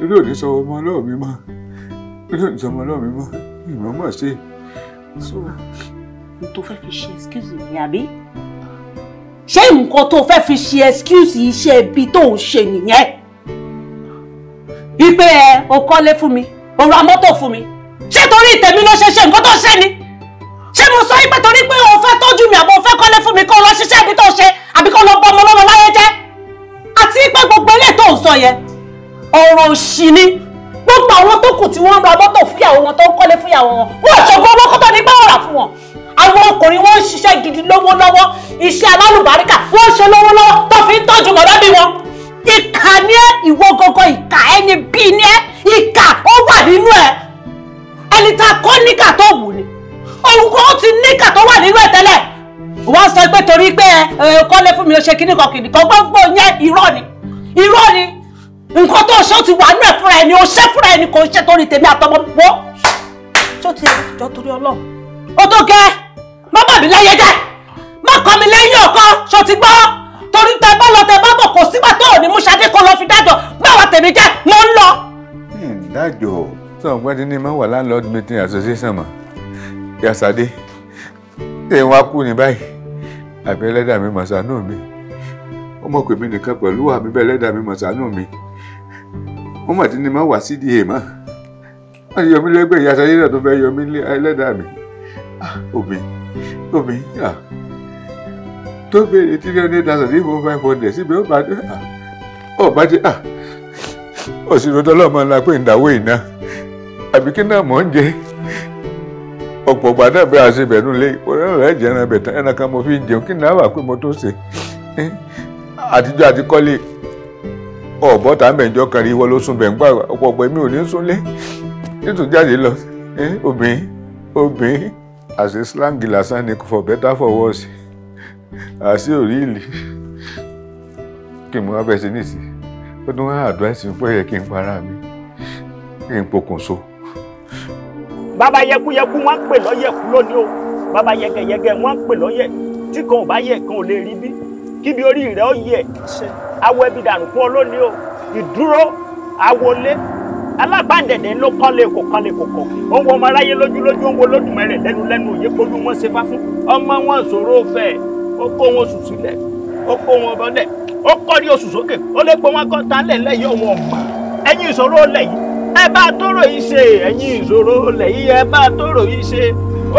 eré òní sọ ọmọ ọlọ́ọ̀ mi mọ́ eré òní sọ ọmọ ọlọ́ọ̀ mi mọ́ ìmọ̀ mọ̀ sí. so n tó fẹ́ fi ṣe excuse mi àbí ṣé nǹkan tó fẹ́ fi ṣe excuse iṣẹ́ ibi tó ń ṣe nìyẹn ipe ẹ o kọ́lé fún mi o ra mọ́tò fún mi ṣé torí tèmi ló ṣe ṣe nǹkan tó ṣe ni ṣé mo sọ yí pé torí pé o fẹ́ tọ́jú mi àbò o fẹ́ kọ́lé fún mi kó o lọ ṣiṣẹ́ ibi tó ṣe àbí kó o lọ bọ́ ọmọ lọ́mọ láyé jẹ́ sí pé gbogbo ilé tó ń sọ yẹn ọ̀rọ̀ òṣì ni gbogbo àwọn tó kù tí wọ́n ń ra mọ́tò fúyàwó wọn tó ń kọ́lé fúyàwó wọn wọ́n ṣògbọ́n owó kọ́tọ́ nígbà ọ̀rà fún wọn àwọn ọkùnrin wọn ń ṣiṣẹ́ gidi lọ́wọ́lọ́wọ́ iṣẹ́ alálùbáríkà wọ́n ń ṣe lọ́wọ́lọ́wọ́ tó fi ń tọ́jú mọ̀lẹ́bí wọn ìkà ni ẹ ìwọ gọgọ ìkà ẹni bí ni ẹ ìkà ó wà nínú ẹ ẹni tá a kọ́ níkà tó wù ni òun kò ti níkà tó wà nínú ẹ tẹ́lẹ̀ wọ́n sọ pé torí pé ẹ kọ́lé fún mi ó ṣe kíní kan kìnìún kan gbogbo yẹn irọ́ ni irọ́ ni nǹkan tó ṣe ó ti wà nínú ẹ̀ fúnra ẹni ó ṣe fúnra ẹni kò ṣe torí tèmi àtọmọ wọ́ ṣó ti jọ torí ọlọ́run ó tó gẹ má bà mí láyé jẹ má kọ́ mi lẹ́yìn ọ̀kan ṣó ti gbọ́ torí tẹ bá lọ tẹ bá bọ̀ kò sígbà tó ò ní mú ṣadé kó lọ fi dájọ́ báwa tèmi jẹ mo ń lọ. ìdájọ́ sọ pé ní ma wà landlord meeting association mọ̀ yasade ṣé wàá kú ní báyìí àbí ẹlẹ́dàá mi mà ṣàánú mi ọmọ pèmí nìkan pẹ̀lú àmì bẹ́ẹ̀ mi mà ṣàánú mi wọ́n mà ti ní má wá sídìí èèmọ́ wọ́n ti yọmí lẹ́gbẹ̀ẹ́ ìyá sáyé náà tó fẹ́ yọmí ẹlẹ́dàá mi ah, omi omi ah. tó béèrè three hundred thousand ní four five hundred síbi ó bá dé ọba ah. dé ọ̀sìn lọ́dọ́ ọlọ́mọ ńlá pé ìdáwó ìná àbí kí náà mọ̀ ń jẹ́ ọ̀pọ̀ ìgbà náà bí a ṣe bẹ̀rù lé ọ̀rẹ́ jẹ́ ẹran bẹ̀tán ẹran kan mo fi ń jẹun kí ni àwọn àpè mo tó ṣe àtijọ́ àti kọ́lé ọ̀bọ̀ tá mẹ́jọ kan rí wọ́n ló sùn bẹ̀ ń gbà ọ̀pọ̀ ọ̀pọ̀ èmi ò ní súnlé nítorí jáde lọ obìnrin obìnrin àṣẹ slang lásán ni for better for worse àṣẹ ò kí n mú abẹ́ nìsí ó tún wá advice mi pé ó kí n para mi kí n pokùnso. Baba yẹkuyẹku wọ́n ń pè lọ́yẹ̀kú lónìí o Baba yẹgẹyẹgẹ wọ́n ń pè lọ́yẹ̀ tí kan ò bá yẹ kan ò lè rí bí kíbi orí rẹ̀ ó yẹ awọ ẹbí dànù fún ọ lónìí o ìdúró awolé alábàndẹ̀dẹ̀ ló kọ́lé kò kọ́lé kò kọ́ owó ọmọ aráyé lójú lójú ń wo lódùmarè lẹ́nu lẹ́nu òye polú wọn ṣe fá fún ọmọ wọn ṣòro fẹ́ ó kó wọn sùn sílẹ̀ ó kó wọn bọ́lẹ̀ ó kọ́ ní oṣù sókè ó lé pé wọn kọ́ ta lẹ̀ òun ọ̀pá ẹ̀yìn ìṣòro lẹ̀ ẹ bá tóró yìí ṣe ẹ̀yin ìṣòro lẹ́yìn ẹ bá tóró yìí ṣe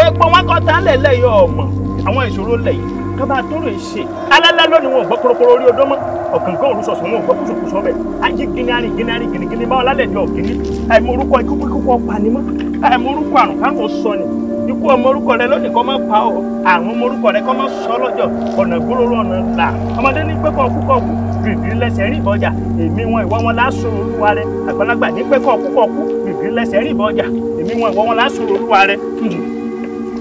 ó pọ wọn kọ tá lẹ́lẹ́ yọ ọ̀mọ̀ àwọn ìṣòro lẹ́yìn ká bá tóró yìí ṣe alálẹ́ lónìí wọn ò gbọ́ korokoro orí odó mọ́ ọ̀kàn kan òru sọ̀sọ̀ wọn ò gbọ́ kùsùkùsù ọbẹ̀ ayé gíníárì gíníárì gínígíní báwọn lálẹ́ di ọ̀gíní àìmọ̀ orúkọ ikú kíkú kọ́ panimọ́ àìmọ̀ orúkọ àrùn kárùn-ún sọ ni ikú ọmọ orúkọ rẹ lónìí kọ́ máa pa ọ́ àwọn ọmọ orúkọ rẹ kọ́ máa sọ lọ́jọ́ ọ̀nà gbólóró ọ̀nà là ọmọdé ní pẹ́kọ̀ púpọ̀ kù gbìgbì lẹ́sẹ̀ rí ìbọjà èmi wọn ìwọ wọn lásòrò olúwa rẹ àgbàlagbà ní pẹ́kọ̀ púpọ̀ kù gbìgbì lẹ́sẹ̀ rí ìbọjà èmi wọn ìwọ wọn lásòrò olúwa rẹ.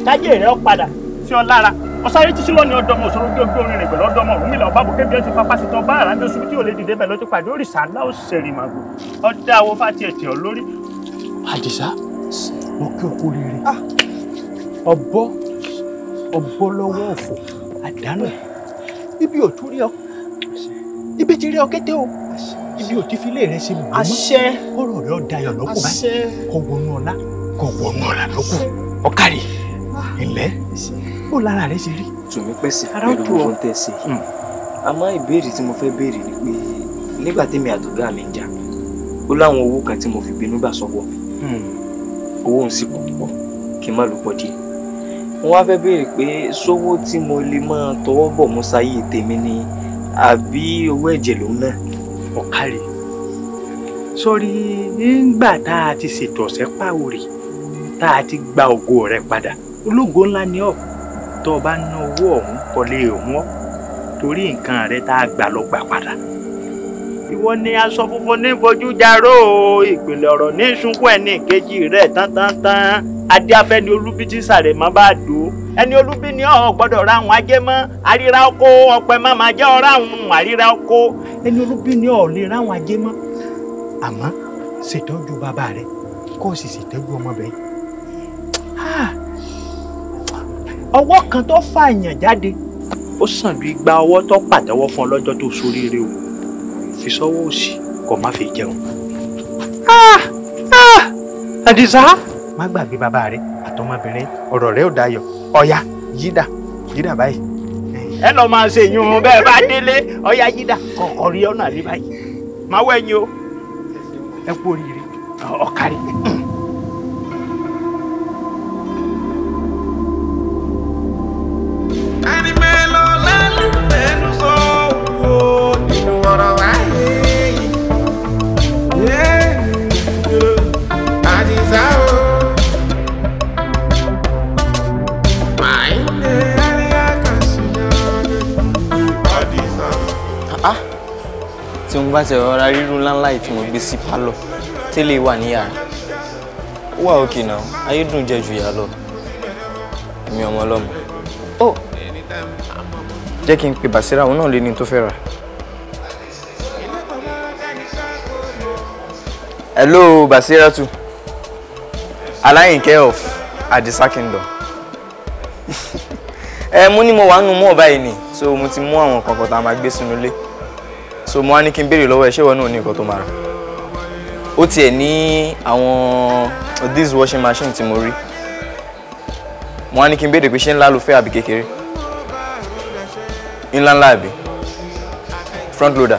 táyé rẹ padà sí ọ lára ọsáré títí lọ ní ọdọmọ òṣòro bí ojú orin rẹ pẹ̀lú ọdọmọ òun nílà ọba bòkébí ọtí pápá sí tán bá àràbí oṣù tí ò lè dìde bẹ́ẹ̀ ló ti pàdé òrìṣà ńlá òṣèré màgò ọdẹ àwọn fàtí ẹtì lórí. àdìsá mo kí o kú rere ọbọ ọbọ lọ́wọ́ ọ̀fọ̀ àdánù ibi ò tún rí ọ ibi ti rí ọ kété o ibi ò ti fi ilé rẹ ṣe mọ àṣẹ ọ̀rọ̀ rẹ ọ dayọ lọkùn báyìí kò wọnú ọlá kò wọnú ọlá lọkùn ọkàrí ilẹ̀ ó lára rẹ ṣe rí. tùmí pẹ̀sì pẹ̀lú gbogbo tẹ̀ ṣe hmm. àmọ́ ìbéèrè tí mo fẹ́ béèrè ni pé nígbà tèmi àtọ̀gá mi ń jà ó láwọn owó kan tí mo fi bínú gbà sọ́wọ́ mi hmm. owó ń sì pọ̀ kí n má lò pọ̀ díẹ̀ mo wá fẹ́ béèrè pé sówó tí mo lè máa tọwọ́ bọ̀ mú sáyé tèmi ni àbí owó ẹ̀jẹ̀ lòun náà ọ̀kárẹ̀ sórí nígbà tá a ti ṣètò ọ̀sẹ̀ pàwòrì tá a ti gba ògo rẹ padà ológo ńlá ni ọ́ tó o bá ná owó ọ̀hún kọ́lé ọ̀hún ọ́ torí nǹkan rẹ tá a gbà lọ padà ìwọ ni aṣọ funfun ní fojú jaró ìpìlẹ̀ ọ̀rọ̀ ní sunkún ẹni ìkejì rẹ̀ tántánntán adé afẹ́ ni olúbí tí sàrẹ̀ má bá dò ẹni olúbí ni ọ̀hún gbọ́dọ̀ ra àwọn ajé mọ́ àríra ọkọ ọpẹ má máa jẹ́ ọ̀rá àwọn àríra ọkọ ẹni olúbí ni ọ̀hún lè ra àwọn ajé mọ́ àmọ́ ṣètọ́jú bàbá rẹ kó o sì ṣètọ́jú ọmọbìnrin ah! ọwọ́ kan tó fààyàn jáde ó sàn ju igba ọwọ́ tó pàtẹ́wọ́ fún ọ tó ṣoríire o fi sọ́wọ́ òsì kò má fi jẹun. Ah, ah, àdìsá má gbàgbé bàbá rẹ àtọmọbìnrin ọ̀rọ̀ rẹ ò dayọ̀ ọ̀ya yídà yídà báyìí. ẹ lọ máa ṣe ìyún bẹ́ẹ̀ bá délé ọ̀ya yídà kọ̀ọ̀kan rí ọ̀nà àlè báyìí máa wẹ̀yìn o ẹ kú oríire ọ̀kárí. bá ti rọra ríru ńláńlá yìí tí mo gbé sí pálọ̀ tẹ́lẹ̀ wà ní yàrá ó wà òkè náà ayédùn jẹ́ ju ìyá lọ èmi ọmọ ọlọ́mọ. ó jẹ́ kí n pe Basira òun náà lé ní tó fẹ́ rà. hello Basira tu aláyìnkẹ́ of Adisa Kingdom ẹ mú ni mo wà nù mọ́ ọ̀bá yìí ni so mo ti mú àwọn kankan tá a máa gbé sínú ilé so mo wá ní kí n béèrè lọ́wọ́ ẹ ṣé ni náà ní nǹkan tó máa rà ó tiẹ̀ ní this washing machine tí mo rí mo wá ní kí n béèrè pé ṣé ńlá ló fẹ́ àbí kékeré ńlá ńlá front loader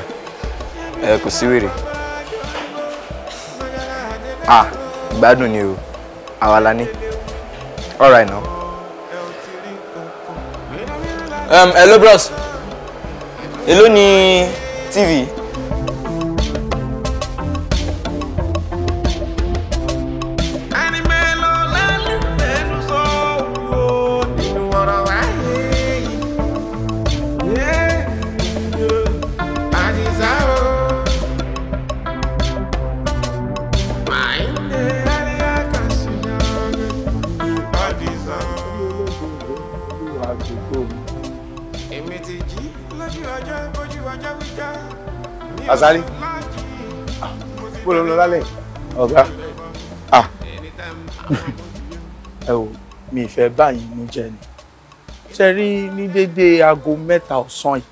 ẹ kò sí wèrè ah gbádùn ni o àwa la ní all right now. Um, hello bros èló ni TV. fẹ́ báyìí ló jẹ ni ṣe rí ní dédé aago mẹ́ta ọ̀sán yìí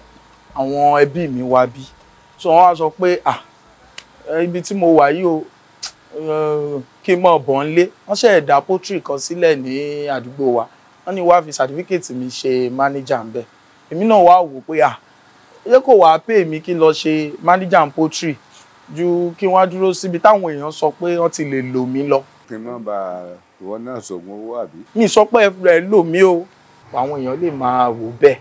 àwọn ẹbí mi wá bí so wọ́n á sọ pé ibi tí mo wà yìí o kí n mọ̀ bọ̀ ń lé wọ́n ṣe ẹ̀dá poultry kan sílẹ̀ ní àdúgbò wa wọ́n ní wàá fi certificate mi ṣe manager ń bẹ̀ èmi náà wá wò pé ah ṣé kò wá pè mí kí n lọ ṣe manager ń poultry ju kí wọ́n á dúró síbi táwọn èèyàn sọ pé wọ́n ti lè lò mí lọ. kí n má bàa ìwọ náà sọ̀gun owó àbí. mi sọ pé ẹ lò mí o àwọn èèyàn lè máa wò bẹ́ẹ̀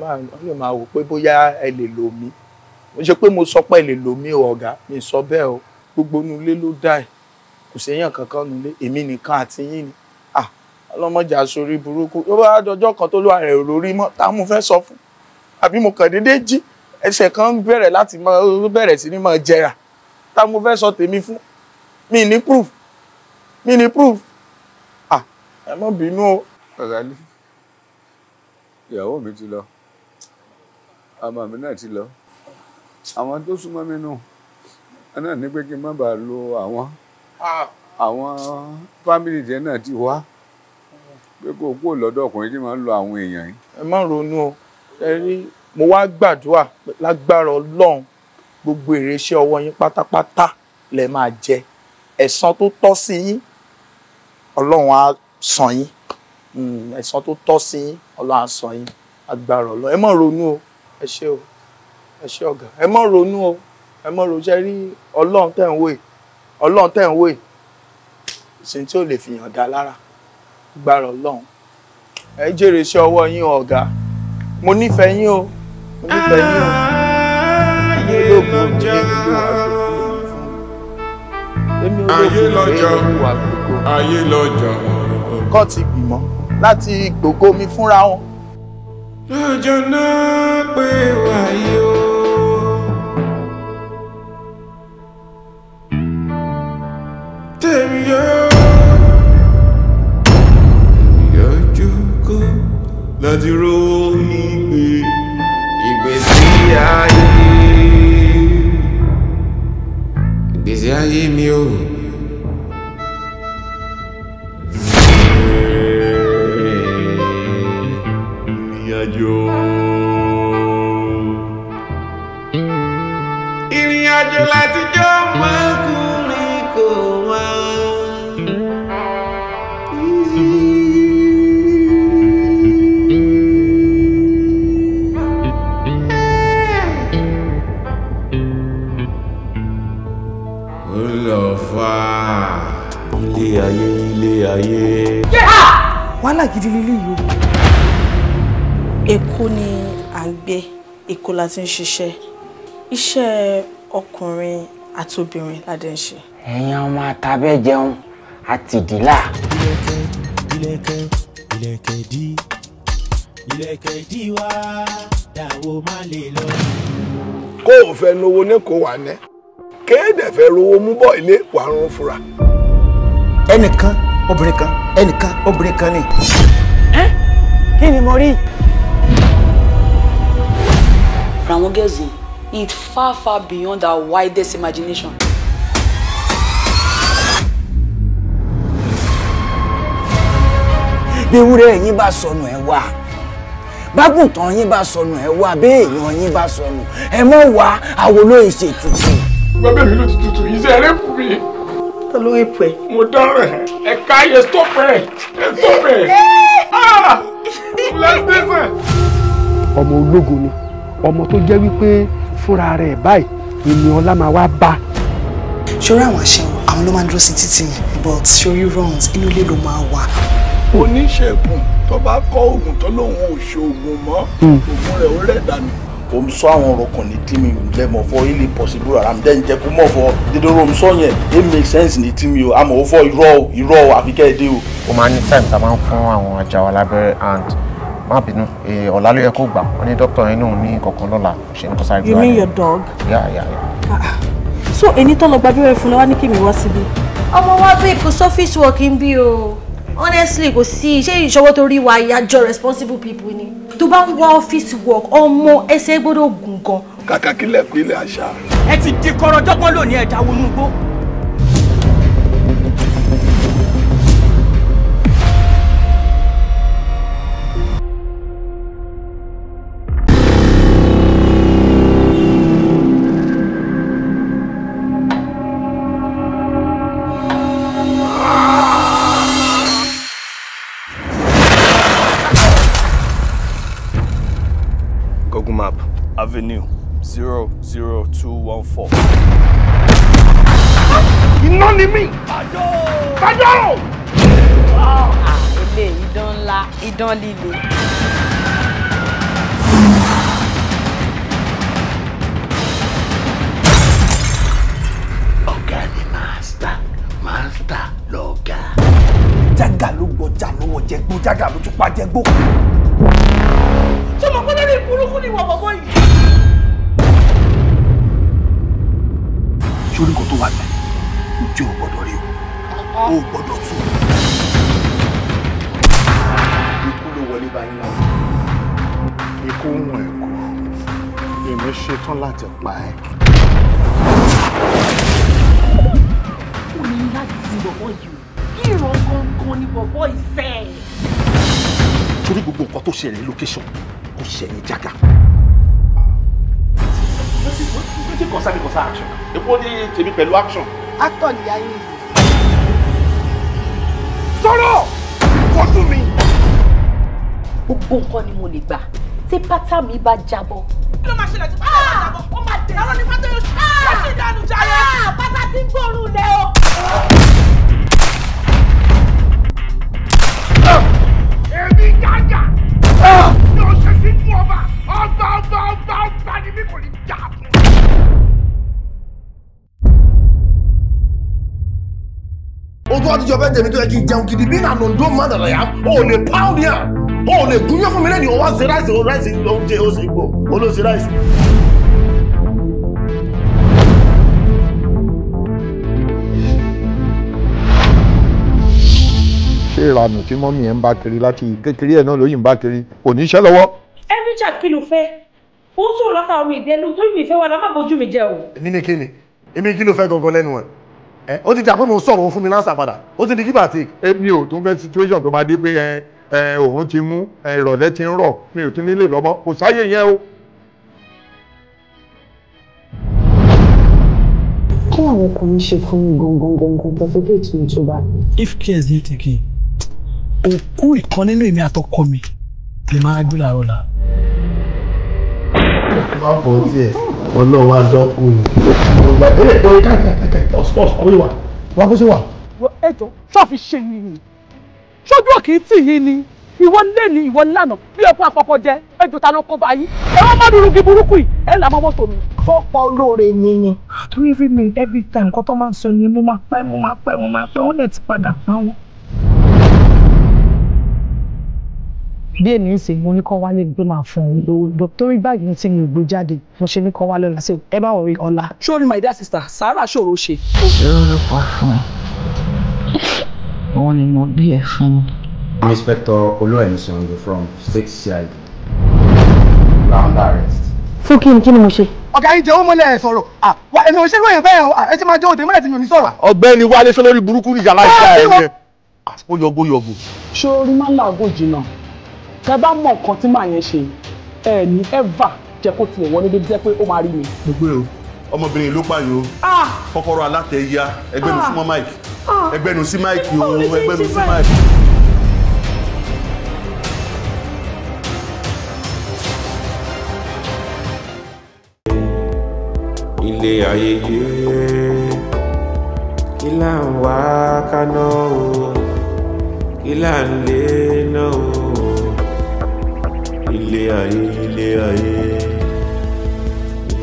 wọ́n lè máa wò pé bóyá ẹ lè lò mí mo ṣe pé mo sọ pé ẹ lè lò mí o ọ̀gá mi sọ bẹ́ẹ̀ o gbogbo nulé ló dá ẹ̀ kò séèyàn kankan nulé èmi nìkan àti yín ni ọlọ́mọjà sórí burúkú ló bá dọjọ́ kan tó ló ààrẹ òrórí mọ́ táwọn mo fẹ́ sọ fún àbí mo kàn déédéé jí ẹsẹ̀ kan bẹ̀rẹ̀ láti bẹ̀rẹ̀ sí ni máa jẹrà táwọn mo fẹ́ sọ tèmi fún mi ní proof mi ni proof ah ẹ má bínú o. ọ̀gáni ìyàwó mi ti lọ ọmọ mi náà ti lọ àwọn tó súnmọ́ mi nù ẹ náà ní pé kí n má bàa lo àwọn ah. àwọn fámìlì jẹ náà ti wá pé kó kó lọ́dọ̀ ọkùnrin tí máa ń lo àwọn èèyàn yìí. ẹ má ronú o ẹ rí mo wá gbàdúrà lágbára Ọlọ́run gbogbo èrè ọwọ́ yín pátápátá lẹ máa jẹ ẹ̀san tó tọ́ sí yín ọlọ́run á sàn yín hmm, ẹ̀san tó tọ́ sí yín ọlọ́run á sàn yín agbára ọlọ́run ẹ má ronú o ẹ ṣé o ẹ ṣé ọ̀gá ẹ má ronú o ẹ má ronú ṣe rí ọlọ́run tẹ̀ ń wò yìí ọlọ́run tẹ̀ ń wò yìí sí tí ò lè fi yàn dá lára agbára ọlọ́run ẹ jèrè iṣẹ́ ọwọ́ yín ọ̀gá mo nífẹ̀ẹ́ yín o mo nífẹ̀ẹ́ yín o mo nílò gbòòrò nínú ayé lọ́jọ́ ayé lọ́jọ́. kọ́ ti gbìmọ̀ láti gbogbo mi fúnra wọn. lọ́jọ́ náà pé wáyé o. tèmi yóò tèmi yóò jókòó láti ro ìgbé ìgbésí ayé ìgbésí ayé mi ò. òjò láti jọ mọ́kùnrin kò wá. lọ ayé ilé ayé. wàhálà gidi o. ni à ń gbé èkó ṣiṣẹ́ iṣẹ́ ọkùnrin àti obìnrin ládẹ ń ṣe. ẹ̀yin ọmọ àtàbẹ̀ jẹun àti ìdílà. ìlẹ̀kẹ̀ ìlẹ̀kẹ̀ dí ìlẹ̀kẹ̀ dí wá kó o fẹ́ nowó ní kó wà ní kéèdè fẹ́ rówó mú bọ́ ilé wàrún fura. ẹnìkan obìnrin kan ẹnìkan obìnrin kan ni. ẹ kí ni mo rí. àwọn gẹ̀ẹ́sì yìí is far, far beyond our widest imagination. bẹ́wúrẹ́ yín bá sọnù ẹ̀ wá bágùntàn yín bá sọnù ẹ̀ wá béèyàn yín bá sọnù ẹ̀ mọ̀ wá àwòlò ìṣètùtù. bàbá mi ló ti tutù iṣẹ́ eré fún mi. ta ló rí pẹ́. mo dáràn ẹ̀ka yẹ stọ́pẹ̀ ẹ̀ stọ́pẹ̀ ọmọ ológo ni ọmọ tó jẹ́ wípé fúnra rẹ̀ báyìí ìní ọlá máa wá bá. ṣorí àwọn aṣẹ́wó àwọn ló máa ń dúró sí títì yẹn but ṣorí runs inú ilé ló máa wà. oníṣègùn tó bá kọ oògùn tó lóun ò ṣe oògùn mọ́ hmm. oògùn rẹ̀ ó rẹ̀ dànù. o ń sọ àwọn ọ̀rọ̀ kan ní tí mi ò fọ ilé possible ara mi dẹ́n jẹ́ kó mọ̀ fọ dídúró ń sọ yẹn it makes sense ní tí mi o àmọ́ ó fọ irọ́ irọ́ àfikẹ́ dé o. ó máa ní time tá a máa ń fún àwọn ajá wa lábẹ́rẹ́ and má bínú eh, ọ̀la ló yẹ kó gbà wọ́n ní dókítà yẹn náà ní kankan lọ́la you mean your dog. yeah yeah yeah. Ah, ah. so èyí tó lọ gbàgbére fún wa ní kí mi wá síbí. ọmọ wa bẹ́ẹ̀ kò surface work ń bí o honestly kò sí iṣẹ́ ìṣọwọ́ tó rí wa ìyájọ́ responsible people ni tó bá ń wá ọ́fíìsì work ọmọ ẹsẹ̀ gbọ́dọ̀ gùn gan. kàkà kílẹ̀ kú ilé àṣà. ẹ ti di kọrọ dọ́gbọ́n lónìí ẹ̀dá wọnú gbó Avenue, 00214. Iná ni mí! Kájọ́! Kájọ́! Ah, ilé idán ńlá, idán líle. Ọ̀gá ni màásítà, màásítà lọ̀gá. Jágà ló gbọ́jà lọ́wọ́ jẹgbó, jágà ló tún pa jẹgbó. Ṣé mo burúkú ni wọ̀ bọ̀bọ̀ yìí? sórí nǹkan tó wà ní ìjọ ò gbọ́dọ̀ rí o ò gbọ́dọ̀ tún. ikú ló wọlé báyìí náà. ikú ń wọ̀ ẹ̀kọ́ èmi ṣetán láti pa ẹ́. ó ní láti sin bọ̀bọ̀ yìí o kí ìran gangan ni bọ̀bọ̀ ìṣe. torí gbogbo nǹkan tó ṣẹlẹ̀ ní location kò ṣẹlẹ̀ jágà. What is what? wetin concern me concern action èpo ní tèmi pẹ̀lú action. actor ni ayé yìí. sọ̀rọ̀ kọjú mi. gbogbo nǹkan ni mo lè gbà tí pátá mi bá jábọ́. kí ló máa ṣẹlẹ̀ tí pátá mi bá jábọ́ ah! ó máa dé. àwọn ní pátá yóò ṣe ah! ìdánù jàre. Ah! pátá ti ń gbóòórùn lẹ o. èmi jájà yóò ṣe sí fún ọba ọba ọba ọba ọba ni mi kò ní jà o tó wá ti jọ bẹ́ẹ̀ tèmi tó yẹ kí n jẹun gidi bí nàá nòdó man that I am o ò lè pound yàn o ò lè gúnyán fún mi lẹ́nu o wá ṣe ráìsì o ráìsì o ṣe o ṣe igbó o ló ṣe ráìsì. ṣé ìlànà tí mọ́mí ẹ̀ ń bá kiri láti kékeré ẹ̀ náà lóyìn bá kiri kò ní iṣẹ́ lọ́wọ́. ẹ Richard kí ló fẹ́ ó sọ̀rọ̀ látàwọn ìdẹ́lu tó ìfẹ́ wa la má bójú mi jẹ o. nínú kí ni èmi kí ló fẹ́ gangan lẹ́nu ẹ̀ ẹ eh, ó ti di àpò mo sọ̀rọ̀ fún mi láǹsà padà ó ti di give and take. èmi eh, ò tún fẹ́ situation tó máa dé pé ẹ eh, ẹ òun ti mú ẹ ìrọ̀lẹ́ ti ń rọ̀ mi ò tún nílé lọ́mọ kò sáyè yẹn o. kí àwọn ọkùnrin ṣe fún mi gangan gangan pẹ̀lú bí ìtumọ̀ tó bá. if care is not taken òkú ìkan nínú èmi àtọkọ mi lè máa gbé làárọ̀ la. má bọ̀ ọ́ tiẹ̀ ọlọ́wà dọ́kù ọgbà ẹ̀ ẹ̀ wà kó sí wà. ẹ jọ ṣọ́ọ̀fì ṣe ni ṣojú òkè tì yín ni ìwọ lé ní ìwọ lánàá bí ẹkú àpapọ̀ jẹ ẹjọ tanu kọ báyìí ẹ má dúró gí burúkú yìí ẹ là má mọ́tò mi. olóore ni ni. torí every every time kọ́tọ́ máa ń sọ ni mo máa pẹ́ mo máa pẹ́ mo máa pẹ́ wọ́n lè ti padà pa bí èmi ń sìn mo ní kọ́ wálé gbé máa fún un lówó torí báàgì tí mi ò gbé jáde mo ṣe ní kọ́ wálé ọ̀la sí ẹ bá wọ̀rí ọ̀la. sórí my dear sister Sarah ṣòro ṣe. ṣòro ló pa fún ẹ wọn ni mo bí ẹ fún mi. I'm Inspector Olúwẹ̀mí Sango from State CID round arrest. fún kí ni kí ni mo ṣe. ọ̀gá yìí jẹ́ ó mọ́lẹ̀ sọ̀rọ̀ ẹ̀mí ò ṣe lóyún bẹ́ẹ̀ ẹ ti máa jẹ́ òde mọ́lẹ̀ tí mi ò ní sọ̀rọ̀. ọ̀gbẹ́ni Wálé sọlórí burúkú ìjà láìka tẹ́ bá mọ̀ nǹkan tí màá yẹn ṣe ẹ ní ever jẹ́ kó tilẹ̀ wọlé débi jẹ́ pé ó máa rí mi. gbogbo ẹ o ọmọbìnrin ló pààyàn o ah! kọ́kọ́rọ́ alátẹ ya ẹgbẹnu súnmọ́ ah! mike ẹgbẹnu sí mike ah! o ẹgbẹnu sí mike. ilé ayé yé kí là ń wá kaná o kí là ń lé ilé ayé ilé ayé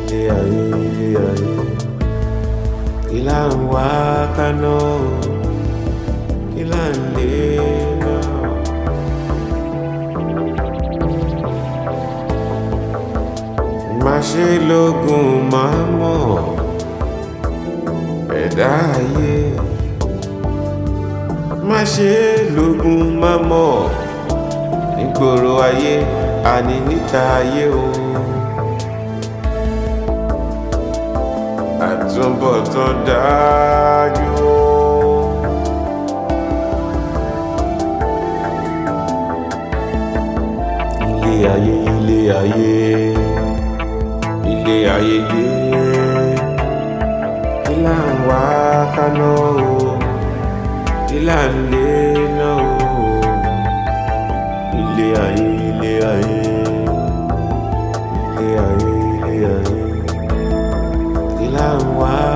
ilé ayé ilé ayé kí là ń wá kaná kí ń lé náà. lógun máa mọ̀ ẹ̀dá ayé má lógun máa mọ̀ nígboro ayé. Ani níta ayé o. àtúbọ̀tán dájú o. ilé ayé ilé ayé ilé ayé dé kí là ń wá kaná o kí ń lé náà o ilé ayé. why.